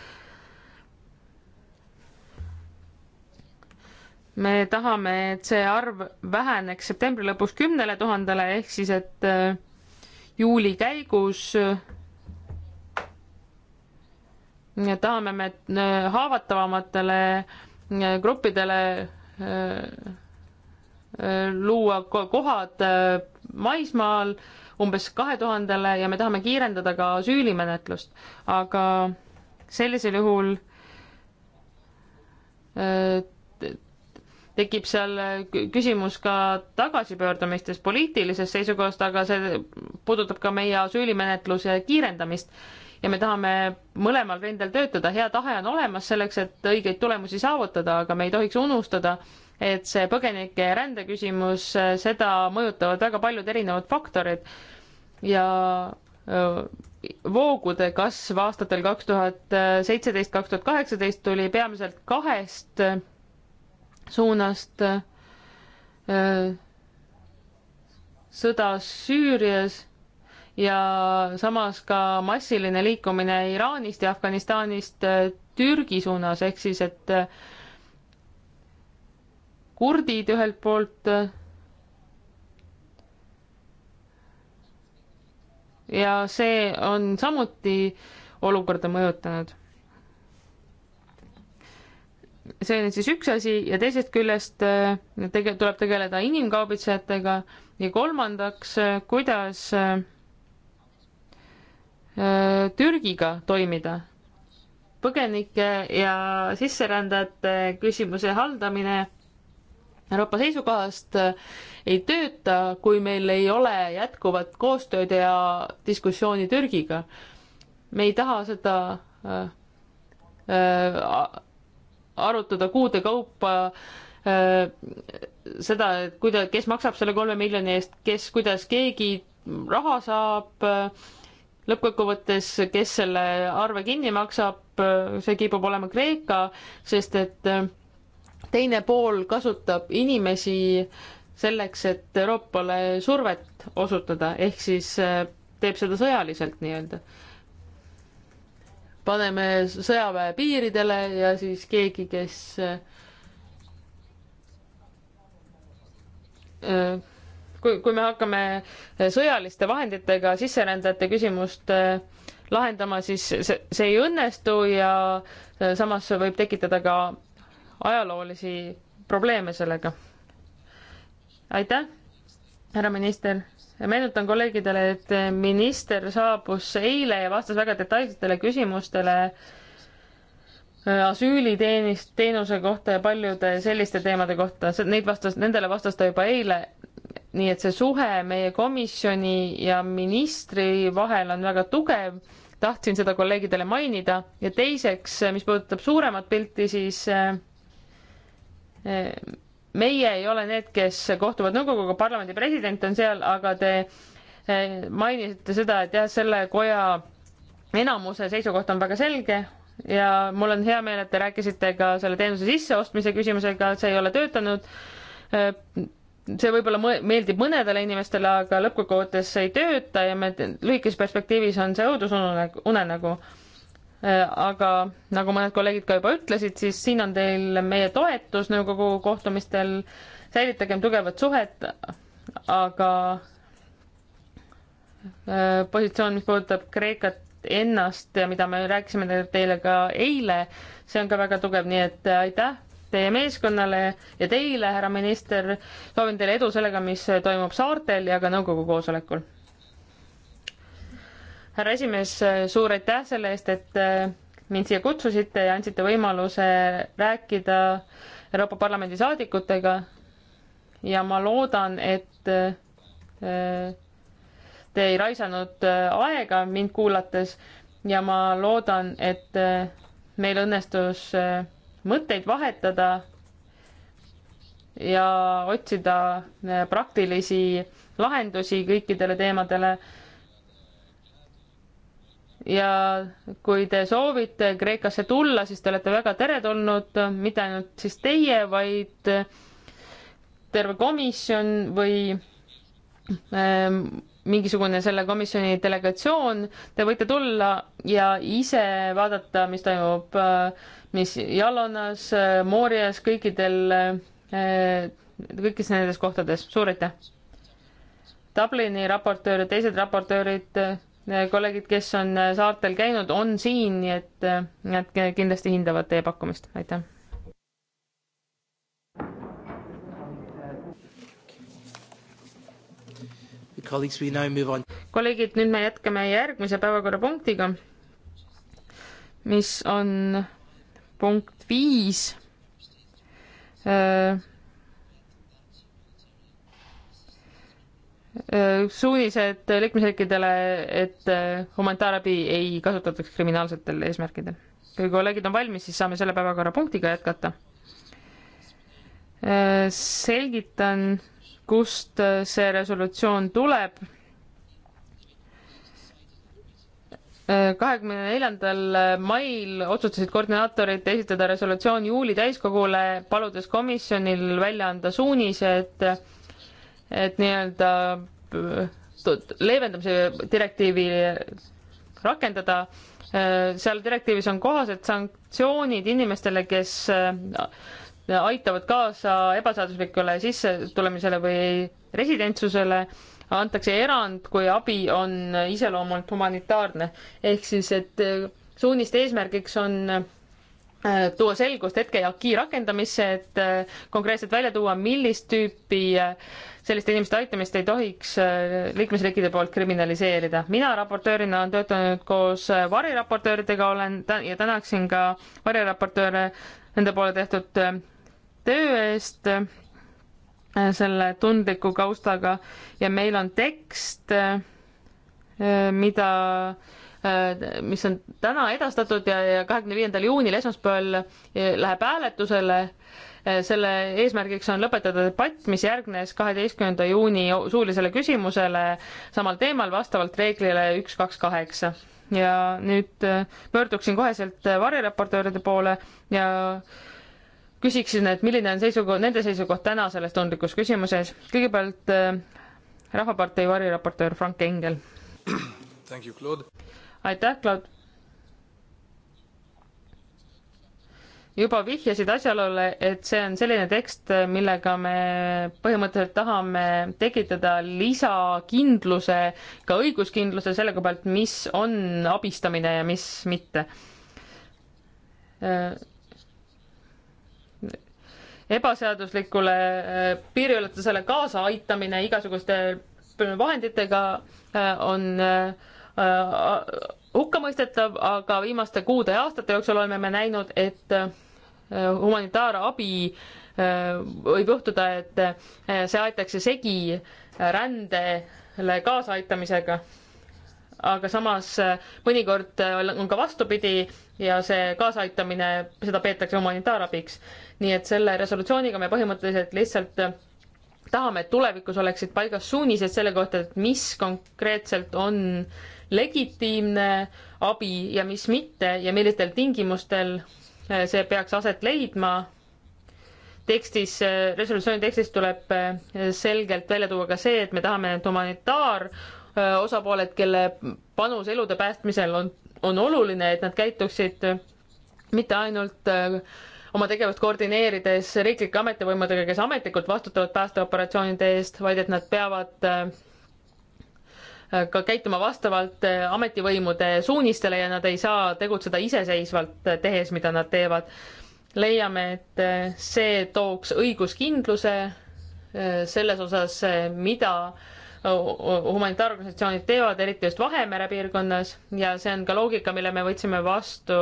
me tahame, et see arv väheneks septembri lõpus kümnele tuhandele, ehk siis et äh, juuli käigus äh, tahame me haavatavamatele gruppidele luua kohad maismaal umbes kahe tuhandele ja me tahame kiirendada ka süülimenetlust, aga sellisel juhul äh, tekib seal küsimus ka tagasipöördumistest poliitilisest seisukohast, aga see puudutab ka meie asüülimenetluse kiirendamist ja me tahame mõlemal rindel töötada, hea tahe on olemas selleks, et õigeid tulemusi saavutada, aga me ei tohiks unustada, et see põgenike ja rände küsimus, seda mõjutavad väga paljud erinevad faktorid ja voogude kasv aastatel kaks tuhat seitseteist, kaks tuhat kaheksateist tuli peamiselt kahest suunast. sõda Süürias ja samas ka massiline liikumine Iraanist ja Afganistanist äh, Türgi suunas, ehk siis et äh, kurdid ühelt poolt äh, ja see on samuti olukorda mõjutanud. see on siis üks asi ja teisest küljest tege-, tuleb tegeleda inimkaubitsejatega ja kolmandaks, kuidas äh, Äh, Türgiga toimida. põgenike ja sisserändajate küsimuse haldamine Euroopa seisukohast äh, ei tööta, kui meil ei ole jätkuvat koostööd ja diskussiooni Türgiga. me ei taha seda äh, äh, arutada kuude kaupa äh, seda, et kuida-, kes maksab selle kolme miljoni eest, kes, kuidas keegi raha saab äh,, lõppkokkuvõttes, kes selle arve kinni maksab, see kipub olema Kreeka, sest et äh, teine pool kasutab inimesi selleks, et Euroopale survet osutada, ehk siis äh, teeb seda sõjaliselt nii-öelda. paneme sõjaväe piiridele ja siis keegi, kes äh, äh kui, kui me hakkame eh, sõjaliste vahenditega sisserändajate küsimust eh, lahendama, siis see, see ei õnnestu ja eh, samas võib tekitada ka ajaloolisi probleeme sellega. aitäh, härra minister. meenutan kolleegidele, et minister saabus eile ja vastas väga detailsetele küsimustele asüüliteenist, teenuse kohta ja paljude selliste teemade kohta, neid vastas, nendele vastas ta juba eile nii et see suhe meie komisjoni ja ministri vahel on väga tugev, tahtsin seda kolleegidele mainida ja teiseks, mis puudutab suuremat pilti, siis eh, meie ei ole need, kes kohtuvad nõukoguga, parlamendi president on seal, aga te eh, mainisite seda, et jah, selle koja enamuse seisukoht on väga selge ja mul on hea meel, et te rääkisite ka selle teenuse sisseostmise küsimusega, see ei ole töötanud eh, see võib-olla meeldib mõnedele inimestele, aga lõppkokkuvõttes see ei tööta ja me lühikeses perspektiivis on see õudusunenägu, unenägu. Äh, aga nagu mõned kolleegid ka juba ütlesid, siis siin on teil meie toetus nõukogu kohtumistel, säilitagem tugevat suhet, aga äh, positsioon, mis puudutab Kreekat ennast ja mida me rääkisime teile ka eile, see on ka väga tugev, nii et äh, aitäh teie meeskonnale ja teile, härra minister. soovin teile edu sellega, mis toimub saartel ja ka nõukogu koosolekul. härra esimees, suur aitäh selle eest, et äh, mind siia kutsusite ja andsite võimaluse rääkida Euroopa Parlamendi saadikutega. ja ma loodan, et äh, te ei raisanud äh, aega mind kuulates ja ma loodan, et meil õnnestus äh, mõtteid vahetada ja otsida eh, praktilisi lahendusi kõikidele teemadele. ja kui te soovite Kreekasse tulla, siis te olete väga teretulnud, mitte ainult siis teie, vaid eh, terve komisjon või eh, mingisugune selle komisjoni delegatsioon, te võite tulla ja ise vaadata, mis toimub äh, mis Jalonas, Moorias, kõikidel, eh, kõikides nendes kohtades. suur aitäh! Dublini raportöör ja teised raportöörid, eh, kolleegid, kes on eh, saartel käinud, on siin, nii et nad kindlasti hindavad teie pakkumist, aitäh! kolleegid, nüüd me jätkame järgmise päevakorrapunktiga, mis on punkt viis äh, äh, suunised liikmesriikidele, et äh, humanitaarabi ei kasutataks kriminaalsetel eesmärkidel. kui kolleegid on valmis, siis saame selle päevakorrapunktiga jätkata. selgitan, kust see resolutsioon tuleb kahekümne neljandal mail otsustasid koordinaatorid esitada resolutsioon juuli täiskogule, paludes komisjonil välja anda suunised, et nii-öelda äh, leevendamise direktiivi rakendada. Äh, seal direktiivis on kohased sanktsioonid inimestele, kes äh, aitavad kaasa ebaseaduslikule sissetulemisele või residentsusele antakse erand, kui abi on iseloomult humanitaarne. ehk siis, et eh, suuniste eesmärgiks on eh, tuua selgust hetke ja aki rakendamisse, et eh, konkreetselt välja tuua, millist tüüpi selliste inimeste aitamist ei tohiks liikmesriikide poolt kriminaliseerida. mina raportöörina olen töötanud koos variraportööridega, olen ja tänaksin ka variraportööre nende poole tehtud töö eest Äh, selle tundliku kaustaga ja meil on tekst, äh, mida, äh, mis on täna edastatud ja, ja kahekümne viiendal juunil esmaspäeval läheb hääletusele. selle eesmärgiks on lõpetada debatt, mis järgnes kaheteistkümnenda juuni suulisele küsimusele samal teemal vastavalt reeglile üks, kaks, kaheksa ja nüüd pöörduksin koheselt variraportööride poole ja küsiksin, et milline on seisukoht, nende seisukoht täna selles tundlikus küsimuses. kõigepealt äh, Rahvapartei variraportöör Frank Engel. aitäh, Claude. juba vihjasid asjaolule, et see on selline tekst, millega me põhimõtteliselt tahame tekitada lisakindluse, ka õiguskindluse selle koha pealt, mis on abistamine ja mis mitte. Äh, ebaseaduslikule äh, piiriületusele kaasaaitamine igasuguste vahenditega äh, on äh, hukkamõistetav, aga viimaste kuude ja aastate jooksul oleme me näinud, et humanitaarabi võib juhtuda, et see aetakse segi rändele kaasaaitamisega aga samas äh, mõnikord äh, on ka vastupidi ja see kaasaaitamine, seda peetakse humanitaarabiks. nii et selle resolutsiooniga me põhimõtteliselt lihtsalt äh, tahame, et tulevikus oleksid paigas suunised selle kohta, et mis konkreetselt on legitiimne abi ja mis mitte ja millistel tingimustel see peaks aset leidma. tekstis, resolutsiooni tekstis tuleb selgelt välja tuua ka see, et me tahame, et humanitaar Eh, osapooled, kelle panus elude päästmisel on, on oluline, et nad käituksid mitte ainult eh, oma tegevust koordineerides riiklike ametivõimudega, kes ametlikult vastutavad päästeoperatsioonide eest, vaid et nad peavad eh, ka käituma vastavalt ametivõimude suunistele ja nad ei saa tegutseda iseseisvalt, tehes, mida nad teevad. leiame, et see tooks õiguskindluse selles osas, mida humanitaarorganisatsioonid teevad, eriti just Vahemere piirkonnas ja see on ka loogika, mille me võtsime vastu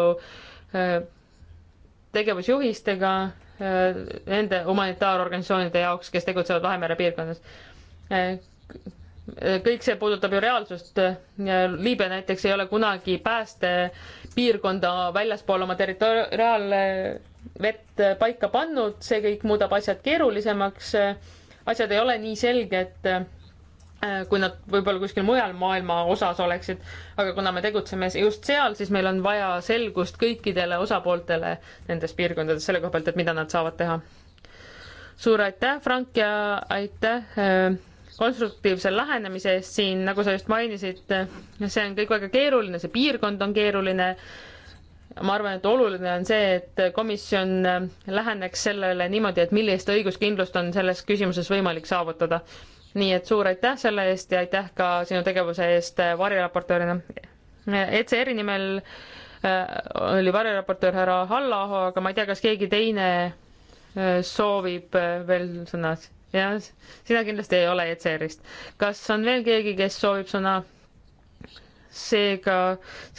äh, tegevusjuhistega äh, nende humanitaarorganisatsioonide jaoks, kes tegutsevad Vahemere piirkonnas. Äh, kõik see puudutab ju reaalsust. Liibüa näiteks ei ole kunagi päästepiirkonda väljaspool oma territoriaalvett paika pannud, see kõik muudab asjad keerulisemaks. asjad ei ole nii selged Äh, kui nad võib-olla kuskil mujal maailma osas oleksid, aga kuna me tegutseme just seal, siis meil on vaja selgust kõikidele osapooltele nendes piirkondades selle koha pealt, et mida nad saavad teha. suur aitäh, Frank, ja aitäh äh, konstruktiivse lähenemise eest siin, nagu sa just mainisid, äh, see on kõik väga keeruline, see piirkond on keeruline ma arvan, et oluline on see, et komisjon läheneks sellele niimoodi, et millist õiguskindlust on selles küsimuses võimalik saavutada nii et suur aitäh selle eest ja aitäh ka sinu tegevuse eest eh, variraportöörina. Eh, ECR-i nimel eh, oli variraportöör härra Hallaho, aga ma ei tea, kas keegi teine soovib veel sõna. jah, sina kindlasti ei ole ECR-ist. kas on veel keegi, kes soovib sõna? seega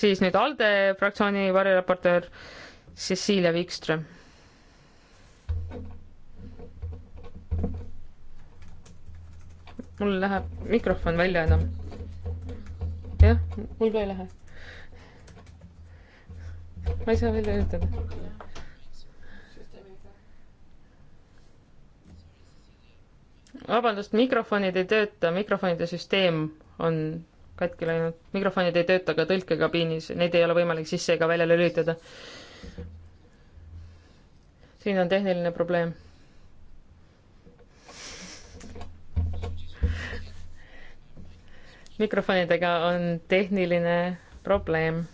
siis nüüd ALDE fraktsiooni variraportöör Cecilia Wikström mul läheb mikrofon välja enam. jah, mul ka ei lähe. ma ei saa välja ütelda. vabandust, mikrofonid ei tööta, mikrofonide süsteem on katki läinud, mikrofonid ei tööta ka tõlkekabiinis, neid ei ole võimalik sisse ega välja lülitada. siin on tehniline probleem mikrofonidega on tehniline probleem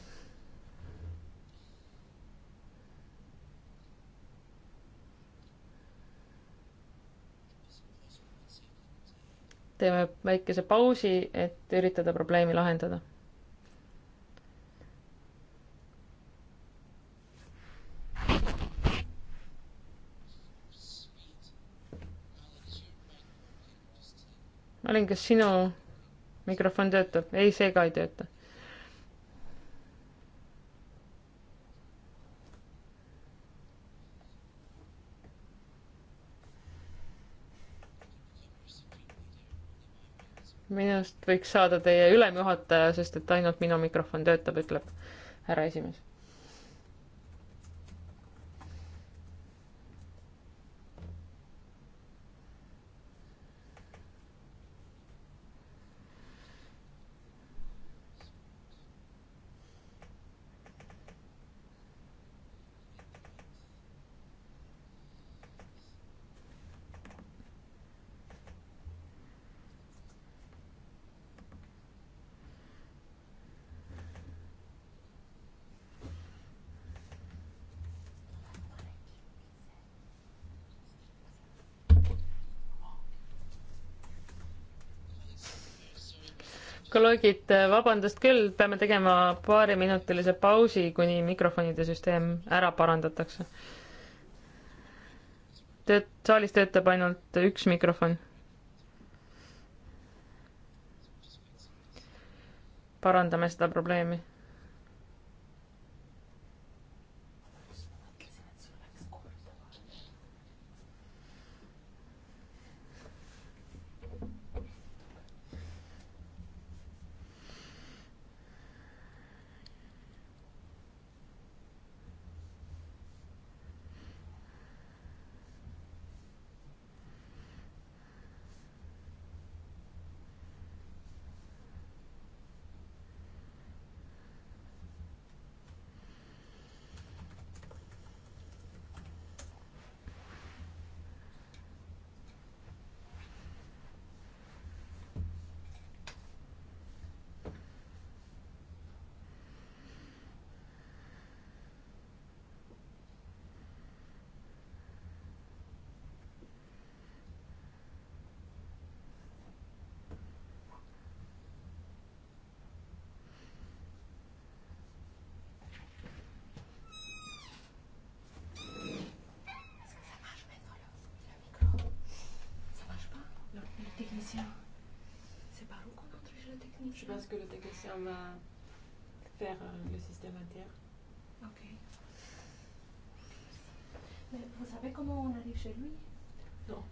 teeme väikese pausi, et üritada probleemi lahendada. ma olin, kas sinu mikrofon töötab, ei, see ka ei tööta. minust võiks saada teie ülemjuhataja, sest et ainult minu mikrofon töötab, ütleb härra esimees. kolleegid, vabandust küll, peame tegema paariminutilise pausi, kuni mikrofonide süsteem ära parandatakse. tööt-, saalis töötab ainult üks mikrofon. parandame seda probleemi Je pense que le technicien va faire euh, le système interne. Ok. Mais vous savez comment on arrive chez lui Non.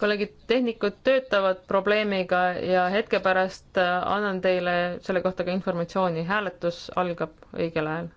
kolleegid, tehnikud töötavad probleemiga ja hetke pärast äh, annan teile selle kohta ka informatsiooni. hääletus algab õigel ajal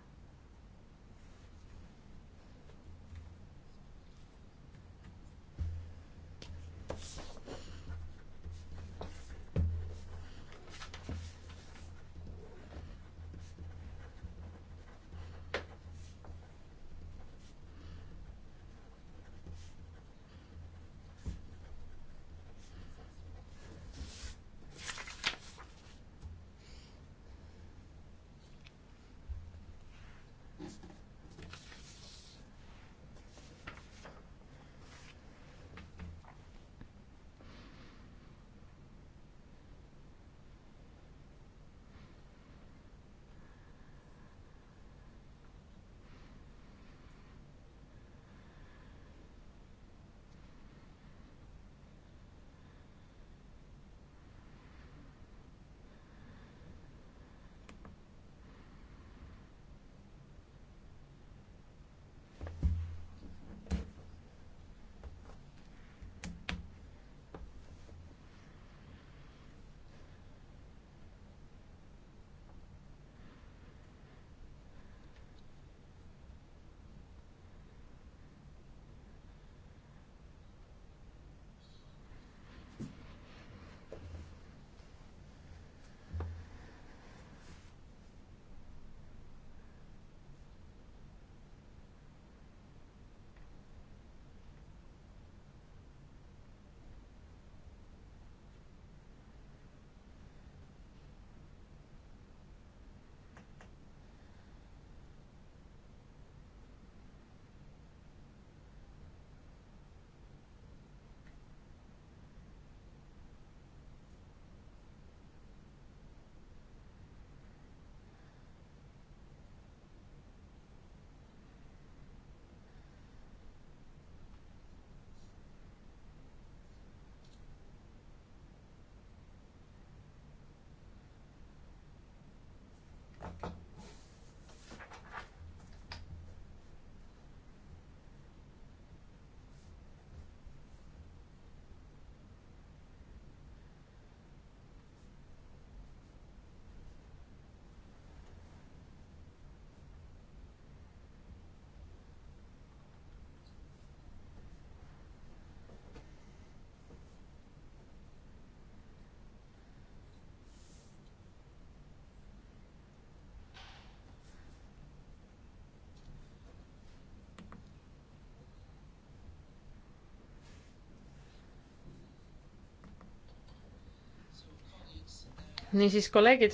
niisiis, kolleegid,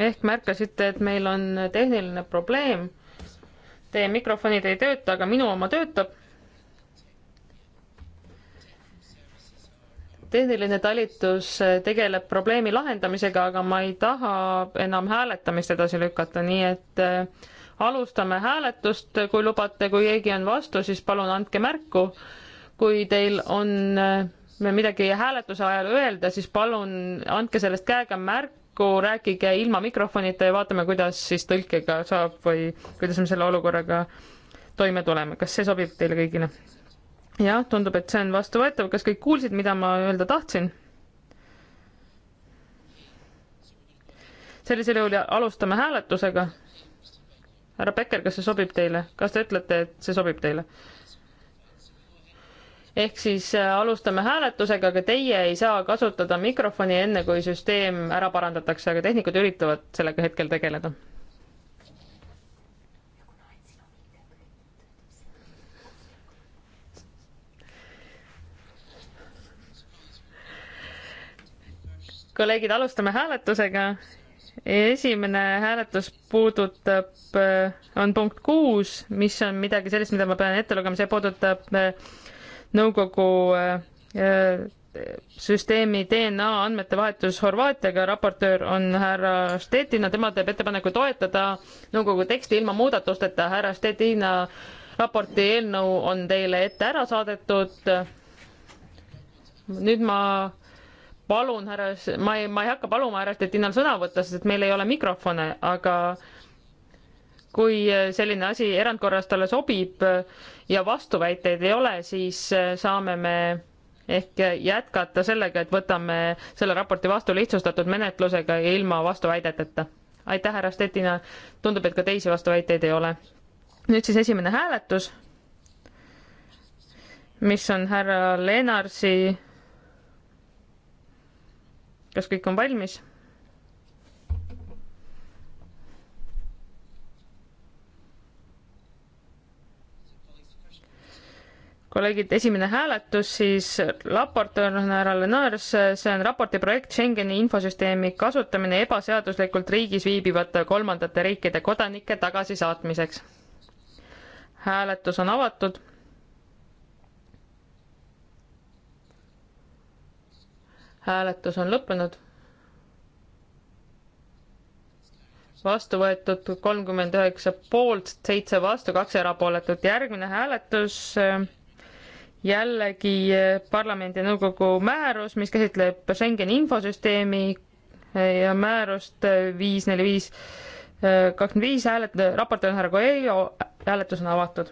ehk märkasite, et meil on tehniline probleem. Teie mikrofonid ei tööta, aga minu oma töötab. tehniline talitus tegeleb probleemi lahendamisega, aga ma ei taha enam hääletamist edasi lükata, nii et äh, alustame hääletust, kui lubate, kui keegi on vastu, siis palun andke märku. kui teil on äh, me midagi hääletuse ajal öelda, siis palun andke sellest käega märku, rääkige ilma mikrofonita ja vaatame, kuidas siis tõlkega saab või kuidas me selle olukorraga toime tuleme. kas see sobib teile kõigile? jah, tundub, et see on vastuvõetav. kas kõik kuulsid, mida ma öelda tahtsin? sellisel juhul alustame hääletusega. härra Becker, kas see sobib teile? kas te ütlete, et see sobib teile? ehk siis äh, alustame hääletusega, aga teie ei saa kasutada mikrofoni enne, kui süsteem ära parandatakse, aga tehnikud üritavad sellega hetkel tegeleda. kolleegid, alustame hääletusega. esimene hääletus puudutab, äh, on punkt kuus, mis on midagi sellist, mida ma pean ette lugema, see puudutab äh, nõukogu äh, äh, süsteemi DNA andmete vahetus Horvaatiaga, raportöör on härra Štetina, tema teeb ettepaneku toetada nõukogu teksti ilma muudatusteta, härra Štetina raporti eelnõu on teile ette ära saadetud. nüüd ma palun härra, ma ei, ma ei hakka paluma härra Stettinal sõna võtta, sest meil ei ole mikrofone, aga äh, kui eh, selline asi erandkorras talle sobib eh, ja vastuväiteid ei ole, siis eh, saame me ehk jätkata sellega, et võtame selle raporti vastu lihtsustatud menetlusega ja ilma vastuväideteta. aitäh, härra Stettina. tundub, et ka teisi vastuväiteid ei ole. nüüd siis esimene hääletus, mis on härra Lennartsi. kas kõik on valmis? kolleegid, esimene hääletus siis raportöör on härra Lenars, see on raporti projekt Schengeni infosüsteemi kasutamine ebaseaduslikult riigis viibivate kolmandate riikide kodanike tagasisaatmiseks. hääletus on avatud. hääletus on lõppenud. vastu võetud kolmkümmend üheksa poolt, seitse vastu, kaks erapooletut. järgmine hääletus jällegi eh, parlamendi ja nõukogu määrus, mis käsitleb Schengeni infosüsteemi eh, ja määrust eh, viis neli viis kakskümmend viis häälet-, raport on härra Coelho, hääletus on avatud.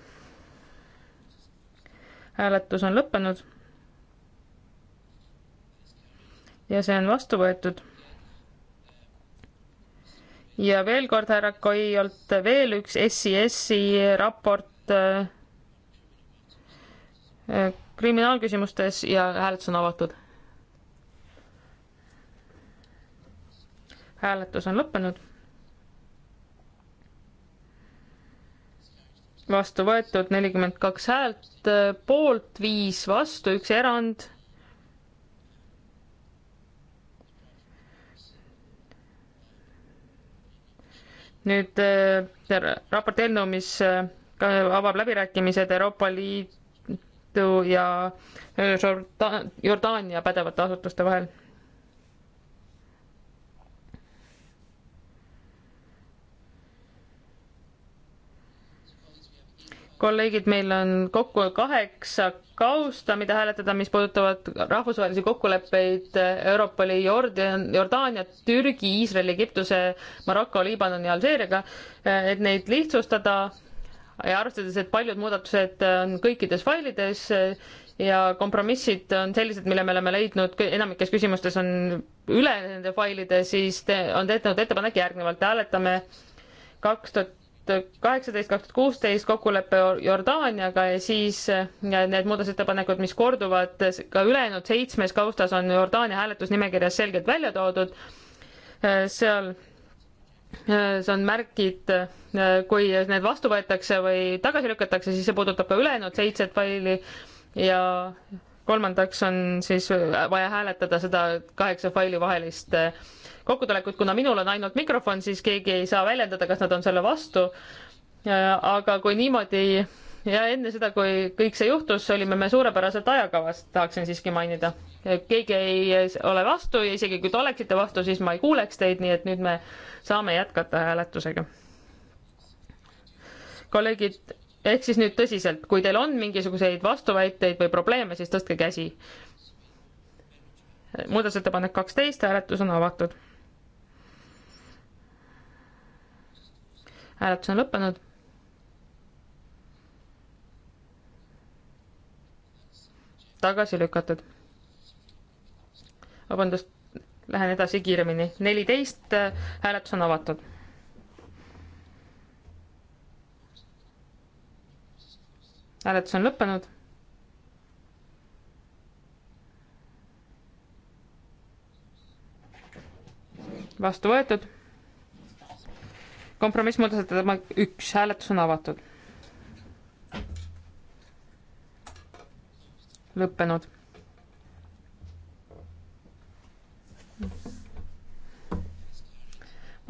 hääletus on lõppenud. ja see on vastu võetud. ja veel kord härra Coelholt veel üks SIS-i raport kriminaalküsimustes ja hääletus on avatud. hääletus on lõppenud. vastu võetud nelikümmend kaks häält, poolt viis, vastu üks erand nüüd äh, raport eelnõu, mis äh, avab läbirääkimised Euroopa Liidu Liidu ja äh, Jordaania pädevate asutuste vahel. kolleegid, meil on kokku kaheksa kausta, mida hääletada, mis puudutavad rahvusvahelisi kokkuleppeid Europoli, Jordan, Jordaania, Türgi, Iisraeli, Egiptuse, Maroko, Liibanoni ja Alžeeriaga, äh, et neid lihtsustada ja arvestades, et paljud muudatused on kõikides failides eh, ja kompromissid on sellised, mille me oleme leidnud enamikes küsimustes on üle nende failide, siis te, on tehtud ettepanek järgnevalt, hääletame kaks tuhat kaheksateist, kaks tuhat kuusteist kokkulepe Jordaaniaga ja siis eh, need muudatusettepanekud, mis korduvad, ka ülejäänud seitsmes kaustas on Jordaania hääletusnimekirjas selgelt välja toodud. Eh, seal Äh, see on märgid, äh, kui need vastu võetakse või tagasi lükatakse, siis see puudutab ka ülejäänud seitset faili ja kolmandaks on siis äh, vaja hääletada seda kaheksa faili vahelist kokkutulekut, kuna minul on ainult mikrofon, siis keegi ei saa väljendada, kas nad on selle vastu. aga kui niimoodi ja enne seda, kui kõik see juhtus, olime me suurepäraselt ajakavas, tahaksin siiski mainida. keegi ei ole vastu ja isegi kui te oleksite vastu, siis ma ei kuuleks teid, nii et nüüd me saame jätkata hääletusega. kolleegid, ehk siis nüüd tõsiselt, kui teil on mingisuguseid vastuväiteid või probleeme, siis tõstke käsi. muudatusettepanek kaksteist, hääletus on avatud. hääletus on lõppenud tagasi lükatud. vabandust, lähen edasi kiiremini. neliteist, äh, hääletus on avatud. hääletus on lõppenud. vastu võetud. kompromissmuudatusettepanek üks, hääletus on avatud lõppenud.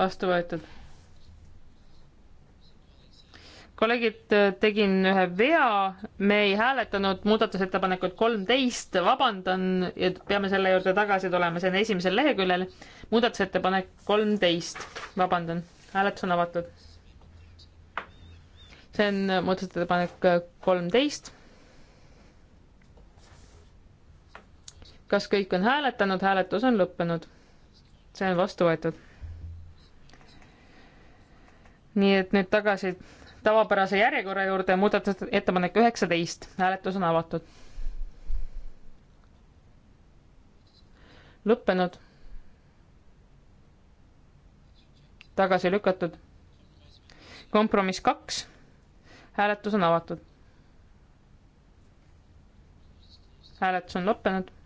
vastu võetud. kolleegid, tegin ühe vea, me ei hääletanud muudatusettepanekut kolmteist, vabandan, et peame selle juurde tagasi tulema, see on esimesel leheküljel. muudatusettepanek kolmteist, vabandan, hääletus on avatud. see on muudatusettepanek kolmteist kas kõik on hääletanud, hääletus on lõppenud. see on vastu võetud. nii et nüüd tagasi tavapärase järjekorra juurde, muudatusettepanek üheksateist, hääletus on avatud. lõppenud. tagasi lükatud. kompromiss kaks, hääletus on avatud. hääletus on lõppenud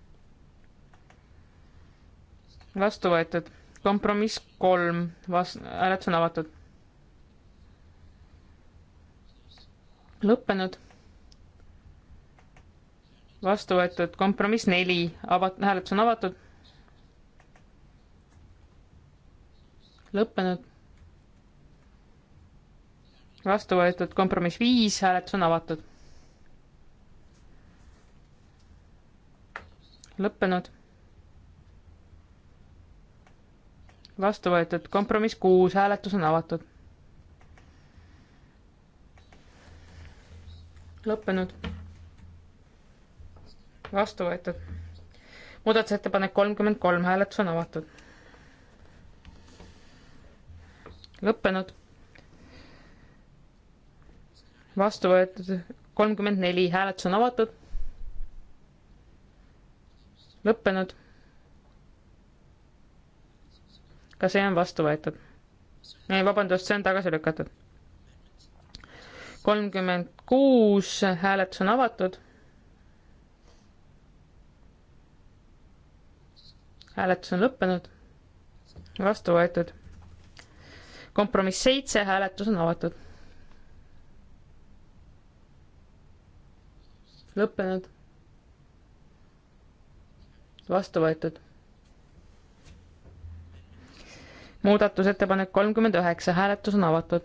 vastu võetud. kompromiss kolm, vas-, hääletus on avatud. lõppenud. vastu võetud kompromiss neli, avat-, hääletus on avatud. lõppenud. vastu võetud kompromiss viis, hääletus on avatud. lõppenud vastu võetud, kompromiss kuus, hääletus on avatud. lõppenud. vastu võetud. muudatusettepanek kolmkümmend kolm, hääletus on avatud. lõppenud. vastu võetud kolmkümmend neli, hääletus on avatud. lõppenud ka see on vastu võetud. ei, vabandust, see on tagasi lükatud. kolmkümmend kuus, hääletus on avatud. hääletus on lõppenud, vastu võetud. kompromiss seitse, hääletus on avatud. lõppenud, vastu võetud muudatusettepanek kolmkümmend üheksa, hääletus on avatud.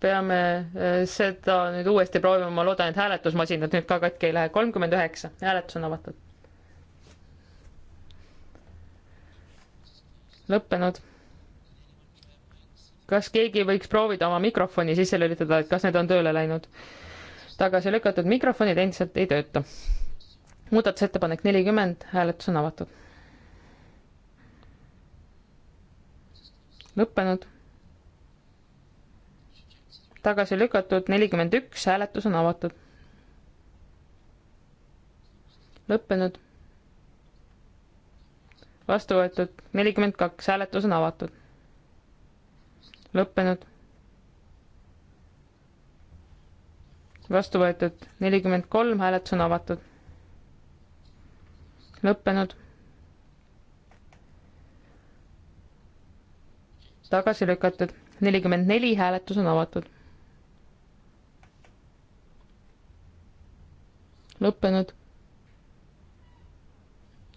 peame äh, seda nüüd uuesti proovima, ma loodan, et hääletusmasinad nüüd ka katki ei lähe. kolmkümmend üheksa, hääletus on avatud. lõppenud. kas keegi võiks proovida oma mikrofoni sisse lülitada, et kas need on tööle läinud? tagasi lükatud, mikrofonid endiselt ei tööta. muudatusettepanek nelikümmend, hääletus on avatud. lõppenud. tagasi lükatud nelikümmend üks, hääletus on avatud. lõppenud. vastu võetud nelikümmend kaks, hääletus on avatud. lõppenud vastu võetud, nelikümmend kolm, hääletus on avatud. lõppenud. tagasi lükatud, nelikümmend neli, hääletus on avatud. lõppenud.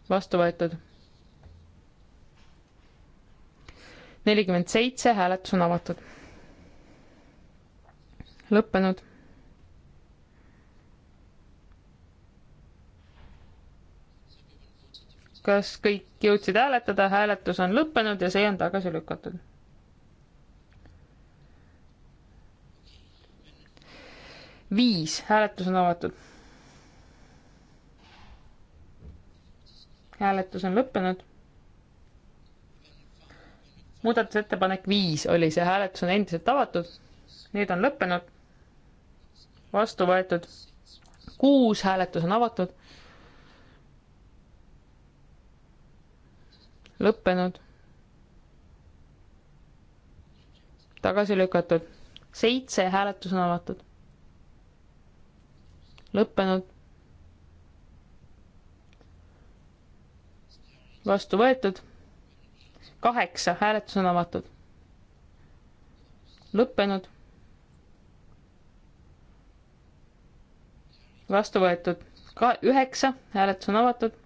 vastu võetud. nelikümmend seitse, hääletus on avatud. lõppenud kas kõik jõudsid hääletada, hääletus on lõppenud ja see on tagasi lükatud. viis, hääletus on avatud. hääletus on lõppenud. muudatusettepanek viis oli see, hääletus on endiselt avatud. Need on lõppenud. vastu võetud. kuus, hääletus on avatud lõppenud. tagasi lükatud. seitse, hääletus on avatud. lõppenud. vastu võetud. kaheksa, hääletus on avatud. lõppenud. vastu võetud. ka üheksa, hääletus on avatud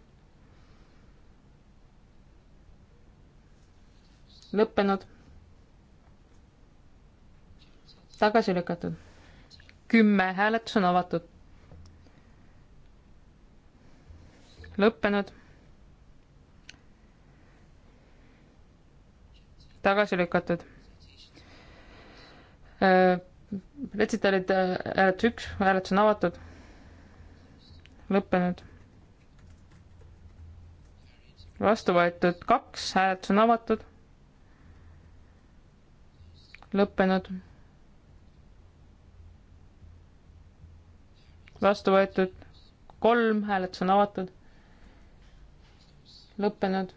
lõppenud, tagasi lükatud. kümme, hääletus on avatud. lõppenud. tagasi lükatud. Äh, retsitalid äh, hääletus üks, hääletus on avatud. lõppenud. vastu võetud kaks, hääletus on avatud lõppenud. vastu võetud kolm, hääletus on avatud. lõppenud.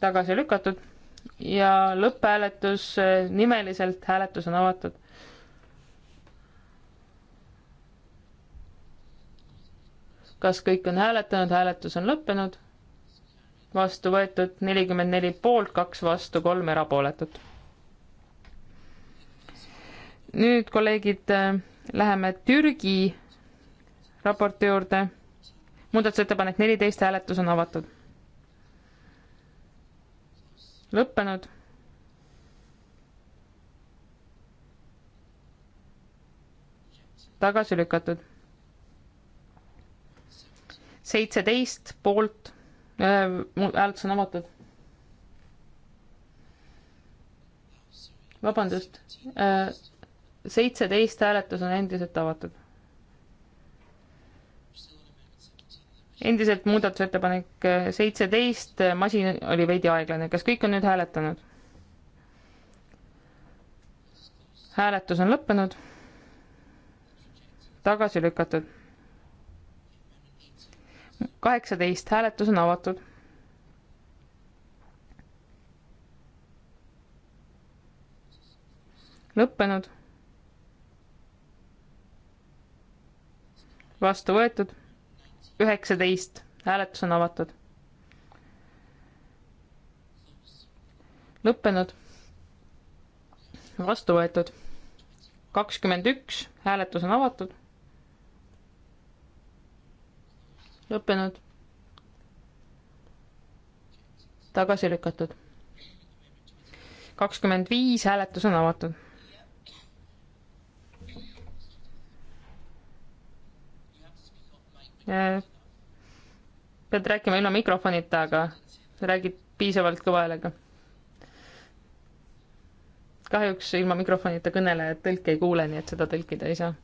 tagasi lükatud ja lõpphääletus eh, nimeliselt, hääletus on avatud kas kõik on hääletanud, hääletus on lõppenud vastu võetud, nelikümmend neli poolt, kaks vastu, kolm erapooletut. nüüd, kolleegid, läheme Türgi raporti juurde. muudatusettepanek neliteist, hääletus on avatud. lõppenud. tagasi lükatud. seitseteist poolt Äh, hääletus on avatud. vabandust, äh, seitseteist hääletus on endiselt avatud. endiselt muudatusettepanek äh, seitseteist, masin oli veidi aeglane, kas kõik on nüüd hääletanud? hääletus on lõppenud, tagasi lükatud kaheksateist, hääletus on avatud. lõppenud. vastu võetud. üheksateist, hääletus on avatud. lõppenud. vastu võetud. kakskümmend üks, hääletus on avatud lõppenud. tagasi lükatud. kakskümmend viis, hääletus on avatud. Äh, pead rääkima ilma mikrofonita, aga räägid piisavalt kõva häälega. kahjuks ilma mikrofonita kõnelejat tõlke ei kuule, nii et seda tõlkida ei saa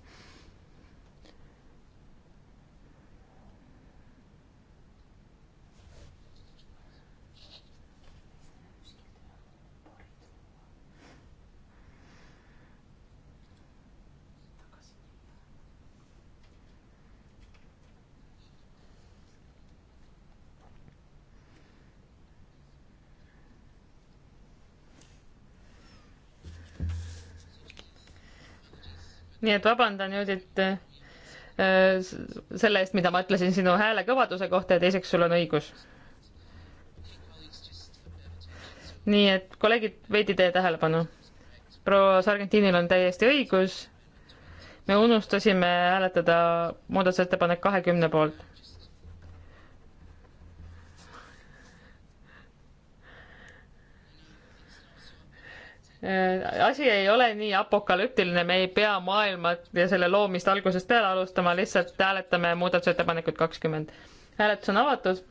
nii et vabandan, Judit, äh, selle eest, mida ma ütlesin sinu hääle kõvaduse kohta ja teiseks, sul on õigus. nii et kolleegid, veidi teie tähelepanu. proua Sargentinil on täiesti õigus. me unustasime hääletada muudatusettepanek kahekümne poolt Äh, asi ei ole nii apokalüptiline, me ei pea maailma ja selle loomist algusest peale alustama, lihtsalt hääletame muudatusettepanekut kakskümmend. hääletus on avatud.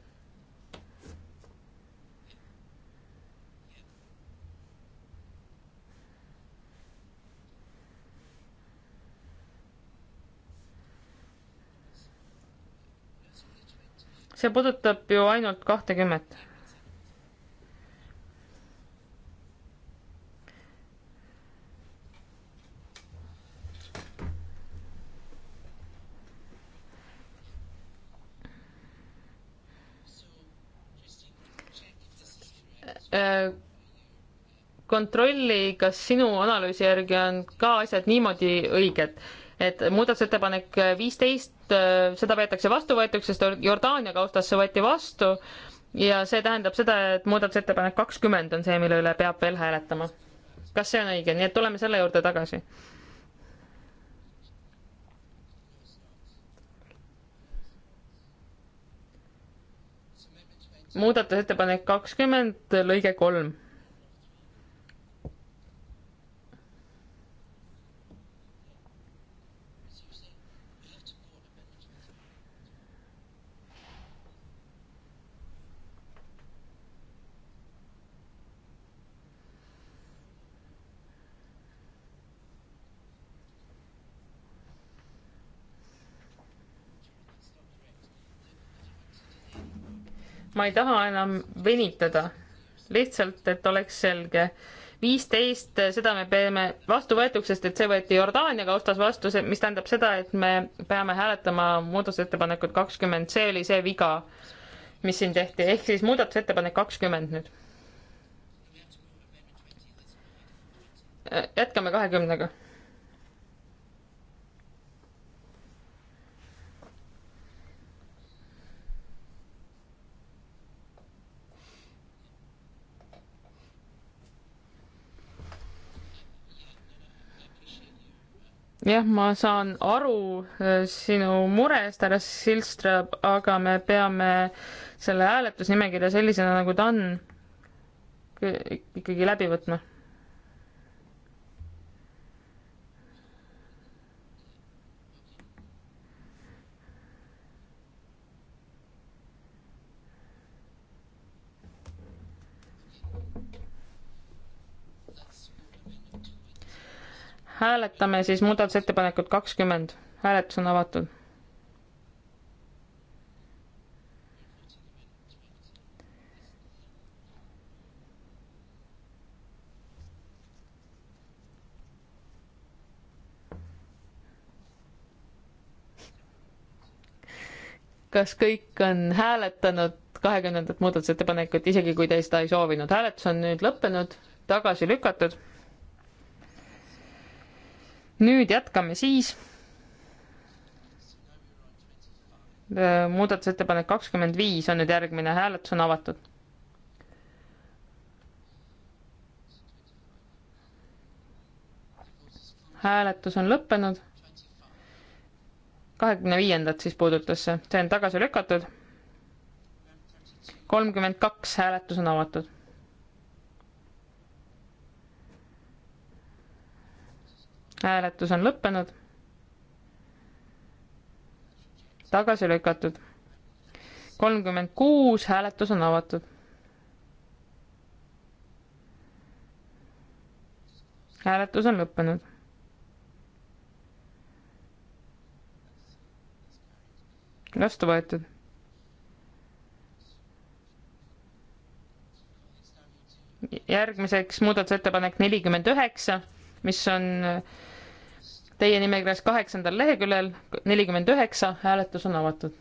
see puudutab ju ainult kahtekümmet Äh, kontrolli, kas sinu analüüsi järgi on ka asjad niimoodi õiged, et muudatusettepanek viisteist, äh, seda peetakse vastuvõetuks, sest Jordaania kaustas see võeti vastu ja see tähendab seda, et muudatusettepanek kakskümmend on see, mille üle peab veel hääletama. kas see on õige, nii et tuleme selle juurde tagasi muudatusettepanek kakskümmend, lõige kolm ma ei taha enam venitada, lihtsalt, et oleks selge. viisteist, seda me peame vastuvõetuks, sest et see võeti Jordaaniaga ostas vastu, mis tähendab seda, et me peame hääletama muudatusettepanekut kakskümmend, see oli see viga, mis siin tehti, ehk siis muudatusettepanek kakskümmend nüüd. jätkame kahekümnega jah, ma saan aru äh, sinu murest, härra Silstra, aga me peame selle hääletusnimekirja sellisena, nagu ta on, ikkagi läbi võtma hääletame siis muudatusettepanekut kakskümmend. hääletus on avatud. kas kõik on hääletanud kahekümnendat muudatusettepanekut, isegi kui te seda ei soovinud? hääletus on nüüd lõppenud, tagasi lükatud nüüd jätkame siis äh, muudatusettepanek kakskümmend viis on nüüd järgmine, hääletus on avatud. hääletus on lõppenud. kahekümne viiendat siis puudutas see, see on tagasi lükatud. kolmkümmend kaks hääletus on avatud hääletus on lõppenud. tagasi lükatud. kolmkümmend kuus, hääletus on avatud. hääletus on lõppenud. vastu võetud järgmiseks muudatusettepanek nelikümmend üheksa mis on äh, teie nimekirjas kaheksandal leheküljel, nelikümmend üheksa, hääletus on avatud.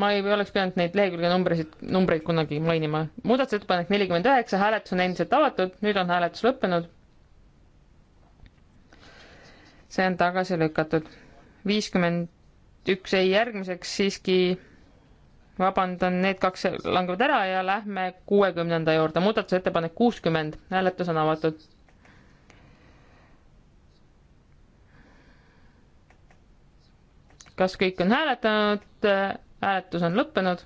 ma ei oleks pidanud neid lehekülge numbrisid, numbreid kunagi mainima. muudatusettepanek nelikümmend üheksa, hääletus on endiselt avatud, nüüd on hääletus lõppenud. see on tagasi lükatud. viiskümmend üks ei järgmiseks siiski vabandan, need kaks langevad ära ja lähme kuuekümnenda juurde, muudatusettepanek kuuskümmend, hääletus on avatud. kas kõik on hääletanud, hääletus on lõppenud?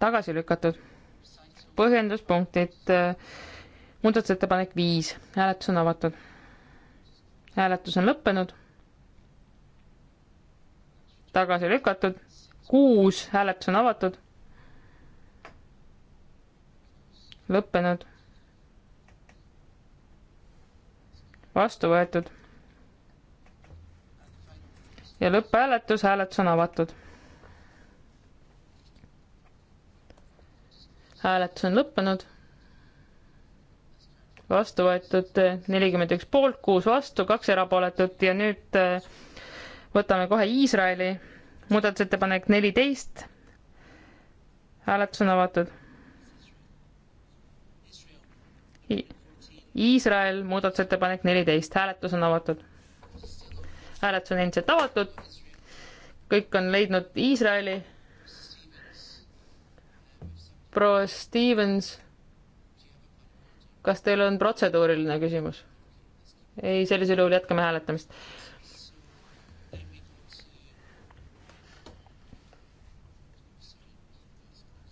tagasi lükatud. põhjenduspunktid, muudatusettepanek viis, hääletus on avatud. hääletus on lõppenud tagasi lükatud, kuus hääletus on avatud, lõppenud, vastu võetud ja lõpphääletus, hääletus on avatud. hääletus on lõppenud vastu võetud nelikümmend üks poolt, kuus vastu, kaks erapooletut ja nüüd äh, võtame kohe Iisraeli, muudatusettepanek neliteist, hääletus on avatud. Iisrael, muudatusettepanek neliteist, hääletus on avatud. hääletus on endiselt avatud, kõik on leidnud Iisraeli proua Stevens, kas teil on protseduuriline küsimus? ei, sellisel juhul jätkame hääletamist.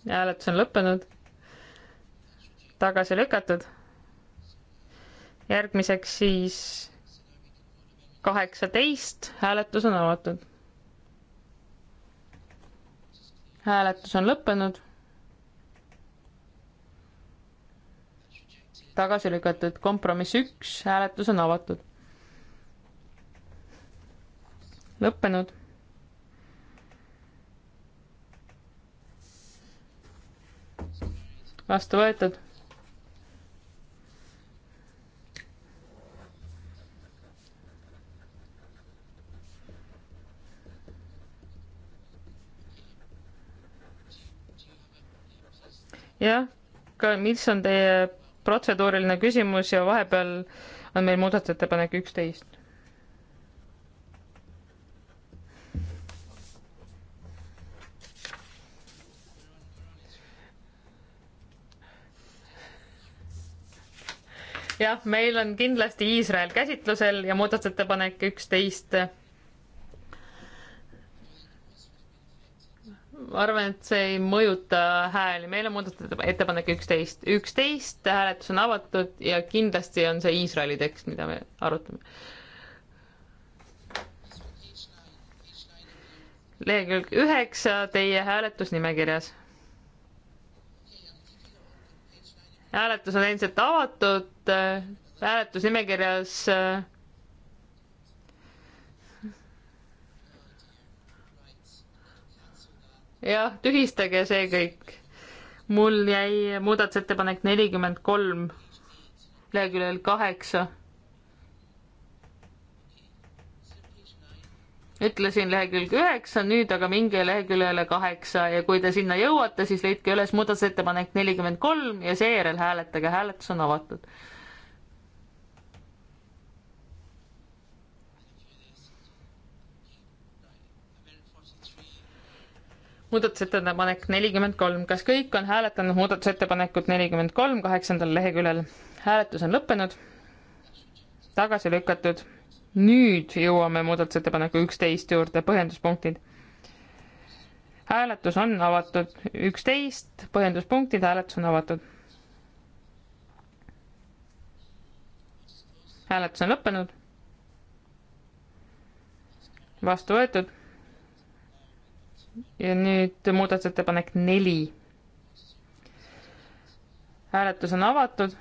hääletus on lõppenud, tagasi lükatud. järgmiseks siis kaheksateist, hääletus on avatud. hääletus on lõppenud. tagasi lükatud, kompromiss üks, hääletus on avatud. lõppenud vastu võetud. jah, ka mis on teie protseduuriline küsimus ja vahepeal on meil muudatusettepanek üksteist jah, meil on kindlasti Iisrael käsitlusel ja muudatusettepanek üksteist. ma arvan, et see ei mõjuta hääli, meil on muudatusettepanek üksteist, üksteist hääletus on avatud ja kindlasti on see Iisraeli tekst, mida me arutame. lehekülg üheksa teie hääletusnimekirjas hääletus on endiselt avatud, hääletusnimekirjas äh, jah, tühistage see kõik. mul jäi muudatusettepanek nelikümmend kolm leheküljel kaheksa ütlesin lehekülg üheksa, nüüd aga minge leheküljele kaheksa ja kui te sinna jõuate, siis leidke üles muudatusettepanek nelikümmend kolm ja seejärel hääletage, hääletus on avatud. muudatusettepanek nelikümmend kolm, kas kõik on hääletanud muudatusettepanekut nelikümmend kolm kaheksandal leheküljel? hääletus on lõppenud, tagasi lükatud nüüd jõuame muudatusettepaneku üksteist juurde, põhjenduspunktid. hääletus on avatud, üksteist, põhjenduspunktid, hääletus on avatud. hääletus on lõppenud. vastu võetud. ja nüüd muudatusettepanek neli. hääletus on avatud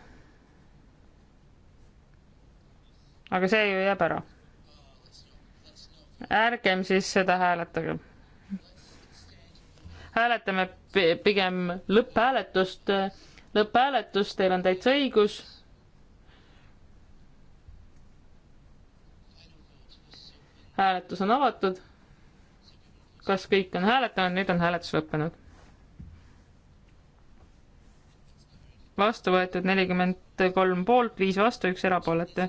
aga see ju jääb ära. ärgem siis seda hääletage. hääletame pigem lõpphääletust, lõpphääletust, teil on täitsa õigus. hääletus on avatud. kas kõik on hääletanud, nüüd on hääletus lõppenud. vastu võetud nelikümmend kolm poolt, viis vastu, üks erapooletu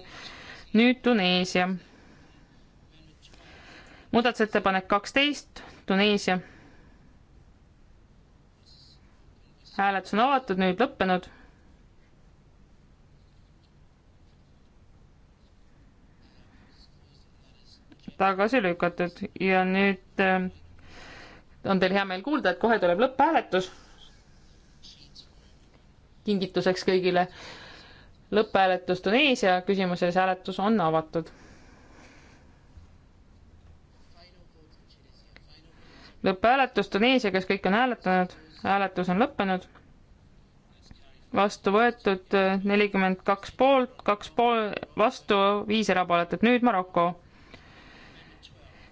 nüüd Tuneesia. muudatusettepanek kaksteist, Tuneesia. hääletus on avatud, nüüd lõppenud. tagasi lükatud ja nüüd äh, on teil hea meel kuulda, et kohe tuleb lõpphääletus. kingituseks kõigile lõpphääletus Tuneesia küsimuses, hääletus on avatud. lõpphääletus Tuneesia, kas kõik on hääletanud? hääletus on lõppenud. vastu võetud äh, nelikümmend kaks poolt, kaks pool, vastu viis erapooletut, nüüd Maroko.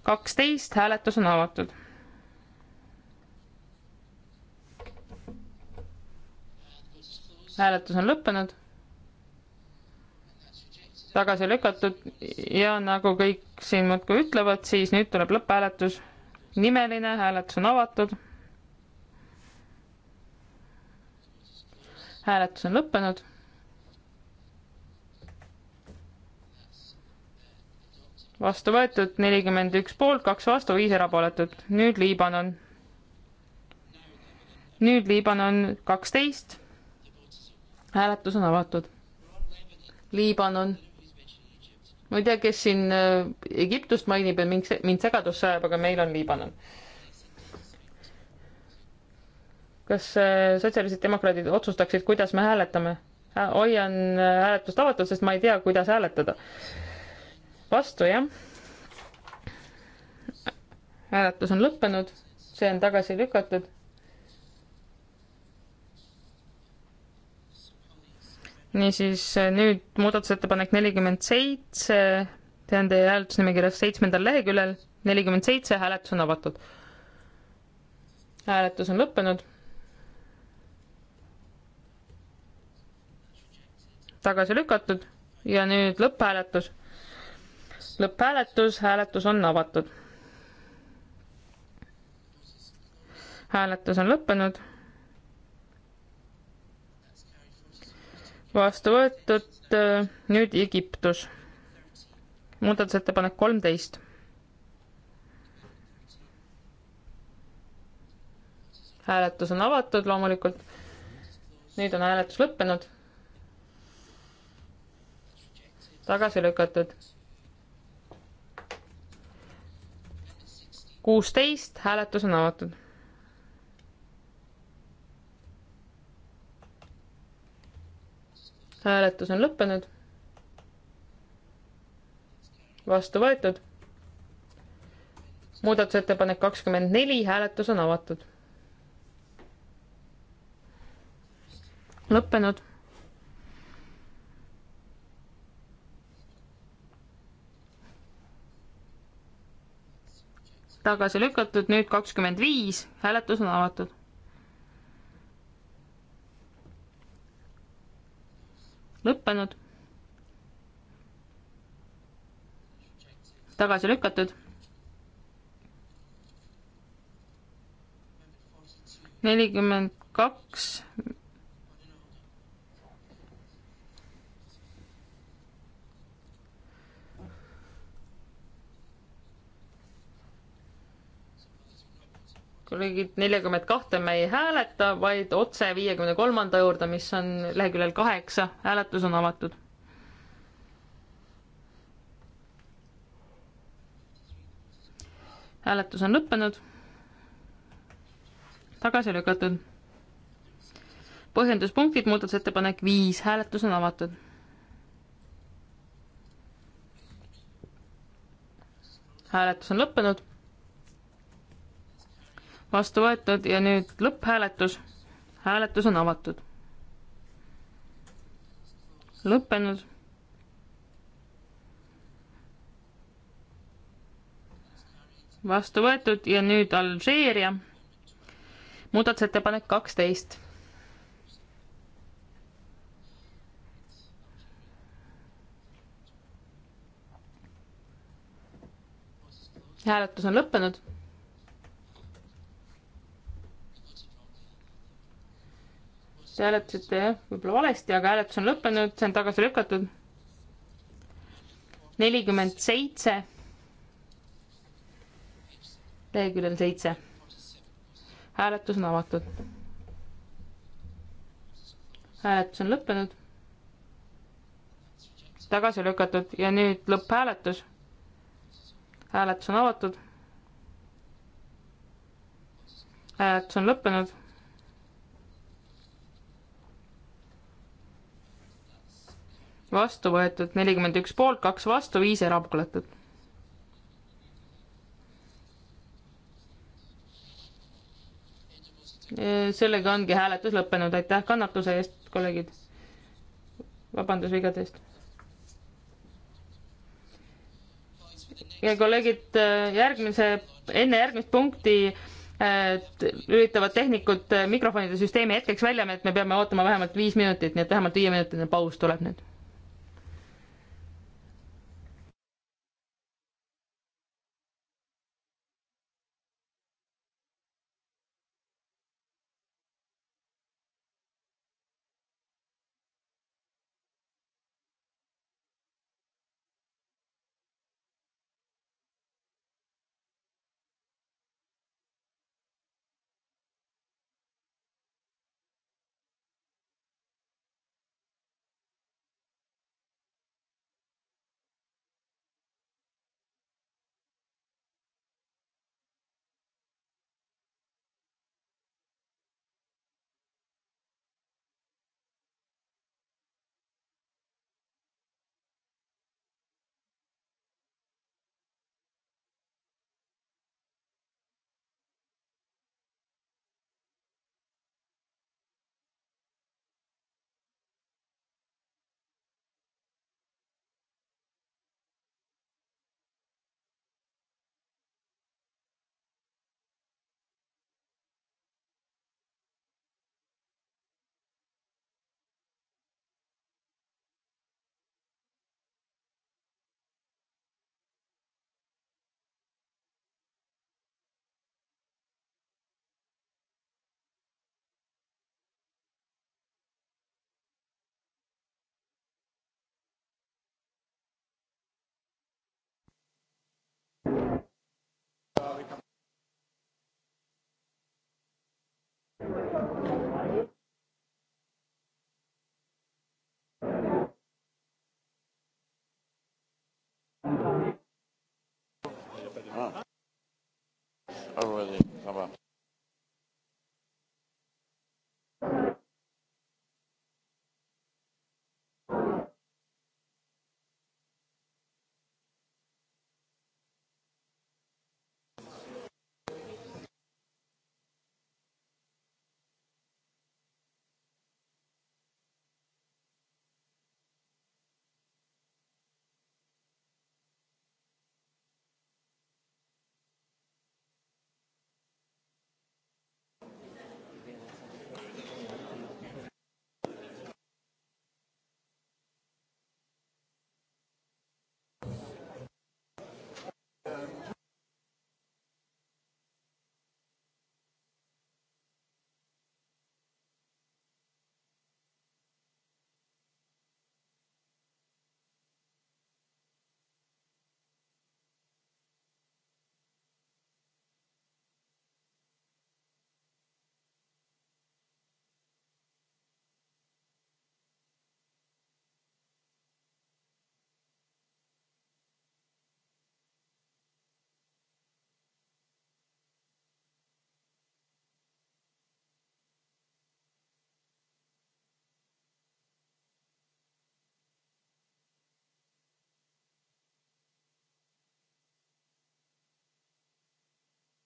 kaksteist, hääletus on avatud hääletus on lõppenud tagasi lükatud ja nagu kõik siin muudkui ütlevad, siis nüüd tuleb lõpphääletus. nimeline hääletus on avatud. hääletus on lõppenud. vastu võetud nelikümmend üks poolt, kaks vastu, viis erapooletut. nüüd Liibanon. nüüd Liibanon kaksteist. hääletus on avatud. Liibanon ma ei tea, kes siin äh, Egiptust mainib ja mind, mind segadusse ajab, aga meil on Liibanon. kas äh, sotsialistid, demokraadid otsustaksid, kuidas me hääletame? hoian äh, hääletust avatud, sest ma ei tea, kuidas hääletada. vastu, jah. hääletus on lõppenud, see on tagasi lükatud niisiis nüüd muudatusettepanek nelikümmend seitse, see on teie hääletusnimekirjas seitsmendal leheküljel, nelikümmend seitse, hääletus on avatud. hääletus on lõppenud. tagasi lükatud ja nüüd lõpphääletus. lõpphääletus, hääletus on avatud. hääletus on lõppenud vastu võetud, äh, nüüd Egiptus. muudatusettepanek kolmteist. hääletus on avatud loomulikult. nüüd on hääletus lõppenud. tagasi lükatud. kuusteist, hääletus on avatud hääletus on lõppenud. vastu võetud. muudatusettepanek kakskümmend neli, hääletus on avatud. lõppenud. tagasi lükatud, nüüd kakskümmend viis, hääletus on avatud. lõppenud. tagasi lükatud. nelikümmend kaks kolleegid, neljakümmet kahte me ei hääleta, vaid otse viiekümne kolmanda juurde, mis on leheküljel kaheksa, hääletus on avatud. hääletus on lõppenud. tagasi lükatud. põhjenduspunktid, muudatusettepanek viis, hääletus on avatud. hääletus on lõppenud vastu võetud ja nüüd lõpphääletus. hääletus on avatud. lõppenud. vastu võetud ja nüüd Alžeeria. muudatusettepanek kaksteist. hääletus on lõppenud te hääletasite jah, võib-olla valesti, aga hääletus on lõppenud, see on tagasi lükatud. nelikümmend seitse. leheküljel seitse. hääletus on avatud. hääletus on lõppenud. tagasi lükatud ja nüüd lõpphääletus. hääletus on avatud. hääletus on lõppenud vastu võetud, nelikümmend üks poolt, kaks vastu, viis erapooletut. sellega ongi hääletus lõppenud, aitäh kannatuse eest, kolleegid. vabandusvigade eest. ja kolleegid, järgmise, enne järgmist punkti lülitavad eh, tehnikud eh, mikrofonide süsteemi hetkeks välja, et me peame ootama vähemalt viis minutit, nii et vähemalt viieminutiline paus tuleb nüüd Ah. Ah, ouais, ça va.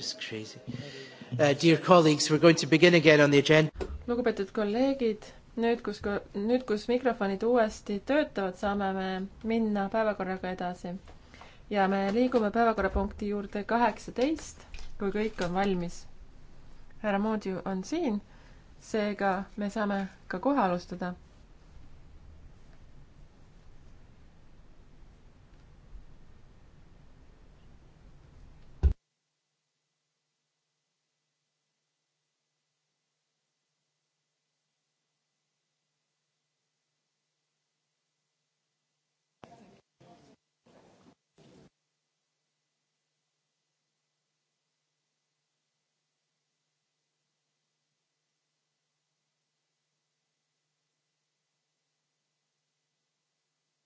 Just crazy. Uh, dear colleagues, we're going to begin again on the agenda. lugupeetud kolleegid, nüüd, kus, nüüd, kus mikrofonid uuesti töötavad, saame me minna päevakorraga edasi. ja me liigume päevakorrapunkti juurde kaheksateist, kui kõik on valmis. härra Moodju on siin, seega me saame ka kohe alustada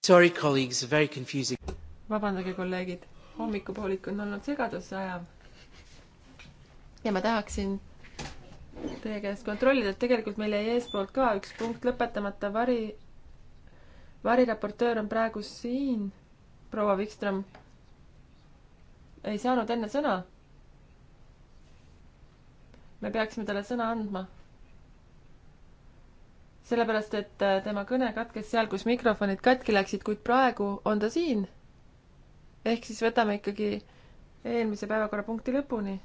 Sorry, colleagues, very confusing. vabandage, kolleegid, hommikupoolik on olnud segadusse ajav. ja ma tahaksin teie käest kontrollida, et tegelikult meil jäi eespoolt ka üks punkt lõpetamata, vari, variraportöör on praegu siin, proua Vikström. ei saanud enne sõna. me peaksime talle sõna andma sellepärast, et äh, tema kõne katkes seal, kus mikrofonid katki läksid, kuid praegu on ta siin. ehk siis võtame ikkagi eelmise päevakorrapunkti lõpuni.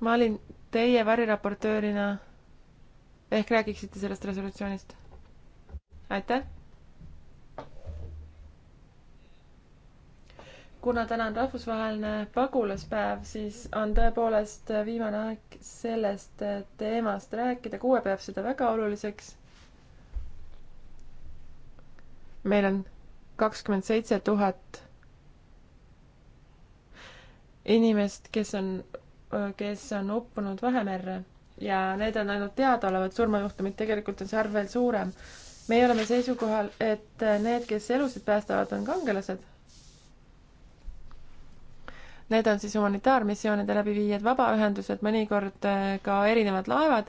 ma olin teie variraportöörina, ehk räägiksite sellest resolutsioonist? aitäh kuna täna on rahvusvaheline pagulaspäev, siis on tõepoolest viimane aeg sellest teemast rääkida. kuue peab seda väga oluliseks. meil on kakskümmend seitse tuhat inimest, kes on, kes on uppunud Vahemerre ja need on ainult teadaolevad surmajuhtumid, tegelikult on see arv veel suurem. meie oleme seisukohal, et need, kes elusid päästavad, on kangelased Need on siis humanitaarmissioonide läbiviijad, vabaühendused, mõnikord äh, ka erinevad laevad.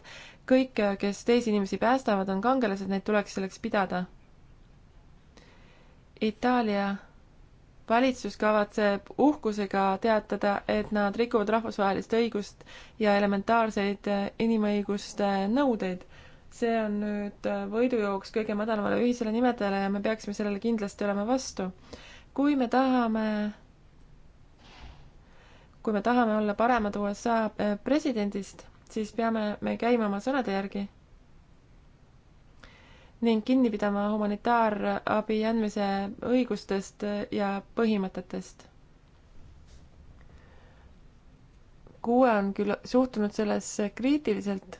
kõik, äh, kes teisi inimesi päästavad, on kangelased, neid tuleks selleks pidada. Itaalia valitsus kavatseb uhkusega teatada, et nad rikuvad rahvusvahelist õigust ja elementaarseid äh, inimõiguste nõudeid. see on nüüd võidujooks kõige madalamale ühisele nimetajale ja me peaksime sellele kindlasti olema vastu. kui me tahame kui me tahame olla paremad USA äh, presidendist, siis peame me käima oma sõnade järgi ning kinni pidama humanitaarabi andmise õigustest ja põhimõtetest. kuue on küll suhtunud sellesse kriitiliselt,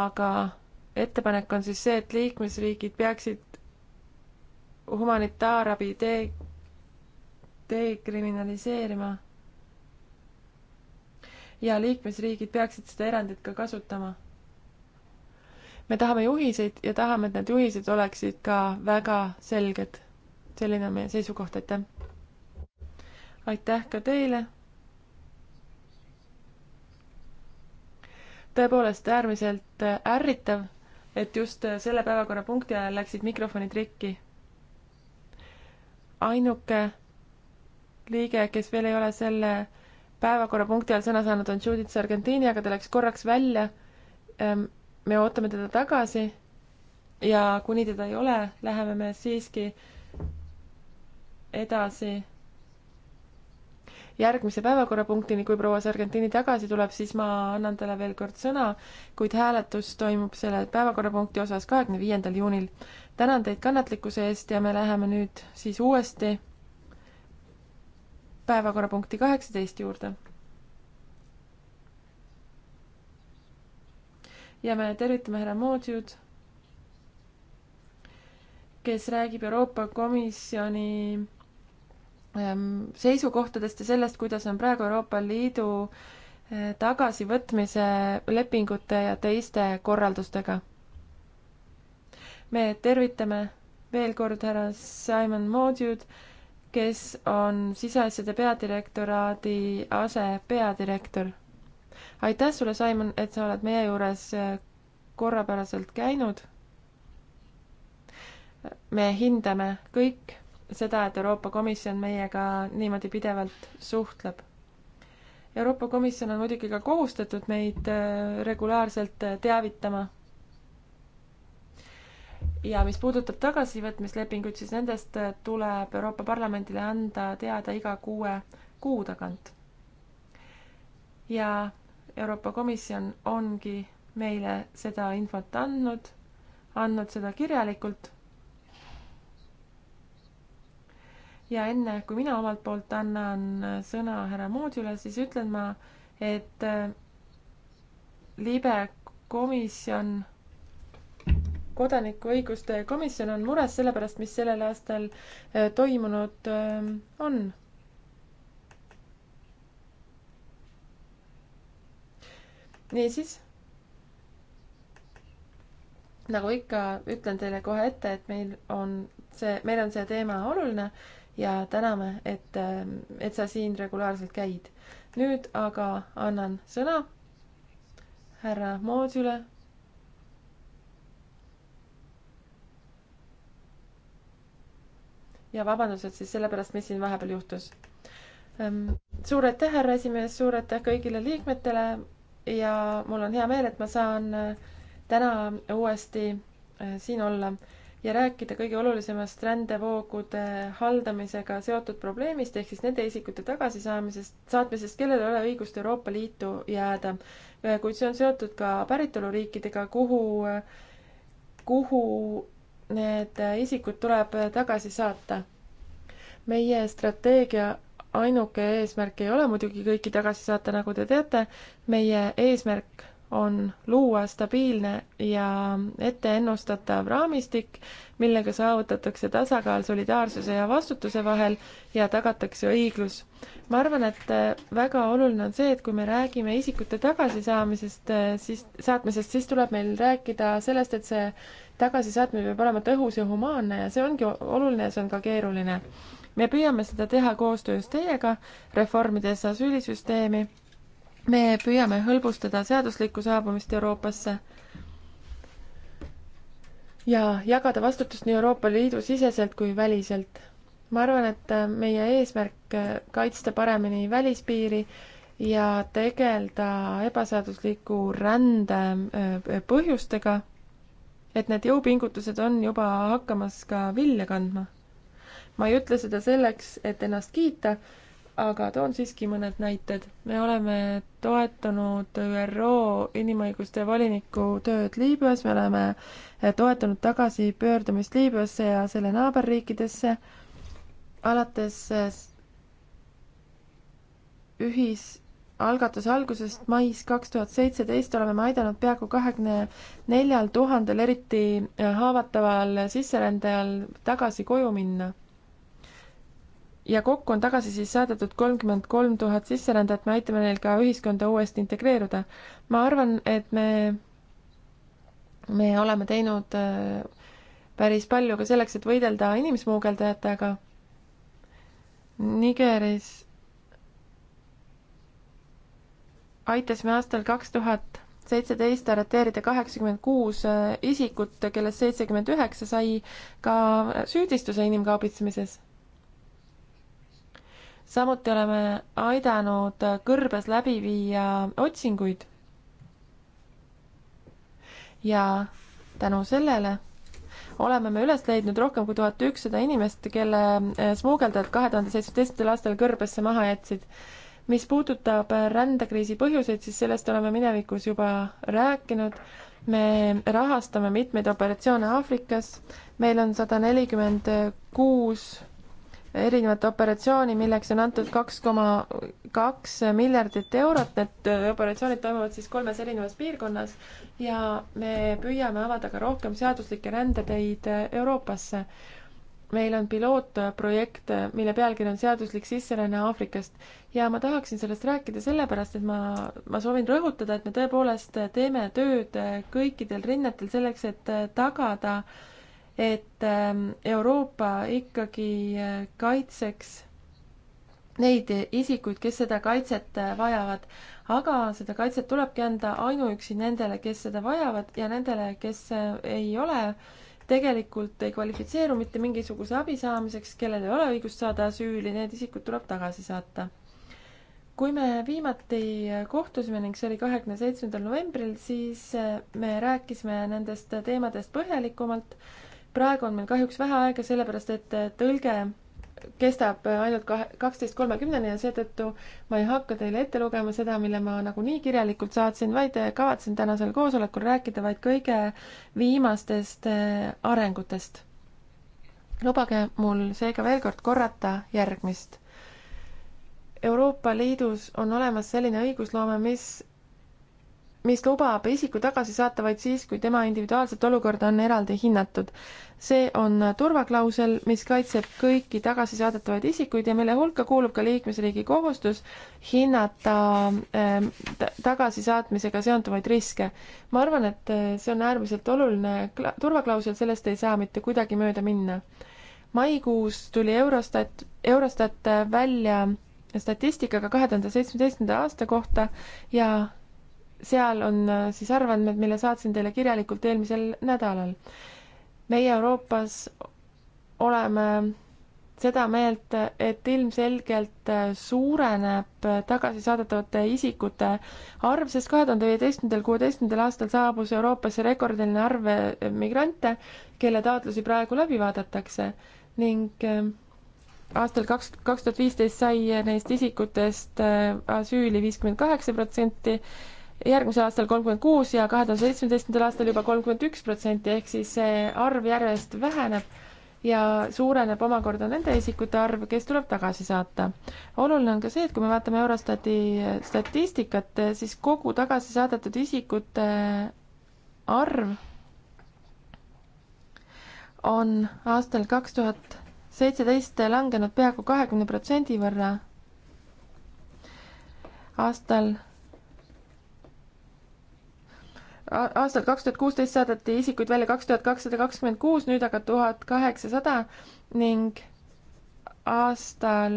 aga ettepanek on siis see, et liikmesriigid peaksid humanitaarabi tee dekriminaliseerima. ja liikmesriigid peaksid seda erandit ka kasutama. me tahame juhiseid ja tahame, et need juhised oleksid ka väga selged. selline on meie seisukoht, aitäh. aitäh ka teile tõepoolest äärmiselt ärritav, et just selle päevakorrapunkti ajal läksid mikrofonid rikki. ainuke liige, kes veel ei ole selle päevakorrapunkti all sõna saanud, on Judith Sargentini, aga ta läks korraks välja. Ehm, me ootame teda tagasi ja kuni teda ei ole, läheme me siiski edasi järgmise päevakorrapunktini, kui proua Sargentini tagasi tuleb, siis ma annan talle veel kord sõna, kuid hääletus toimub selle päevakorrapunkti osas kahekümne viiendal juunil. tänan teid kannatlikkuse eest ja me läheme nüüd siis uuesti päevakorrapunkti kaheksateist juurde. ja me tervitame härra Moodjud, kes räägib Euroopa Komisjoni ehm, seisukohtadest ja sellest, kuidas on praegu Euroopa Liidu eh, tagasivõtmise lepingute ja teiste korraldustega. me tervitame veel kord härra Simon Moodjud kes on siseasjade peadirektoraadi asepeadirektor. aitäh sulle, Simon, et sa oled meie juures korrapäraselt käinud. me hindame kõik seda, et Euroopa Komisjon meiega niimoodi pidevalt suhtleb. Euroopa Komisjon on muidugi ka kohustatud meid regulaarselt teavitama ja mis puudutab tagasivõtmislepinguid, siis nendest äh, tuleb Euroopa Parlamendile anda teada iga kuue kuu tagant. ja Euroopa Komisjon ongi meile seda infot andnud, andnud seda kirjalikult. ja enne, kui mina omalt poolt annan äh, sõna härra Moodule, siis ütlen ma, et äh, libe komisjon kodanikuõiguste komisjon on mures selle pärast, mis sellel aastal äh, toimunud äh, on. niisiis, nagu ikka, ütlen teile kohe ette, et meil on see, meil on see teema oluline ja täname, et, äh, et sa siin regulaarselt käid. nüüd aga annan sõna härra Moodule ja vabandused siis selle pärast, mis siin vahepeal juhtus. Ehm, suur aitäh, härra esimees, suur aitäh kõigile liikmetele ja mul on hea meel, et ma saan eh, täna uuesti eh, siin olla ja rääkida kõige olulisemast rändevoogude haldamisega seotud probleemist ehk siis nende isikute tagasisaamisest, saatmisest, kellel ei ole õigust Euroopa Liitu jääda. Eh, kuid see on seotud ka päritoluriikidega, kuhu, kuhu need isikud tuleb tagasi saata. meie strateegia ainuke eesmärk ei ole muidugi kõiki tagasi saata, nagu te teate, meie eesmärk on luua stabiilne ja etteennustatav raamistik, millega saavutatakse tasakaal solidaarsuse ja vastutuse vahel ja tagatakse õiglus. ma arvan, et äh, väga oluline on see, et kui me räägime isikute tagasisaamisest, äh, siis, saatmisest, siis tuleb meil rääkida sellest, et see tagasisaatmine peab olema tõhus ja humaanne ja see ongi oluline ja see on ka keeruline. me püüame seda teha koostöös teiega, reformides asüülisüsteemi me püüame hõlbustada seaduslikku saabumist Euroopasse ja jagada vastutust nii Euroopa Liidu siseselt kui väliselt. ma arvan, et meie eesmärk kaitsta paremini välispiiri ja tegeleda ebaseadusliku rände äh, põhjustega, et need jõupingutused on juba hakkamas ka vilja kandma. ma ei ütle seda selleks, et ennast kiita aga toon siiski mõned näited. me oleme toetanud ÜRO inimõiguste voliniku tööd Liibüas, me oleme toetanud tagasipöördumist Liibüasse ja selle naaberriikidesse alates eh, ühisalgatuse algusest mais kaks tuhat seitseteist oleme me aidanud peaaegu kahekümne neljal tuhandel eriti eh, haavataval sisserändajal tagasi koju minna ja kokku on tagasi siis saadetud kolmkümmend kolm tuhat sisserändajat, me aitame neil ka ühiskonda uuesti integreeruda. ma arvan, et me, me oleme teinud äh, päris palju ka selleks, et võidelda inimsmuugeldajatega. Nigeris aitasime aastal kaks tuhat seitseteist arreteerida kaheksakümmend kuus äh, isikut, kellest seitsekümmend üheksa sai ka süüdistuse inimkaubitsemises samuti oleme aidanud kõrbes läbi viia otsinguid. ja tänu sellele oleme me üles leidnud rohkem kui tuhat ükssada inimest, kelle eh, smuugeldajad kahe tuhande seitsmeteistkümnendal aastal kõrbesse maha jätsid. mis puudutab eh, rändekriisi põhjuseid, siis sellest oleme minevikus juba rääkinud. me rahastame mitmeid operatsioone Aafrikas, meil on sada nelikümmend kuus erinevat operatsiooni, milleks on antud kaks koma kaks miljardit eurot, need operatsioonid toimuvad siis kolmes erinevas piirkonnas ja me püüame avada ka rohkem seaduslikke rändeteid Euroopasse. meil on pilootprojekt, mille pealkiri on Seaduslik sisseränne Aafrikast ja ma tahaksin sellest rääkida sellepärast, et ma, ma soovin rõhutada, et me tõepoolest teeme tööd kõikidel rinnetel selleks, et tagada äh, et ähm, Euroopa ikkagi äh, kaitseks neid isikuid, kes seda kaitset äh, vajavad. aga seda kaitset tulebki anda ainuüksi nendele, kes seda vajavad ja nendele, kes äh, ei ole tegelikult ei kvalifitseeru mitte mingisuguse abi saamiseks, kellel ei ole õigust saada asüüli, need isikud tuleb tagasi saata kui me viimati kohtusime ning see oli kahekümne seitsmendal novembril, siis me rääkisime nendest teemadest põhjalikumalt praegu on meil kahjuks vähe aega, sellepärast et tõlge kestab ainult kahe, kaksteist kolmekümneni ja seetõttu ma ei hakka teile ette lugema seda, mille ma nagunii kirjalikult saatsin, vaid kavatsen tänasel koosolekul rääkida vaid kõige viimastest äh, arengutest. lubage mul seega veel kord korrata järgmist. Euroopa Liidus on olemas selline õigusloome, mis, mis lubab isiku tagasi saata vaid siis, kui tema individuaalset olukorda on eraldi hinnatud see on turvaklausel, mis kaitseb kõiki tagasi saadetavaid isikuid ja mille hulka kuulub ka liikmesriigi kohustus hinnata ähm, tagasisaatmisega seonduvaid riske. ma arvan, et äh, see on äärmiselt oluline turvaklausel, sellest ei saa mitte kuidagi mööda minna. maikuus tuli Eurostat, Eurostat välja statistikaga kahe tuhande seitsmeteistkümnenda aasta kohta ja seal on äh, siis arvandmed, mille saatsin teile kirjalikult eelmisel nädalal meie Euroopas oleme seda meelt, et ilmselgelt suureneb tagasisaadetavate isikute arv, sest kahe tuhande viieteistkümnendal, kuueteistkümnendal aastal saabus Euroopasse rekordiline arv migrante, kelle taotlusi praegu läbi vaadatakse ning äh, aastal kaks, kaks tuhat viisteist sai neist isikutest äh, asüüli viiskümmend kaheksa protsenti järgmisel aastal kolmkümmend kuus ja kahe tuhande seitsmeteistkümnendal aastal juba kolmkümmend üks protsenti, ehk siis see arv järjest väheneb ja suureneb omakorda nende isikute arv, kes tuleb tagasi saata. oluline on ka see, et kui me vaatame Eurostati statistikat, siis kogu tagasi saadetud isikute arv on aastal kaks tuhat seitseteist langenud peaaegu kahekümne protsendi võrra. aastal aastal kaks tuhat kuusteist saadeti isikuid välja kaks tuhat kakssada kakskümmend kuus, nüüd aga tuhat kaheksasada ning aastal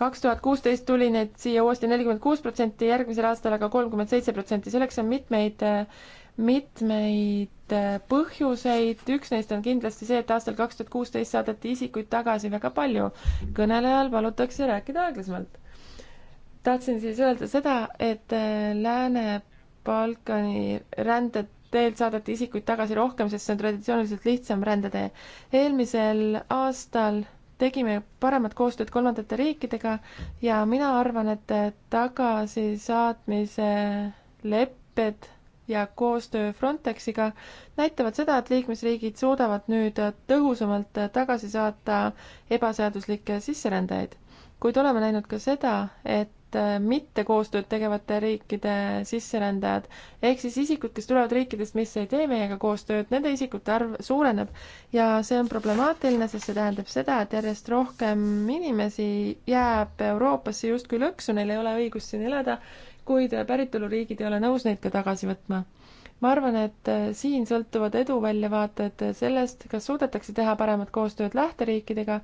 kaks tuhat kuusteist tuli neid siia uuesti nelikümmend kuus protsenti, järgmisel aastal aga kolmkümmend seitse protsenti, selleks on mitmeid, mitmeid äh, põhjuseid, üks neist on kindlasti see, et aastal kaks tuhat kuusteist saadeti isikuid tagasi väga palju. kõnelejal palutakse rääkida aeglasemalt tahtsin siis öelda seda, et äh, lääne Balkani rändet teelt saadeti isikuid tagasi rohkem, sest see on traditsiooniliselt lihtsam rändetee. eelmisel aastal tegime paremat koostööd kolmandate riikidega ja mina arvan, et tagasisaatmise lepped ja koostöö Frontexiga näitavad seda, et liikmesriigid suudavad nüüd tõhusamalt tagasi saata ebaseaduslikke sisserändajaid. kuid oleme näinud ka seda, et Äh, mitte koostööd tegevate riikide sisserändajad, ehk siis isikud, kes tulevad riikidest, mis ei tee meiega koostööd, nende isikute arv suureneb ja see on problemaatiline, sest see tähendab seda, et järjest rohkem inimesi jääb Euroopasse justkui lõksu, neil ei ole õigust siin elada, kuid päritoluriigid ei ole nõus neid ka tagasi võtma ma arvan, et äh, siin sõltuvad edu väljavaated äh, sellest, kas suudetakse teha paremat koostööd lähteriikidega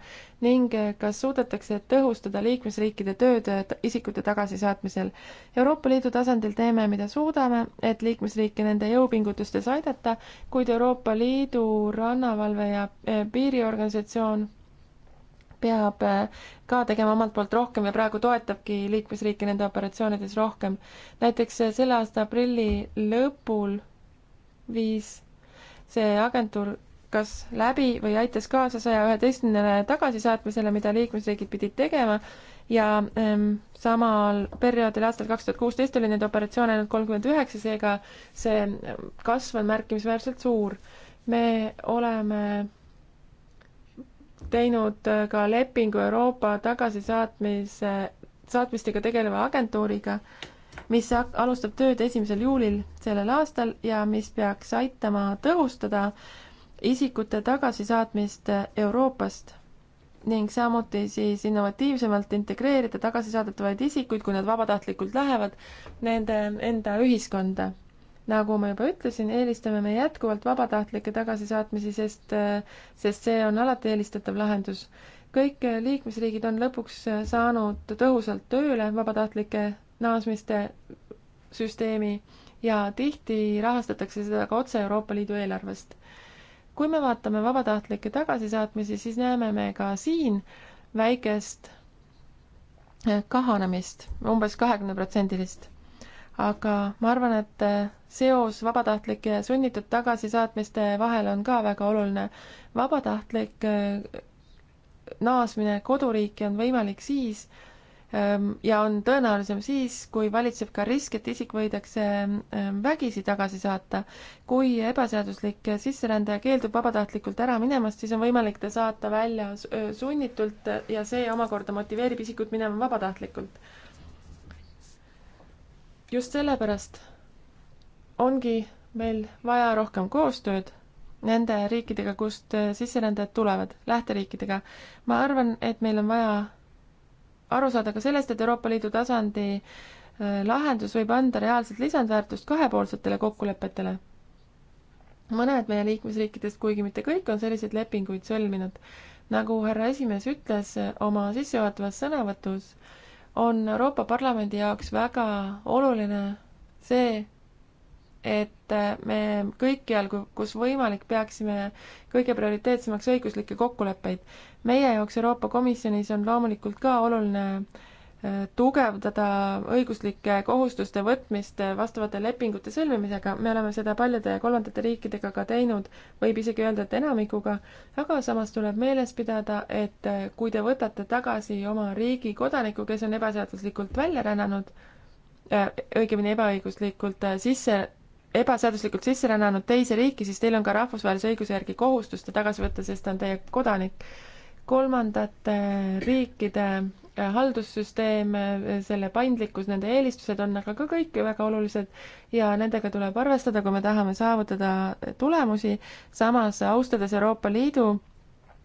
ning äh, kas suudetakse tõhustada liikmesriikide tööd isikute tagasisaatmisel. Euroopa Liidu tasandil teeme, mida suudame, et liikmesriike nende jõupingutustes aidata, kuid Euroopa Liidu rannavalve ja piiriorganisatsioon peab äh, ka tegema omalt poolt rohkem ja praegu toetabki liikmesriike nende operatsioonides rohkem. näiteks äh, selle aasta aprilli lõpul viis see agentuur kas läbi või aitas kaasa saja üheteistkümnele tagasisaatmisele, mida liikmesriigid pidid tegema ja ähm, samal perioodil aastal kaks tuhat kuusteist oli neid operatsioone ainult kolmkümmend üheksa, seega see ähm, kasv on märkimisväärselt suur. me oleme teinud äh, ka lepingu Euroopa tagasisaatmise, saatmistega tegeleva agentuuriga, mis alustab tööd esimesel juulil sellel aastal ja mis peaks aitama tõhustada isikute tagasisaatmist äh, Euroopast ning samuti siis innovatiivsemalt integreerida tagasisaadetavaid isikuid, kui nad vabatahtlikult lähevad, nende enda ühiskonda nagu ma juba ütlesin, eelistame me jätkuvalt vabatahtlikke tagasisaatmisi, sest, sest see on alati eelistatav lahendus. kõik liikmesriigid on lõpuks saanud tõhusalt tööle vabatahtlike naasmiste süsteemi ja tihti rahastatakse seda ka otse Euroopa Liidu eelarvest. kui me vaatame vabatahtlikke tagasisaatmisi, siis näeme me ka siin väikest kahanemist umbes, umbes kahekümneprotsendilist aga ma arvan, et äh, seos vabatahtlike ja sunnitud tagasisaatmiste vahel on ka väga oluline. vabatahtlik äh, naasmine koduriiki on võimalik siis, ähm, ja on tõenäolisem siis, kui valitseb ka risk, et isik võidakse ähm, vägisi tagasi saata. kui ebaseaduslik sisserändaja keeldub vabatahtlikult ära minemast, siis on võimalik ta saata välja äh, sunnitult ja see omakorda motiveerib isikut minema vabatahtlikult just sellepärast ongi meil vaja rohkem koostööd nende riikidega, kust äh, sisserändajad tulevad, lähteriikidega. ma arvan, et meil on vaja aru saada ka sellest, et Euroopa Liidu tasandi äh, lahendus võib anda reaalset lisandväärtust kahepoolsetele kokkulepetele. mõned meie liikmesriikidest, kuigi mitte kõik, on selliseid lepinguid sõlminud. nagu härra esimees ütles äh, oma sissejuhatavas sõnavõtus, on Euroopa Parlamendi jaoks väga oluline see, et me kõikjal, kus võimalik, peaksime kõige prioriteetsemaks õiguslikke kokkuleppeid. meie jaoks Euroopa Komisjonis on loomulikult ka oluline tugevdada õiguslike kohustuste võtmist vastavate lepingute sõlmimisega, me oleme seda paljude kolmandate riikidega ka teinud, võib isegi öelda, et enamikuga, aga samas tuleb meeles pidada, et kui te võtate tagasi oma riigi kodaniku, kes on ebaseaduslikult välja rännanud äh,, õigemini ebaõiguslikult äh, sisse ebaseaduslikult sisse rännanud teise riiki, siis teil on ka rahvusvahelise õiguse järgi kohustus ta tagasi võtta, sest ta on teie kodanik kolmandate riikide äh, haldussüsteem, äh, selle paindlikkus, nende eelistused on aga ka kõik väga olulised ja nendega tuleb arvestada, kui me tahame saavutada tulemusi, samas austades Euroopa Liidu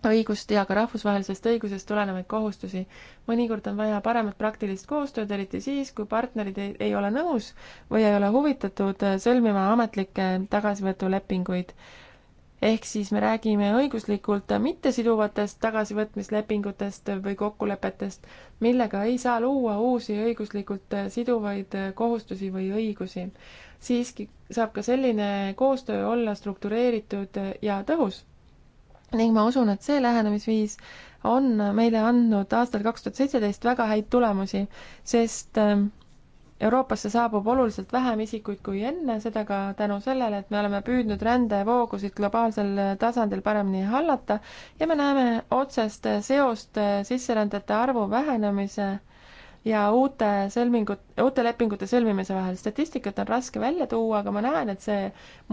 õigust ja ka rahvusvahelisest õigusest tulenevaid kohustusi. mõnikord on vaja paremat praktilist koostööd, eriti siis, kui partnerid ei, ei ole nõus või ei ole huvitatud sõlmima ametlikke tagasivõtulepinguid ehk siis me räägime õiguslikult mittesiduvatest tagasivõtmislepingutest või kokkulepetest, millega ei saa luua uusi õiguslikult siduvaid kohustusi või õigusi. siiski saab ka selline koostöö olla struktureeritud ja tõhus. ning ma usun, et see lähenemisviis on meile andnud aastal kaks tuhat seitseteist väga häid tulemusi, sest ähm, Euroopasse saabub oluliselt vähem isikuid kui enne, seda ka tänu sellele, et me oleme püüdnud rändevoogusid globaalsel tasandil paremini hallata ja me näeme otsest seost sisserändajate arvu vähenemise ja uute sõlmingut, uute lepingute sõlmimise vahel. statistikat on raske välja tuua, aga ma näen, et see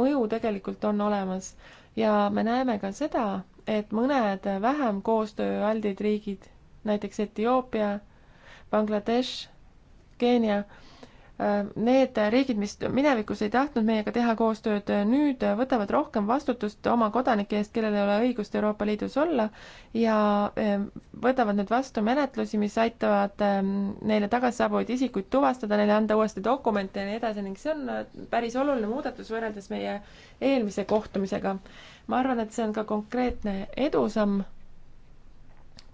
mõju tegelikult on olemas. ja me näeme ka seda, et mõned vähem koostööaldid riigid, näiteks Etioopia, Bangladesh, Keenia need riigid, mis minevikus ei tahtnud meiega teha koostööd, nüüd võtavad rohkem vastutust oma kodanike eest, kellel ei ole õigust Euroopa Liidus olla ja ehm, võtavad nüüd vastu menetlusi, mis aitavad ehm, neile tagasi saabuvaid isikuid tuvastada, neile anda uuesti dokumente ja nii edasi ning see on äh, päris oluline muudatus võrreldes meie eelmise kohtumisega. ma arvan, et see on ka konkreetne edusamm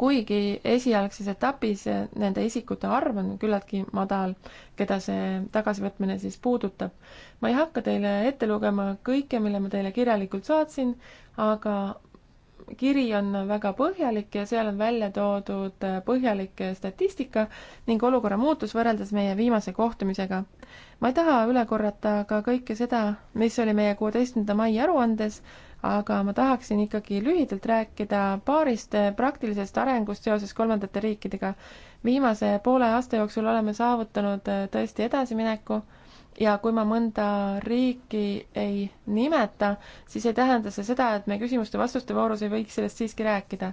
kuigi esialgses etapis nende isikute arv on küllaltki madal, keda see tagasivõtmine siis puudutab. ma ei hakka teile ette lugema kõike, mille ma teile kirjalikult saatsin, aga kiri on väga põhjalik ja seal on välja toodud põhjalik statistika ning olukorra muutus võrreldes meie viimase kohtumisega. ma ei taha üle korrata ka kõike seda, mis oli meie kuueteistkümnenda mai aruandes, aga ma tahaksin ikkagi lühidalt rääkida paarist eh, praktilisest arengust seoses kolmandate riikidega. viimase poole aasta jooksul oleme saavutanud eh, tõesti edasimineku ja kui ma mõnda riiki ei nimeta, siis ei tähenda see seda, et me küsimuste-vastuste voorus ei võiks sellest siiski rääkida.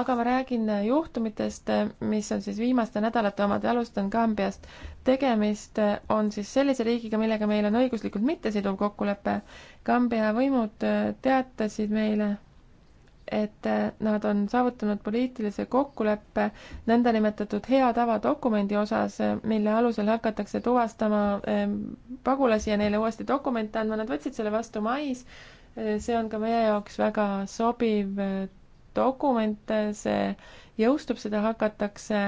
aga ma räägin juhtumitest, mis on siis viimaste nädalate omad ja alustan Gambiast. tegemist on siis sellise riigiga, millega meil on õiguslikult mittesiduv kokkulepe. Gambia võimud teatasid meile et äh, nad on saavutanud poliitilise kokkuleppe nõndanimetatud hea tava dokumendi osas, äh, mille alusel hakatakse tuvastama ähm, pagulasi ja neile uuesti dokumente andma, nad võtsid selle vastu mais. Äh, see on ka meie jaoks väga sobiv dokument, see jõustub, seda hakatakse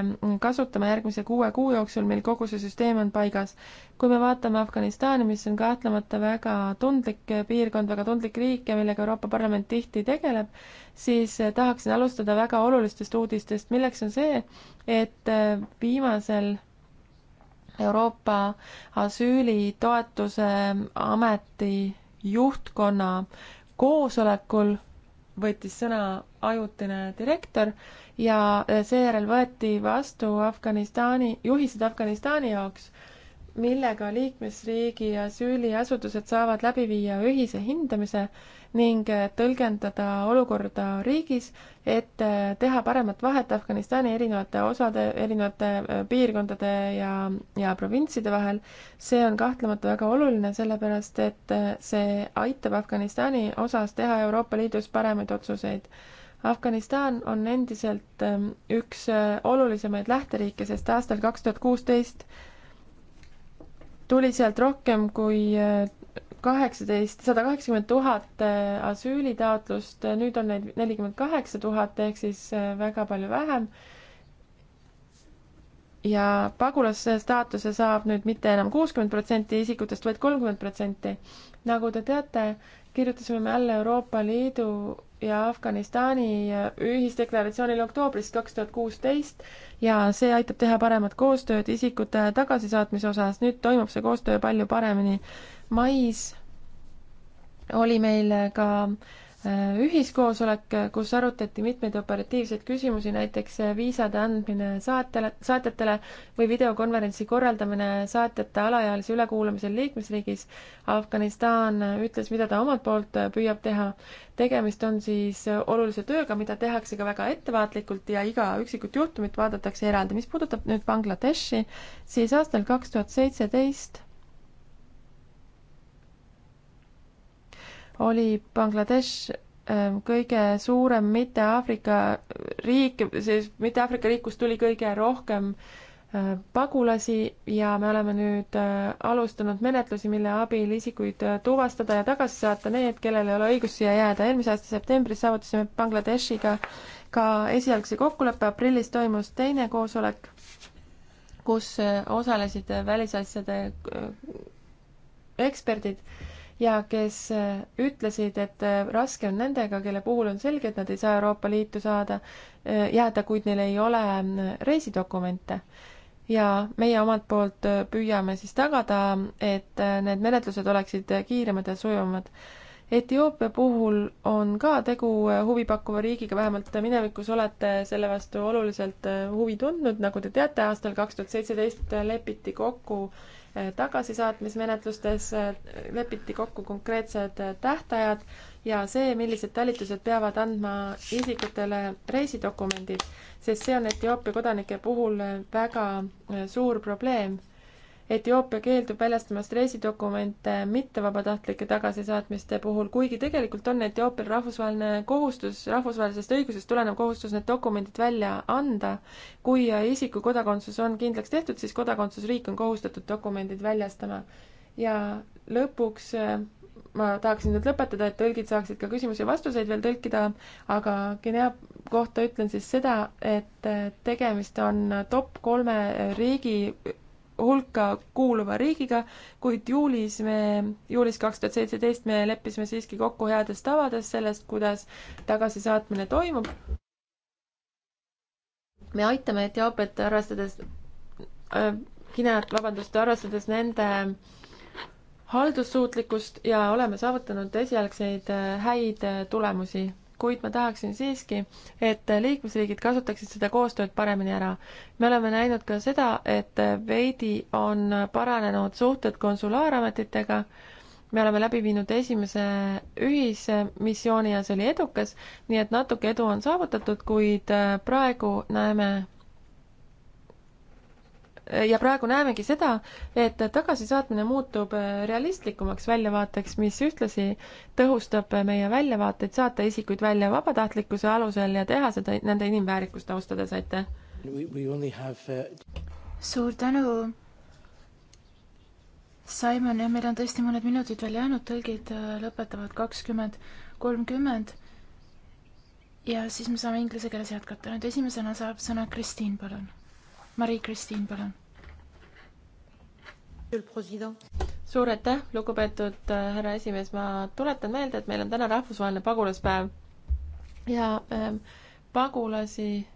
kasutama järgmise kuue kuu jooksul, mil kogu see süsteem on paigas. kui me vaatame Afganistani, mis on kahtlemata väga tundlik piirkond, väga tundlik riik ja millega Euroopa Parlament tihti tegeleb, siis tahaksin alustada väga olulistest uudistest, milleks on see, et viimasel Euroopa asüülitoetuse ameti juhtkonna koosolekul võttis sõna ajutine direktor ja äh, seejärel võeti vastu Afganistani, juhised Afganistani jaoks, millega liikmesriigi asüüliasutused saavad läbi viia ühise hindamise ning äh, tõlgendada olukorda riigis, et äh, teha paremat vahet Afganistani erinevate osade, erinevate äh, piirkondade ja, ja provintside vahel. see on kahtlemata väga oluline, sellepärast et see aitab Afganistani osas teha Euroopa Liidus paremaid otsuseid Afganistan on endiselt ähm, üks olulisemaid lähteriike, sest aastal kaks tuhat kuusteist tuli sealt rohkem kui kaheksateist, sada kaheksakümmend tuhat äh, asüülitaotlust, äh, nüüd on neid nelikümmend kaheksa tuhat ehk siis äh, väga palju vähem. ja pagulasse staatuse saab nüüd mitte enam kuuskümmend protsenti isikutest, vaid kolmkümmend protsenti. nagu te teate, kirjutasime me alla Euroopa Liidu ja Afganistani ühisdeklaratsioonil oktoobris kaks tuhat kuusteist ja see aitab teha paremat koostööd isikute tagasisaatmise osas, nüüd toimub see koostöö palju paremini mais oli meil ka äh, ühiskoosolek, kus arutati mitmeid operatiivseid küsimusi, näiteks äh, viisade andmine saatele, saatjatele või videokonverentsi korraldamine saatjate alaealise ülekuulamisel liikmesriigis. Afganistan ütles, mida ta omalt poolt püüab teha. tegemist on siis olulise tööga, mida tehakse ka väga ettevaatlikult ja iga üksikut juhtumit vaadatakse eraldi. mis puudutab nüüd Bangladeshi, siis aastal kaks tuhat seitseteist oli Bangladesh ähm, kõige suurem mitte Aafrika riik, siis mitte Aafrika riik, kust tuli kõige rohkem äh, pagulasi ja me oleme nüüd äh, alustanud menetlusi, mille abil isikuid äh, tuvastada ja tagasi saata need, kellel ei ole õigust siia jääda. eelmise aasta septembris saavutasime Bangladeshiga ka esialgse kokkuleppe, aprillis toimus teine koosolek, kus osalesid välisasjade eksperdid ja kes äh, ütlesid, et äh, raske on nendega, kelle puhul on selge, et nad ei saa Euroopa Liitu saada, äh, jääda, kuid neil ei ole mm, reisidokumente. ja meie omalt poolt püüame siis tagada, et need menetlused oleksid kiiremad ja sujuvamad. Etioopia puhul on ka tegu huvipakkuva riigiga, vähemalt minevikus olete selle vastu oluliselt huvi tundnud, nagu te teate, aastal kaks tuhat seitseteist lepiti kokku äh, Äh, tagasisaatmismenetlustes äh, lepiti kokku konkreetsed äh, tähtajad ja see, millised talitused peavad andma isikutele reisidokumendid, sest see on Etioopia kodanike puhul väga suur probleem Etioopia keeldub väljastamast reisidokumente mittevabatahtlike tagasisaatmiste puhul, kuigi tegelikult on Etioopial rahvusvaheline kohustus, rahvusvahelisest õigusest tulenev kohustus need dokumendid välja anda. kui isiku kodakondsus on kindlaks tehtud, siis kodakondsusriik on kohustatud dokumendid väljastama. ja lõpuks äh, ma tahaksin nüüd lõpetada, et tõlgid saaksid ka küsimusi ja vastuseid veel tõlkida, aga Guinea kohta ütlen siis seda, et äh, tegemist on äh, top kolme riigi hulka kuuluva riigiga, kuid juulis me, juulis kaks tuhat seitseteist me leppisime siiski kokku heades tavades sellest, kuidas tagasisaatmine toimub. me aitame Etioopiat arvestades äh,, Guineat, vabandust, arvestades nende haldussuutlikkust ja oleme saavutanud esialgseid äh, häid äh, tulemusi kuid ma tahaksin siiski, et liikmesriigid kasutaksid seda koostööd paremini ära. me oleme näinud ka seda, et veidi on paranenud suhted konsulaarametitega, me oleme läbi viinud esimese ühise missiooni ja see oli edukas, nii et natuke edu on saavutatud, kuid praegu näeme ja praegu näemegi seda, et tagasisaatmine muutub äh, realistlikumaks väljavaateks, mis ühtlasi tõhustab äh, meie väljavaateid saata isikuid välja vabatahtlikkuse alusel ja teha seda nende inimväärikust austades, aitäh! Have... Uh, suur tänu, Simon, ja meil on tõesti mõned minutid veel jäänud, tõlgid äh, lõpetavad kakskümmend kolmkümmend ja siis me saame inglise keeles jätkata. nüüd esimesena saab sõna Kristiin, palun Marie-Kristiin, palun. suur aitäh, lugupeetud äh, härra esimees, ma tuletan meelde, et meil on täna rahvusvaheline pagulaspäev ja ähm, pagulasi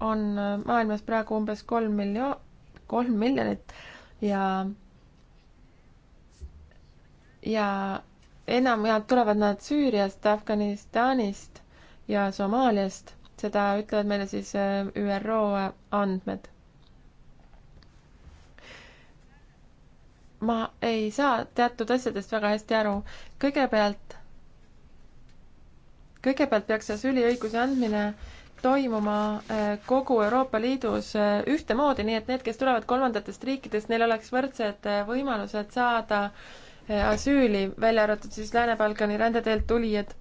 on äh, maailmas praegu umbes kolm miljo-, kolm miljonit ja, ja enamjaolt tulevad nad Süüriast, Afganistanist ja Somaaliast seda ütlevad meile siis äh, ÜRO äh, andmed. ma ei saa teatud asjadest väga hästi aru. kõigepealt, kõigepealt peaks asüüliõiguse andmine toimuma äh, kogu Euroopa Liidus ühtemoodi, nii et need, kes tulevad kolmandatest riikidest, neil oleks võrdsed võimalused saada asüüli, välja arvatud siis Lääne-Balkani rändeteelt tulijad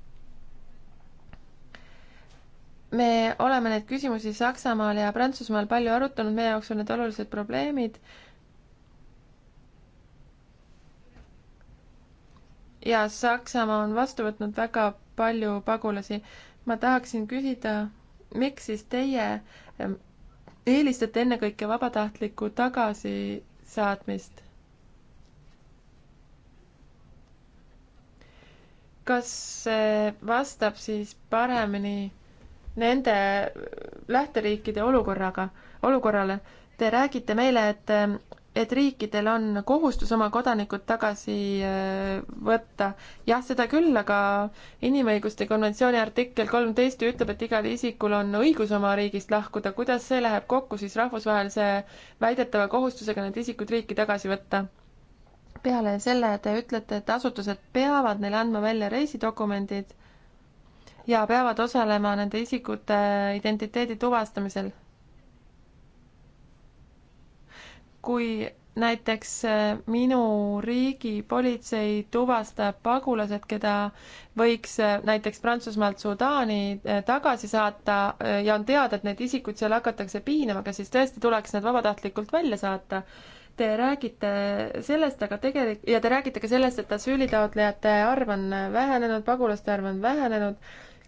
me oleme neid küsimusi Saksamaal ja Prantsusmaal palju arutanud, meie jaoks on need olulised probleemid. ja Saksamaa on vastu võtnud väga palju pagulasi. ma tahaksin küsida, miks siis teie ähm, eelistate ennekõike vabatahtlikku tagasisaatmist? kas see vastab siis paremini nende lähteriikide olukorraga, olukorrale. Te räägite meile, et, et riikidel on kohustus oma kodanikud tagasi äh, võtta. jah, seda küll, aga inimõiguste konventsiooni artikkel kolmteist ju ütleb, et igal isikul on õigus oma riigist lahkuda. kuidas see läheb kokku siis rahvusvahelise väidetava kohustusega need isikud riiki tagasi võtta? peale selle te ütlete, et asutused peavad neile andma välja reisidokumendid ja peavad osalema nende isikute identiteedi tuvastamisel. kui näiteks äh, minu riigi politsei tuvastab pagulased, keda võiks äh, näiteks Prantsusmaalt Sudaani äh, tagasi saata ja on teada, et neid isikuid seal hakatakse piinama, kas siis tõesti tuleks need vabatahtlikult välja saata? Te räägite sellest, aga tegelik- ja te räägite ka sellest, et asüülitaotlejate arv on vähenenud, pagulaste arv on vähenenud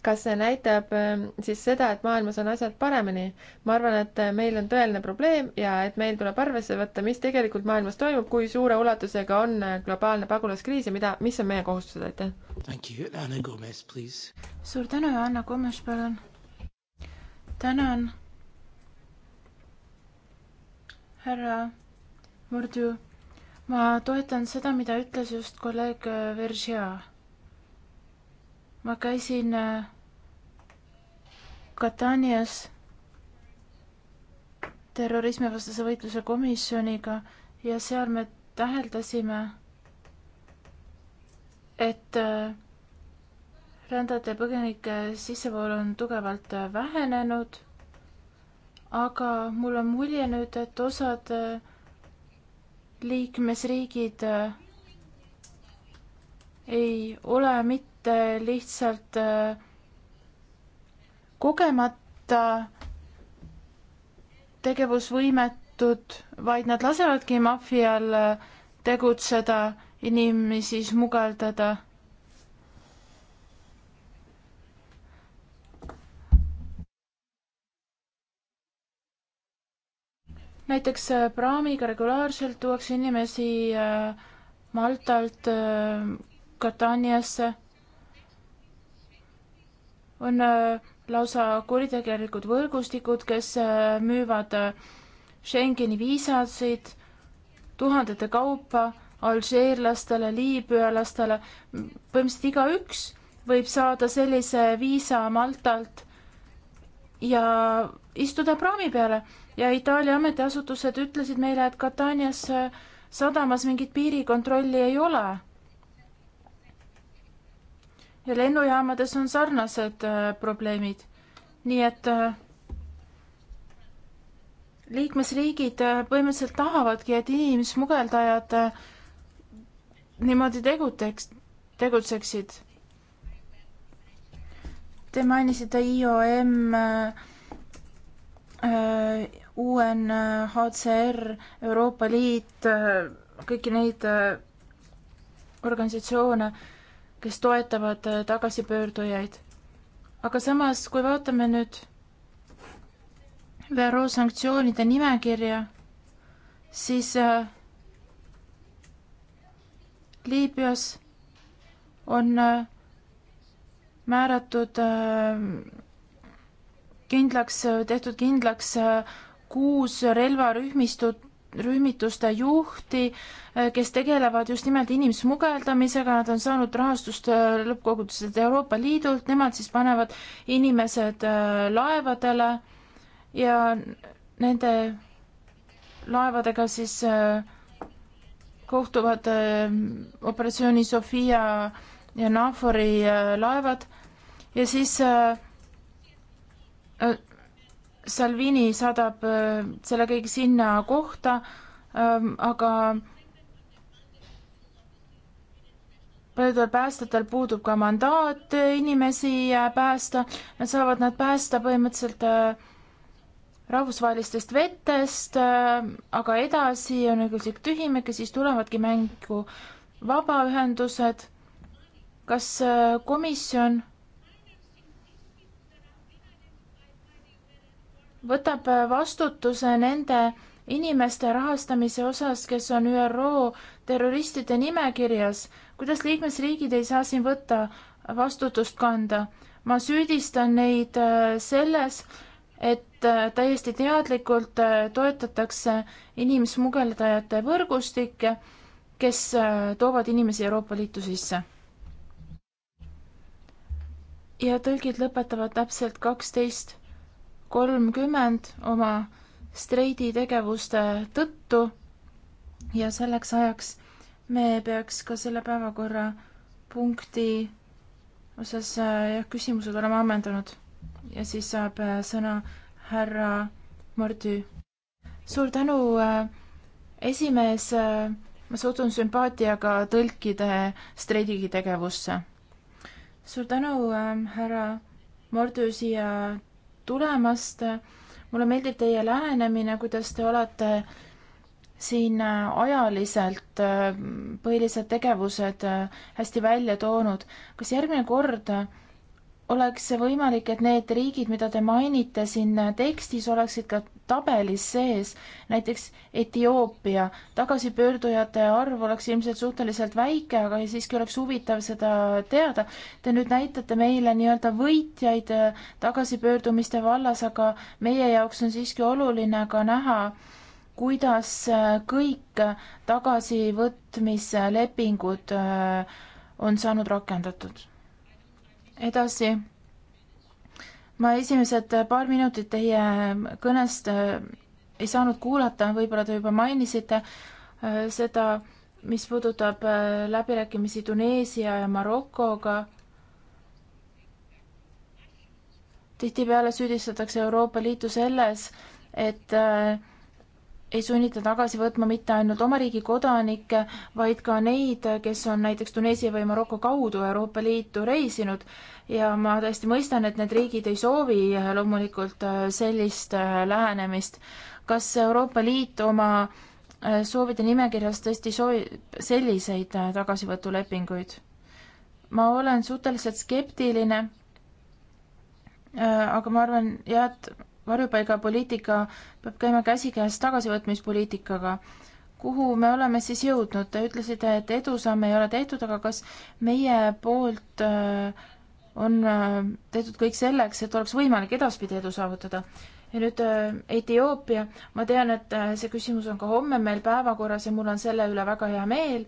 kas see näitab ähm, siis seda, et maailmas on asjad paremini? ma arvan, et äh, meil on tõeline probleem ja et meil tuleb arvesse võtta, mis tegelikult maailmas toimub, kui suure ulatusega on äh, globaalne pagulaskriis ja mida, mis on meie kohustused, aitäh! suur tänu ja Anna Gomes, palun! tänan, härra Murdu. ma toetan seda, mida ütles just kolleeg äh, Veržia ma käisin Katanias terrorismivastase võitluse komisjoniga ja seal me täheldasime, et äh, rändajate põgenike sissevool on tugevalt äh, vähenenud, aga mul on mulje nüüd, et osad äh, liikmesriigid ei ole mitte lihtsalt äh, kogemata tegevusvõimetud, vaid nad lasevadki maffial tegutseda, inimesi smugeldada. näiteks praamiga regulaarselt tuuakse inimesi äh, Maltalt Kataniasse. Äh, on äh, lausa kuritegelikud võrgustikud, kes äh, müüvad äh, Schengeni viisasid tuhandete kaupa alžeerlastele, liibüalastele, põhimõtteliselt igaüks võib saada sellise viisa Maltalt ja istuda praami peale ja Itaalia ametiasutused ütlesid meile, et Katanias äh, sadamas mingit piirikontrolli ei ole ja lennujaamades on sarnased äh, probleemid. nii et äh, liikmesriigid äh, põhimõtteliselt tahavadki, et inimsmugeldajad äh, niimoodi teguteks, tegutseksid. Te mainisite IOM, äh, äh, UNHCR, Euroopa Liit, kõiki neid organisatsioone kes toetavad äh, tagasipöördujaid. aga samas, kui vaatame nüüd ÜRO sanktsioonide nimekirja, siis äh, Liibüas on äh, määratud äh, kindlaks, äh, tehtud kindlaks äh, kuus relvarühmistut, rühmituste juhti, eh, kes tegelevad just nimelt inimsmugeldamisega, nad on saanud rahastust eh, lõppkokkuvõttes Euroopa Liidult, nemad siis panevad inimesed eh, laevadele ja nende laevadega siis kohtuvad operatsiooni Sofia ja Nafori laevad ja siis Salvini saadab äh, selle kõik sinna kohta, ähm, aga paljudel päästjatel puudub ka mandaat äh, inimesi äh, päästa, nad saavad nad päästa põhimõtteliselt rahvusvahelistest vetest, aga edasi on õiguslik tühimik ja siis tulevadki mängu vabaühendused. kas komisjon võtab äh, vastutuse nende inimeste rahastamise osas, kes on ÜRO terroristide nimekirjas. kuidas liikmesriigid ei saa siin võtta vastutust kanda? ma süüdistan neid äh, selles, et äh, täiesti teadlikult toetatakse inimsmugeldajate võrgustikke, kes toovad inimesi Euroopa Liitu sisse ja tõlgid lõpetavad täpselt kaksteist kolmkümmend oma streiditegevuste tõttu ja selleks ajaks me peaks ka selle päevakorrapunkti osas äh, jah, küsimused olema ammendanud ja siis saab äh, sõna härra Mordü. suur tänu, äh, esimees, ma suhtun sümpaatiaga tõlkide streigi tegevusse. suur tänu, härra Mordü siia tulemast. mulle meeldib teie lähenemine, kuidas te olete siin äh, ajaliselt äh, põhilised tegevused äh, hästi välja toonud. kas järgmine kord oleks võimalik, et need riigid, mida te mainite siin tekstis, oleksid ka tabelis sees. näiteks Etioopia tagasipöördujate arv oleks ilmselt suhteliselt väike, aga siiski oleks huvitav seda teada. Te nüüd näitate meile nii-öelda võitjaid äh, tagasipöördumiste vallas, aga meie jaoks on siiski oluline ka näha, kuidas äh, kõik tagasivõtmislepingud äh, on saanud rakendatud. edasi ma esimesed paar minutit teie kõnest äh, ei saanud kuulata, võib-olla te juba mainisite äh, seda, mis puudutab äh, läbirääkimisi Tuneesia ja Marokoga. tihtipeale süüdistatakse Euroopa Liitu selles, et äh, ei sunnita tagasi võtma mitte ainult oma riigi kodanikke, vaid ka neid, kes on näiteks Tuneesia või Maroko kaudu Euroopa Liitu reisinud ja ma tõesti mõistan, et need riigid ei soovi loomulikult äh, sellist äh, lähenemist. kas Euroopa Liit oma äh, soovide nimekirjas tõesti soovib selliseid tagasivõtulepinguid? ma olen suhteliselt skeptiline, aga ma arvan jah, et varjupaigapoliitika peab käima käsikäes tagasivõtmispoliitikaga. kuhu me oleme siis jõudnud? Te ütlesite, et edusamme ei ole tehtud, aga kas meie poolt äh, on äh, tehtud kõik selleks, et oleks võimalik edaspidi edu saavutada? ja nüüd äh, Etioopia, ma tean, et see küsimus on ka homme meil päevakorras ja mul on selle üle väga hea meel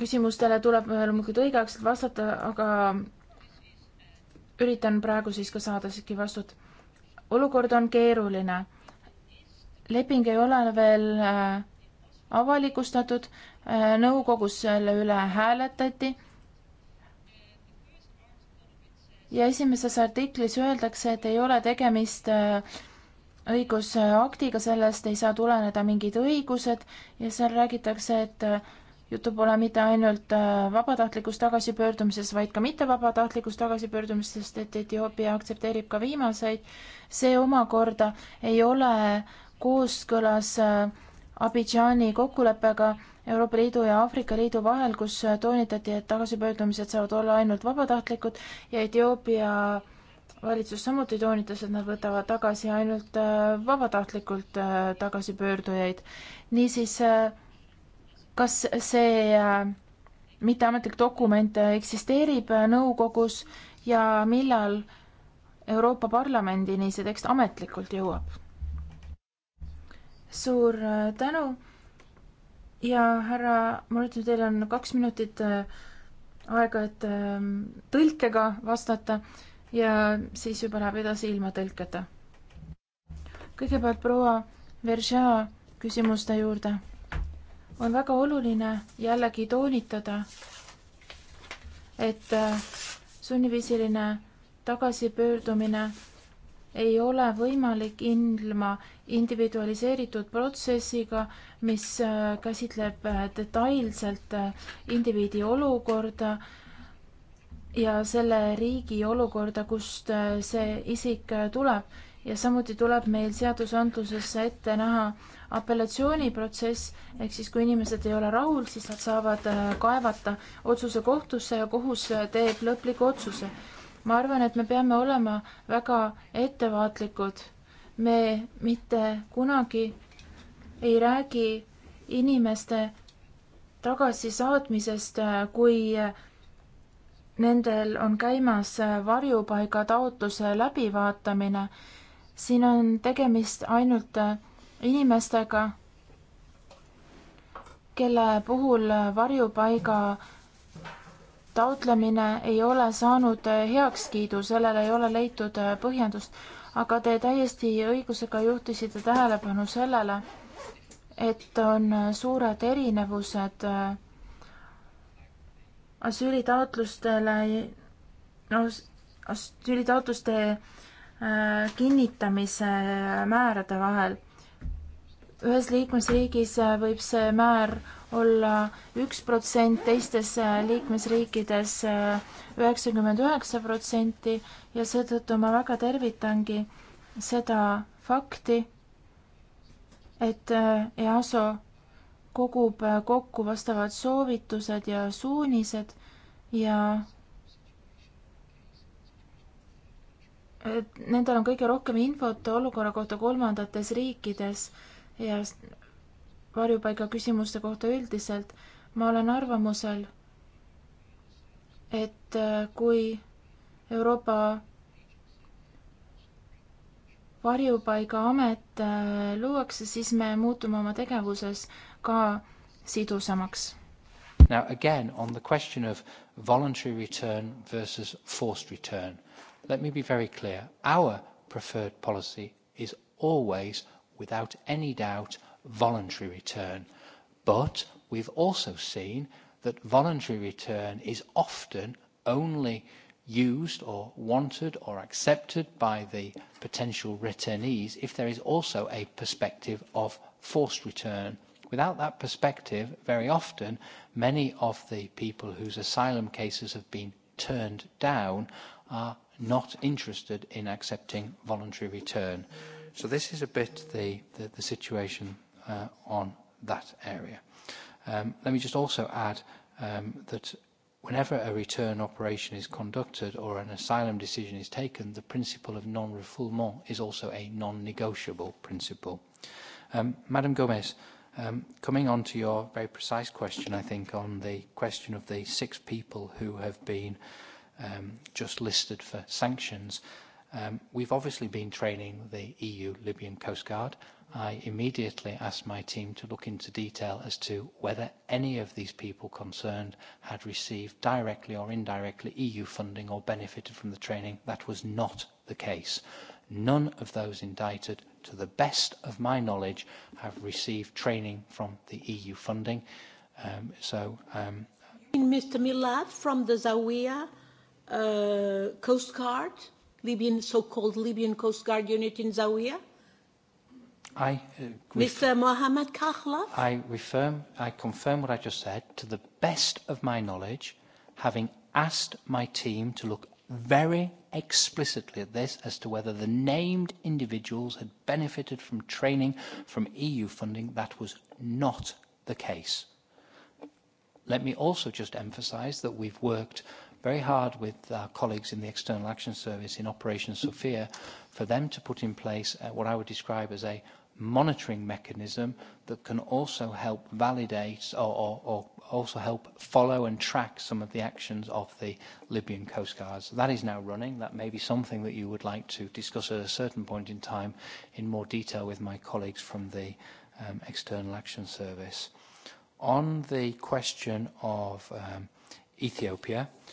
küsimustele tuleb loomulikult õigeaegselt vastata, aga üritan praegu siis ka saada siiski vastut. olukord on keeruline. leping ei ole veel äh, avalikustatud, äh, nõukogus selle üle hääletati. ja esimeses artiklis öeldakse, et ei ole tegemist äh, õigusaktiga, sellest ei saa tuleneda mingid õigused ja seal räägitakse, et juttu pole mitte ainult äh, vabatahtlikust tagasipöördumises, vaid ka mittevabatahtlikust tagasipöördumisest, sest et Etioopia aktsepteerib ka viimaseid. see omakorda ei ole kooskõlas äh, Abidžaani kokkuleppega Euroopa Liidu ja Aafrika Liidu vahel, kus äh, toonitati, et tagasipöördumised saavad olla ainult vabatahtlikud ja Etioopia valitsus samuti toonitas, et nad võtavad tagasi ainult vabatahtlikult tagasipöördujaid. niisiis äh, kas see äh, mitteametlik dokument äh, eksisteerib äh, nõukogus ja millal Euroopa Parlamendini see tekst ametlikult jõuab? suur tänu ja härra, ma ütlen, teil on kaks minutit aega, et ähm, tõlkega vastata ja siis juba läheb edasi ilma tõlketa. kõigepealt proua Veržea küsimuste juurde on väga oluline jällegi toonitada, et äh, sunniviisiline tagasipöördumine ei ole võimalik ilma individualiseeritud protsessiga, mis äh, käsitleb äh, detailselt indiviidi olukorda ja selle riigi olukorda, kust see isik tuleb ja samuti tuleb meil seadusandlusesse ette näha apellatsiooniprotsess, ehk siis kui inimesed ei ole rahul, siis nad saavad äh, kaevata otsuse kohtusse ja kohus äh, teeb lõpliku otsuse. ma arvan, et me peame olema väga ettevaatlikud. me mitte kunagi ei räägi inimeste tagasisaatmisest, äh, kui nendel on käimas varjupaigataotluse läbivaatamine siin on tegemist ainult äh, inimestega, kelle puhul äh, varjupaiga taotlemine ei ole saanud äh, heakskiidu, sellele ei ole leitud põhjendust, aga te täiesti õigusega juhtisite tähelepanu sellele, et on suured erinevused asüülitaotlustele, no asüülitaotluste Äh, kinnitamise määrade vahel. ühes liikmesriigis äh, võib see määr olla üks protsent, teistes äh, liikmesriikides üheksakümmend üheksa protsenti ja seetõttu ma väga tervitangi seda fakti, et EASO kogub kokku vastavad soovitused ja suunised ja nendel on kõige rohkem infot olukorra kohta kolmandates riikides ja varjupaiga küsimuste kohta üldiselt. ma olen arvamusel, et äh, kui Euroopa varjupaigaamet äh, luuakse, siis me muutume oma tegevuses ka sidusamaks. Now again on the question of voluntary return versus forced return Let me be very clear. Our preferred policy is always, without any doubt, voluntary return. But we've also seen that voluntary return is often only used or wanted or accepted by the potential returnees if there is also a perspective of forced return. Without that perspective, very often, many of the people whose asylum cases have been turned down are not interested in accepting voluntary return. So this is a bit the, the, the situation uh, on that area. Um, let me just also add um, that whenever a return operation is conducted or an asylum decision is taken, the principle of non-refoulement is also a non-negotiable principle. Um, Madam Gomez, um, coming on to your very precise question, I think, on the question of the six people who have been uh, um, just listed for sanctions. Um, we've obviously been training the EU Libyan Coast Guard. I immediately asked my team to look into detail as to whether any of these people concerned had received directly or indirectly EU funding or benefited from the training. That was not the case. None of those indicted, to the best of my knowledge, have received training from the EU funding. Um, so, um, Mr. Milad from the Zawiya uh, Coast Guard, Libyan so-called Libyan Coast Guard unit in Zawiya? I, uh, Mr. Mohammed Kakhlaf? I, refirm, I confirm what I just said. To the best of my knowledge, having asked my team to look very explicitly at this as to whether the named individuals had benefited from training from EU funding, that was not the case. Let me also just emphasise that we've worked uh, very hard with our uh, colleagues in the External Action Service in Operation Sophia for them to put in place uh, what I would describe as a monitoring mechanism that can also help validate or, or, or also help follow and track some of the actions of the Libyan Coast Guards. That is now running. That may be something that you would like to discuss at a certain point in time in more detail with my colleagues from the um, External Action Service. On the question of um, Ethiopia, uh,